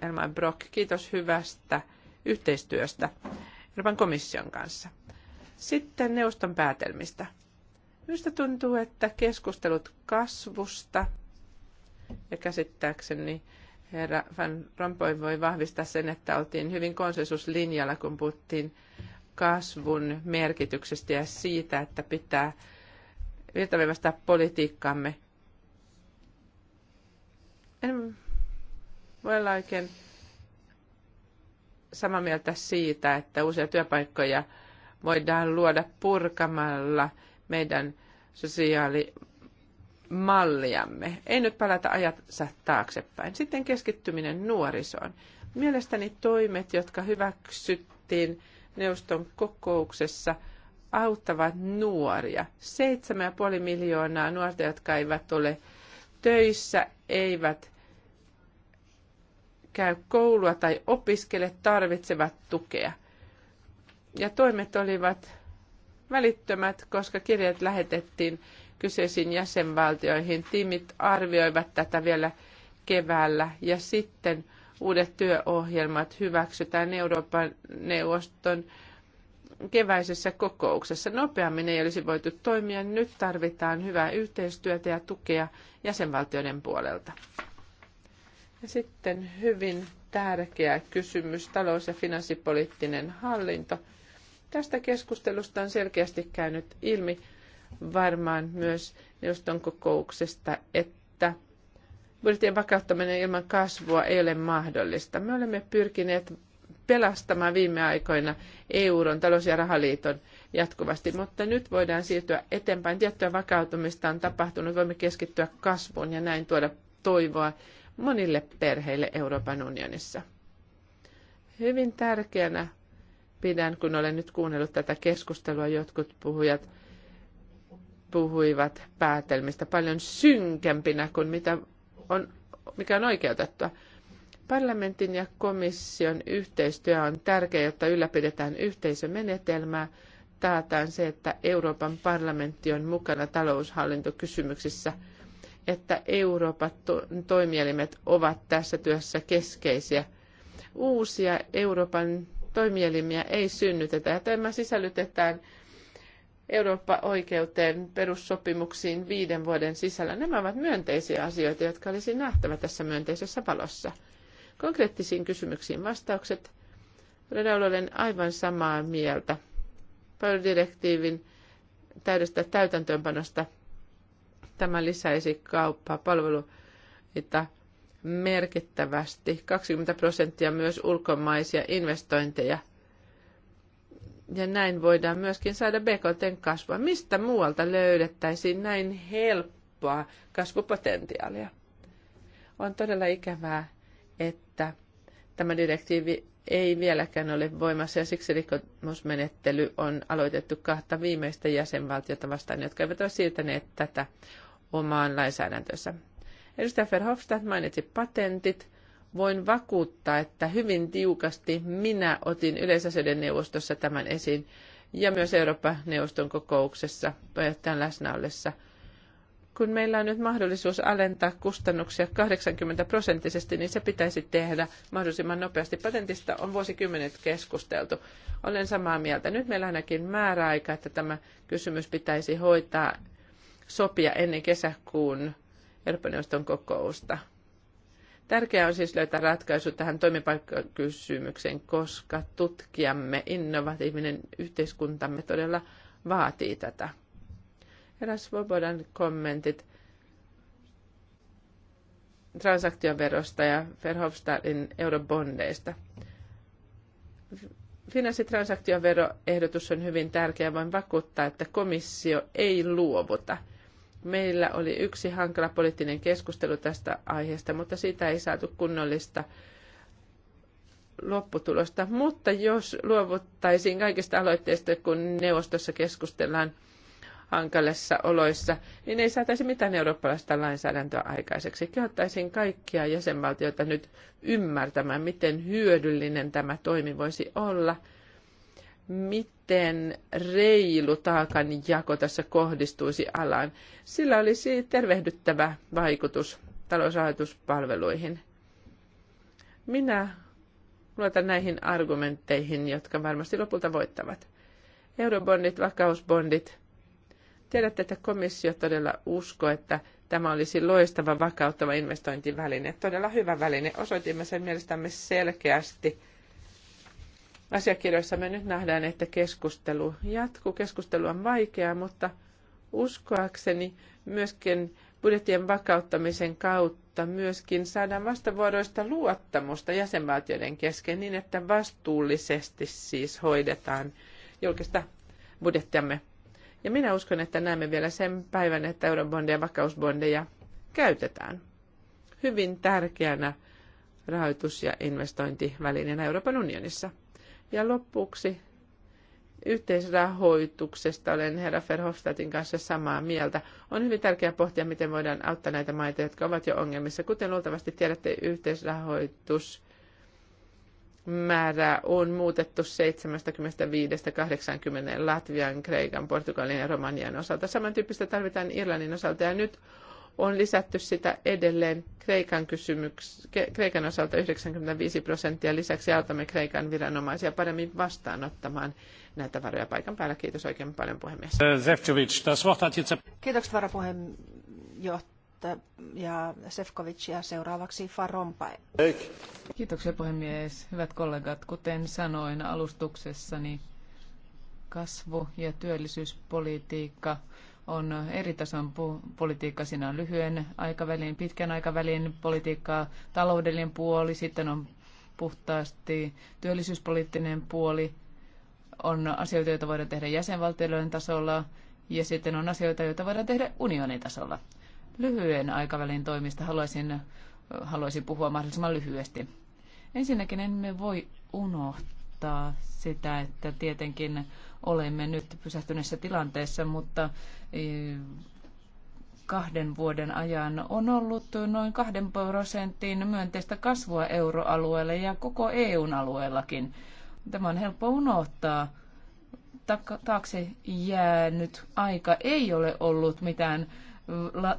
Speaker 2: Elmar Brock. Kiitos hyvästä yhteistyöstä Euroopan komission kanssa. Sitten neuvoston päätelmistä. Minusta tuntuu, että keskustelut kasvusta ja käsittääkseni herra Van Rompuy voi vahvistaa sen, että oltiin hyvin konsensuslinjalla, kun puhuttiin kasvun merkityksestä ja siitä, että pitää virtaviivastaa politiikkaamme. En voi olla oikein samaa mieltä siitä, että uusia työpaikkoja voidaan luoda purkamalla meidän sosiaali- malliamme. Ei nyt palata ajatsa taaksepäin. Sitten keskittyminen nuorisoon. Mielestäni toimet, jotka hyväksyttiin neuvoston kokouksessa, auttavat nuoria. 7,5 miljoonaa nuorta, jotka eivät ole töissä, eivät käy koulua tai opiskele, tarvitsevat tukea. Ja toimet olivat välittömät, koska kirjat lähetettiin kyseisiin jäsenvaltioihin. Tiimit arvioivat tätä vielä keväällä ja sitten uudet työohjelmat hyväksytään Euroopan neuvoston keväisessä kokouksessa. Nopeammin ei olisi voitu toimia. Nyt tarvitaan hyvää yhteistyötä ja tukea jäsenvaltioiden puolelta. Ja sitten hyvin tärkeä kysymys, talous- ja finanssipoliittinen hallinto. Tästä keskustelusta on selkeästi käynyt ilmi, varmaan myös neuvoston kokouksesta, että budjettien vakauttaminen ilman kasvua ei ole mahdollista. Me olemme pyrkineet pelastamaan viime aikoina euron, talous- ja rahaliiton jatkuvasti, mutta nyt voidaan siirtyä eteenpäin. Tiettyä vakautumista on tapahtunut, voimme keskittyä kasvuun ja näin tuoda toivoa monille perheille Euroopan unionissa. Hyvin tärkeänä pidän, kun olen nyt kuunnellut tätä keskustelua, jotkut puhujat – puhuivat päätelmistä paljon synkempinä kuin mitä on, mikä on oikeutettua. Parlamentin ja komission yhteistyö on tärkeää, jotta ylläpidetään yhteisömenetelmää, taataan se, että Euroopan parlamentti on mukana taloushallintokysymyksissä, että Euroopan toimielimet ovat tässä työssä keskeisiä. Uusia Euroopan toimielimiä ei synnytetä ja tämä sisällytetään Eurooppa-oikeuteen perussopimuksiin viiden vuoden sisällä. Nämä ovat myönteisiä asioita, jotka olisi nähtävä tässä myönteisessä valossa. Konkreettisiin kysymyksiin vastaukset. Redaul olen aivan samaa mieltä. Palveludirektiivin täydestä täytäntöönpanosta tämä lisäisi kauppaa palveluita merkittävästi. 20 prosenttia myös ulkomaisia investointeja – ja näin voidaan myöskin saada BKTn kasvua. Mistä muualta löydettäisiin näin helppoa kasvupotentiaalia? On todella ikävää, että tämä direktiivi ei vieläkään ole voimassa ja siksi rikkomusmenettely on aloitettu kahta viimeistä jäsenvaltiota vastaan, jotka eivät ole siirtäneet tätä omaan lainsäädäntönsä. Edustaja Verhofstadt mainitsi patentit voin vakuuttaa, että hyvin tiukasti minä otin yleisasioiden neuvostossa tämän esiin ja myös Euroopan neuvoston kokouksessa puheenjohtajan läsnä ollessa. Kun meillä on nyt mahdollisuus alentaa kustannuksia 80 prosenttisesti, niin se pitäisi tehdä mahdollisimman nopeasti. Patentista on vuosikymmenet keskusteltu. Olen samaa mieltä. Nyt meillä on ainakin määräaika, että tämä kysymys pitäisi hoitaa sopia ennen kesäkuun Euroopan neuvoston kokousta. Tärkeää on siis löytää ratkaisu tähän toimipaikkakysymykseen, koska tutkijamme, innovatiivinen yhteiskuntamme todella vaatii tätä. Eräs Svobodan kommentit transaktioverosta ja Verhofstadtin eurobondeista. Finanssitransaktioveroehdotus on hyvin tärkeä. Voin vakuuttaa, että komissio ei luovuta – Meillä oli yksi hankala poliittinen keskustelu tästä aiheesta, mutta siitä ei saatu kunnollista lopputulosta. Mutta jos luovuttaisiin kaikista aloitteista, kun neuvostossa keskustellaan hankalissa oloissa, niin ei saataisi mitään eurooppalaista lainsäädäntöä aikaiseksi. Kehottaisin kaikkia jäsenvaltioita nyt ymmärtämään, miten hyödyllinen tämä toimi voisi olla – miten reilu jako tässä kohdistuisi alaan. Sillä olisi tervehdyttävä vaikutus talousrahoituspalveluihin. Minä luotan näihin argumentteihin, jotka varmasti lopulta voittavat. Eurobondit, vakausbondit. Tiedätte, että komissio todella uskoo, että tämä olisi loistava vakauttava investointiväline. Todella hyvä väline. Osoitimme sen mielestämme selkeästi – asiakirjoissa me nyt nähdään, että keskustelu jatkuu. Keskustelu on vaikeaa, mutta uskoakseni myöskin budjettien vakauttamisen kautta myöskin saadaan vastavuoroista luottamusta jäsenvaltioiden kesken niin, että vastuullisesti siis hoidetaan julkista budjettiamme. Ja minä uskon, että näemme vielä sen päivän, että eurobondeja ja vakausbondeja käytetään hyvin tärkeänä rahoitus- ja investointivälineenä Euroopan unionissa. Ja lopuksi yhteisrahoituksesta olen herra Verhofstadtin kanssa samaa mieltä. On hyvin tärkeää pohtia, miten voidaan auttaa näitä maita, jotka ovat jo ongelmissa. Kuten luultavasti tiedätte, yhteisrahoitus määrää on muutettu 75-80 Latvian, Kreikan, Portugalin ja Romanian osalta. Samantyyppistä tarvitaan Irlannin osalta ja nyt on lisätty sitä edelleen Kreikan, kysymyks, Kreikan osalta 95 prosenttia. Lisäksi autamme Kreikan viranomaisia paremmin vastaanottamaan näitä varoja paikan päällä. Kiitos oikein paljon puhemies.
Speaker 3: Eh, Zefcovic,
Speaker 1: varapuheenjohtaja Sefcovic ja seuraavaksi
Speaker 4: Kiitoksia puhemies. Hyvät kollegat, kuten sanoin alustuksessani, kasvu- ja työllisyyspolitiikka – on eri tason politiikka. Siinä on lyhyen aikavälin, pitkän aikavälin politiikkaa, taloudellinen puoli, sitten on puhtaasti työllisyyspoliittinen puoli, on asioita, joita voidaan tehdä jäsenvaltioiden tasolla ja sitten on asioita, joita voidaan tehdä unionin tasolla. Lyhyen aikavälin toimista haluaisin, haluaisin puhua mahdollisimman lyhyesti. Ensinnäkin emme voi unohtaa, tarkoittaa sitä, että tietenkin olemme nyt pysähtyneessä tilanteessa, mutta e, kahden vuoden ajan on ollut noin kahden prosentin myönteistä kasvua euroalueella ja koko EUn alueellakin. Tämä on helppo unohtaa. Taakse jäänyt aika ei ole ollut mitään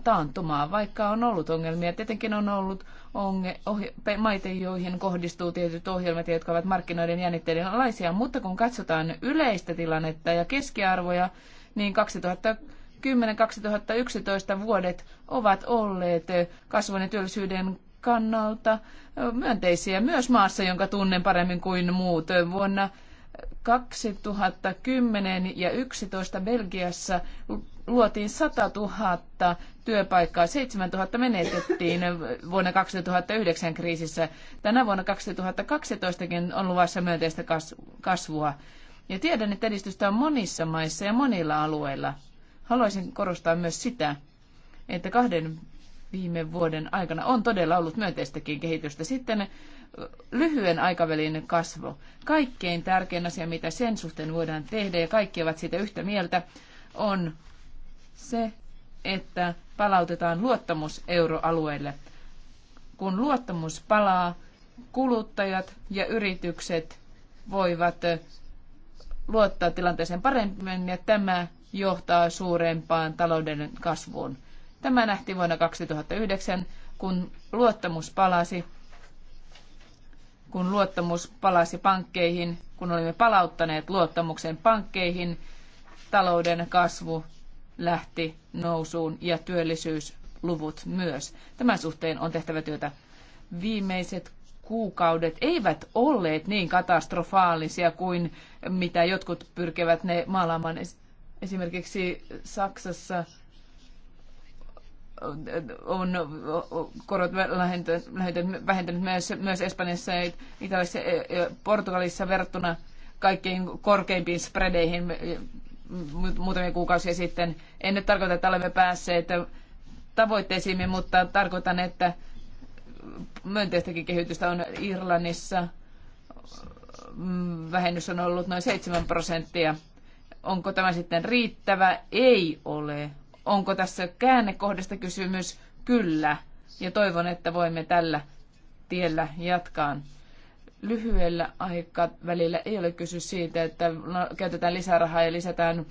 Speaker 4: taantumaa, vaikka on ollut ongelmia. Tietenkin on ollut onge- pe- maita, joihin kohdistuu tietyt ohjelmat, jotka ovat markkinoiden jännitteiden alaisia, mutta kun katsotaan yleistä tilannetta ja keskiarvoja, niin 2010-2011 vuodet ovat olleet kasvun ja työllisyyden kannalta myönteisiä myös maassa, jonka tunnen paremmin kuin muut. Vuonna 2010 ja 2011 Belgiassa luotiin 100 000 työpaikkaa, 7 000 menetettiin vuonna 2009 kriisissä. Tänä vuonna 2012kin on luvassa myönteistä kasvua. Ja tiedän, että edistystä on monissa maissa ja monilla alueilla. Haluaisin korostaa myös sitä, että kahden viime vuoden aikana on todella ollut myönteistäkin kehitystä. Sitten lyhyen aikavälin kasvu. Kaikkein tärkein asia, mitä sen suhteen voidaan tehdä, ja kaikki ovat siitä yhtä mieltä, on se, että palautetaan luottamus euroalueelle. Kun luottamus palaa, kuluttajat ja yritykset voivat luottaa tilanteeseen paremmin ja tämä johtaa suurempaan talouden kasvuun. Tämä nähtiin vuonna 2009, kun luottamus palasi kun luottamus palasi pankkeihin, kun olimme palauttaneet luottamuksen pankkeihin, talouden kasvu lähti nousuun ja työllisyysluvut myös. Tämän suhteen on tehtävä työtä. Viimeiset kuukaudet eivät olleet niin katastrofaalisia kuin mitä jotkut pyrkivät ne maalaamaan. Esimerkiksi Saksassa on korot vähentänyt, vähentänyt myös, myös Espanjassa ja Italiassa ja Portugalissa verrattuna kaikkein korkeimpiin spredeihin muutamia kuukausia sitten. En nyt tarkoita, että olemme päässeet tavoitteisiimme, mutta tarkoitan, että myönteistäkin kehitystä on Irlannissa. Mm, vähennys on ollut noin 7 prosenttia. Onko tämä sitten riittävä? Ei ole onko tässä käännekohdasta kysymys? Kyllä. Ja toivon, että voimme tällä tiellä jatkaa. Lyhyellä aikavälillä ei ole kysy siitä, että käytetään lisärahaa ja lisätään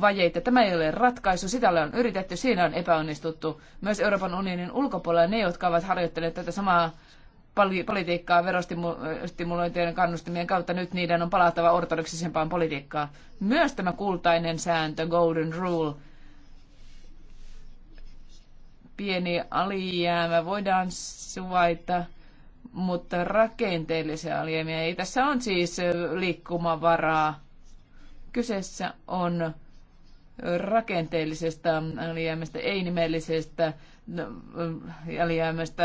Speaker 4: vajeita. Tämä ei ole ratkaisu, sitä on yritetty, siinä on epäonnistuttu. Myös Euroopan unionin ulkopuolella ne, jotka ovat harjoittaneet tätä samaa politiikkaa verostimulointien kannustimien kautta, nyt niiden on palattava ortodoksisempaan politiikkaan. Myös tämä kultainen sääntö, golden rule, pieni alijäämä voidaan suvaita, mutta rakenteellisia alijäämiä ei. Tässä on siis liikkumavaraa. Kyseessä on rakenteellisesta alijäämästä, ei nimellisestä no, alijäämästä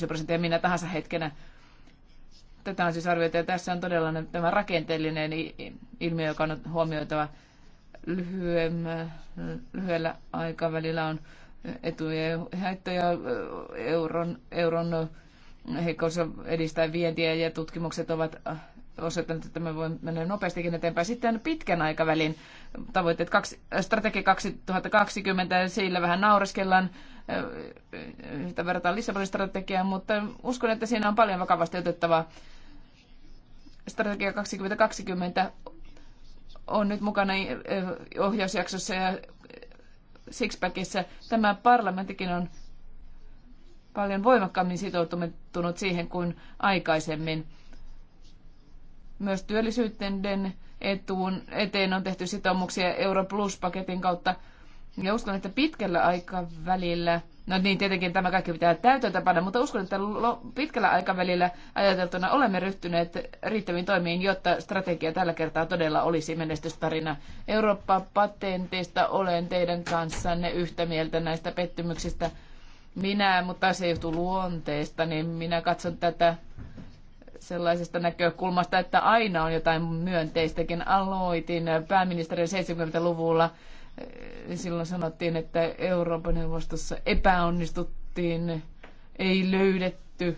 Speaker 4: 0,5 prosenttia minä tahansa hetkenä. Tätä on siis arvioitu ja tässä on todella tämä rakenteellinen ilmiö, joka on huomioitava lyhyellä aikavälillä on etuja ja haittoja euron, euron heikkous edistää vientiä ja tutkimukset ovat osoittanut, että me voimme mennä nopeastikin eteenpäin. Sitten pitkän aikavälin tavoitteet, kaksi, strategia 2020, sillä vähän naureskellaan, sitä verrataan Lissabonin strategiaan, mutta uskon, että siinä on paljon vakavasti otettavaa. Strategia 2020 on nyt mukana ohjausjaksossa ja Sixpackissa tämä parlamenttikin on paljon voimakkaammin sitoutunut siihen kuin aikaisemmin. Myös työllisyyden etuun, eteen on tehty sitoumuksia Euro Plus-paketin kautta – ja uskon, että pitkällä aikavälillä, no niin tietenkin tämä kaikki pitää panna, mutta uskon, että pitkällä aikavälillä ajateltuna olemme ryhtyneet riittäviin toimiin, jotta strategia tällä kertaa todella olisi menestystarina. Eurooppa-patenteista olen teidän kanssanne yhtä mieltä näistä pettymyksistä. Minä, mutta se johtuu luonteesta, niin minä katson tätä sellaisesta näkökulmasta, että aina on jotain myönteistäkin. Aloitin pääministerin 70-luvulla silloin sanottiin, että Euroopan neuvostossa epäonnistuttiin, ei löydetty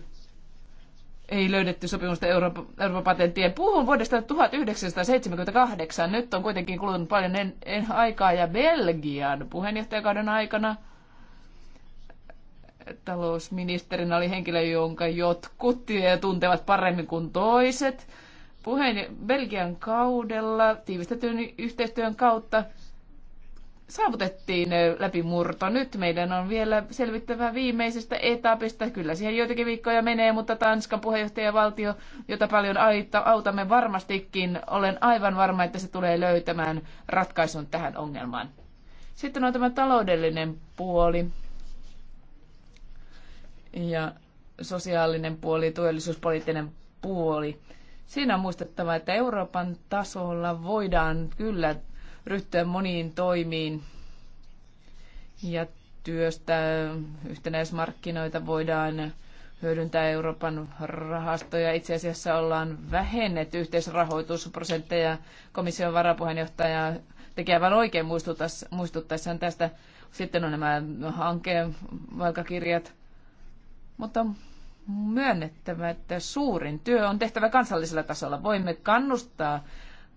Speaker 4: ei löydetty sopimusta Euroopan, Euroopan patenttien. Puhun vuodesta 1978. Nyt on kuitenkin kulunut paljon en, en aikaa ja Belgian puheenjohtajakauden aikana talousministerinä oli henkilö, jonka jotkut tuntevat paremmin kuin toiset. Puheen Belgian kaudella tiivistetyn yhteistyön kautta saavutettiin eh, läpimurto. Nyt meidän on vielä selvittävä viimeisestä etapista. Kyllä siihen joitakin viikkoja menee, mutta Tanskan puheenjohtajavaltio, jota paljon autamme varmastikin, olen aivan varma, että se tulee löytämään ratkaisun tähän ongelmaan. Sitten on tämä taloudellinen puoli ja sosiaalinen puoli, työllisyyspoliittinen puoli. Siinä on muistettava, että Euroopan tasolla voidaan kyllä ryhtyä moniin toimiin ja työstä yhtenäismarkkinoita voidaan hyödyntää Euroopan rahastoja. Itse asiassa ollaan vähennetty yhteisrahoitusprosentteja. Komission varapuheenjohtaja tekee vain oikein muistuttaessaan tästä. Sitten on nämä hankkeen valkakirjat. Mutta myönnettävä, että suurin työ on tehtävä kansallisella tasolla. Voimme kannustaa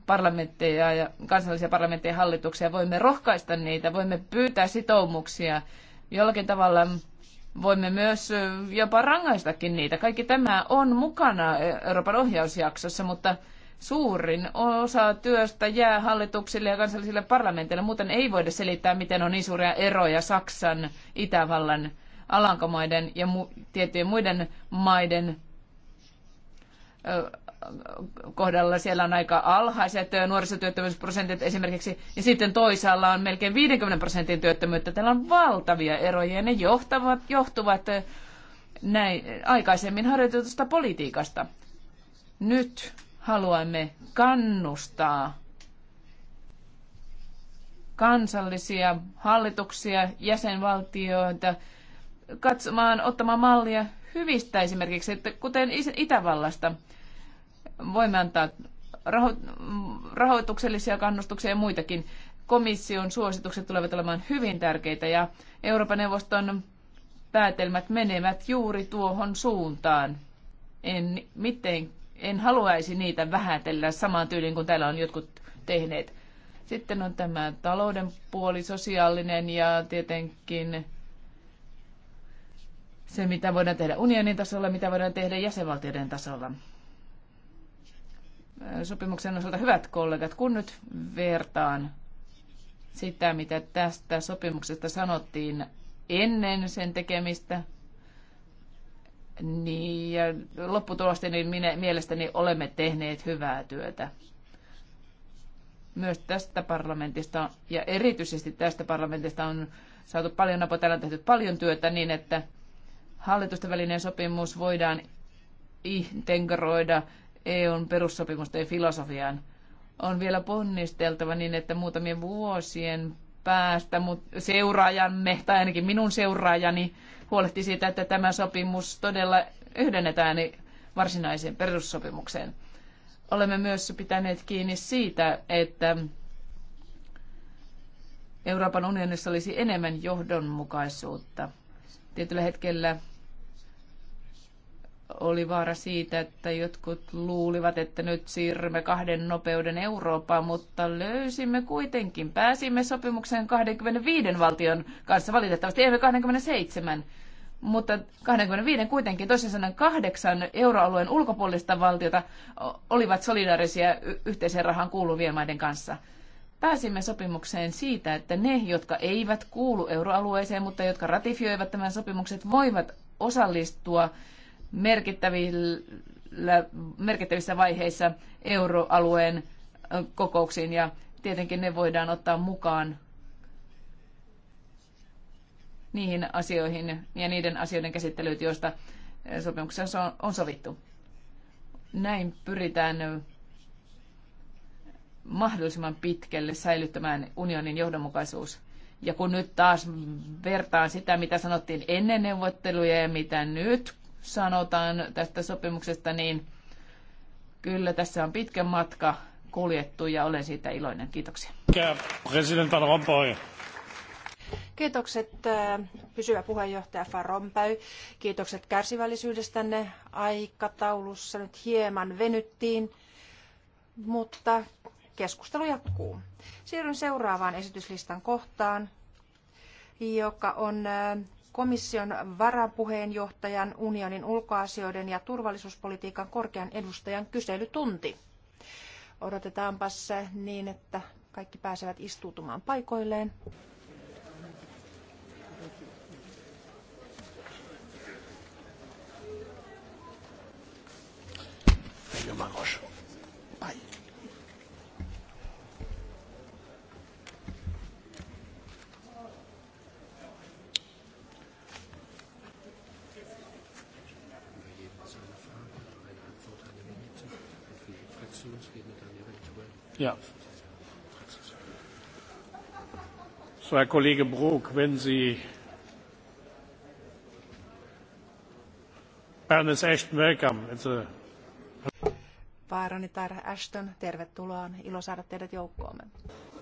Speaker 4: parlamentteja ja kansallisia parlamentteja ja hallituksia, voimme rohkaista niitä, voimme pyytää sitoumuksia. Jollakin tavalla voimme myös jopa rangaistakin niitä. Kaikki tämä on mukana Euroopan ohjausjaksossa, mutta suurin osa työstä jää hallituksille ja kansallisille parlamenteille. Muuten ei voida selittää, miten on niin suuria eroja Saksan, Itävallan, Alankomaiden ja mu- tiettyjen muiden maiden ö, kohdalla siellä on aika alhaiset nuorisotyöttömyysprosentit esimerkiksi, ja sitten toisaalla on melkein 50 prosentin työttömyyttä. Täällä on valtavia eroja, ja ne johtavat, johtuvat näin, aikaisemmin harjoitetusta politiikasta. Nyt haluamme kannustaa kansallisia hallituksia, jäsenvaltioita katsomaan, ottamaan mallia hyvistä esimerkiksi, että kuten Itävallasta – voimme antaa raho- rahoituksellisia kannustuksia ja muitakin. Komission suositukset tulevat olemaan hyvin tärkeitä ja Euroopan neuvoston päätelmät menevät juuri tuohon suuntaan. En, miten, en haluaisi niitä vähätellä samaan tyyliin kuin täällä on jotkut tehneet. Sitten on tämä talouden puoli, sosiaalinen ja tietenkin se, mitä voidaan tehdä unionin tasolla, mitä voidaan tehdä jäsenvaltioiden tasolla sopimuksen osalta hyvät kollegat, kun nyt vertaan sitä, mitä tästä sopimuksesta sanottiin ennen sen tekemistä, niin ja lopputulosten niin minä, mielestäni olemme tehneet hyvää työtä. Myös tästä parlamentista ja erityisesti tästä parlamentista on saatu paljon apua. Täällä on tehty paljon työtä niin, että hallitusten välinen sopimus voidaan integroida EUn perussopimusten filosofiaan. On vielä ponnisteltava niin, että muutamien vuosien päästä mut seuraajamme, tai ainakin minun seuraajani, huolehti siitä, että tämä sopimus todella yhdennetään varsinaiseen perussopimukseen. Olemme myös pitäneet kiinni siitä, että Euroopan unionissa olisi enemmän johdonmukaisuutta. Tietyllä hetkellä oli vaara siitä, että jotkut luulivat, että nyt siirrymme kahden nopeuden Eurooppaan, mutta löysimme kuitenkin, pääsimme sopimukseen 25 valtion kanssa, valitettavasti emme 27, mutta 25 kuitenkin, toisin sanoen kahdeksan euroalueen ulkopuolista valtiota olivat solidaarisia yhteisen rahan kuuluvien maiden kanssa. Pääsimme sopimukseen siitä, että ne, jotka eivät kuulu euroalueeseen, mutta jotka ratifioivat tämän sopimukset, voivat osallistua merkittävillä, merkittävissä vaiheissa euroalueen kokouksiin ja tietenkin ne voidaan ottaa mukaan niihin asioihin ja niiden asioiden käsittelyyn, joista sopimuksessa on sovittu. Näin pyritään mahdollisimman pitkälle säilyttämään unionin johdonmukaisuus. Ja kun nyt taas vertaan sitä, mitä sanottiin ennen neuvotteluja ja mitä nyt, sanotaan tästä sopimuksesta, niin kyllä tässä on pitkä matka kuljettu ja olen siitä iloinen. Kiitoksia.
Speaker 1: Kiitokset äh, pysyvä puheenjohtaja Van Rompuy. Kiitokset kärsivällisyydestänne aikataulussa. Nyt hieman venyttiin, mutta keskustelu jatkuu. Siirryn seuraavaan esityslistan kohtaan, joka on äh, komission varapuheenjohtajan unionin ulkoasioiden ja turvallisuuspolitiikan korkean edustajan kyselytunti. Odotetaanpas niin, että kaikki pääsevät istuutumaan paikoilleen.
Speaker 3: Ja. So, Herr Kollege Brok, wenn Sie Baroness Ashton, welcome. It's a...
Speaker 1: Ashton, tervetuloa. ilo saada teidät joukkoomme.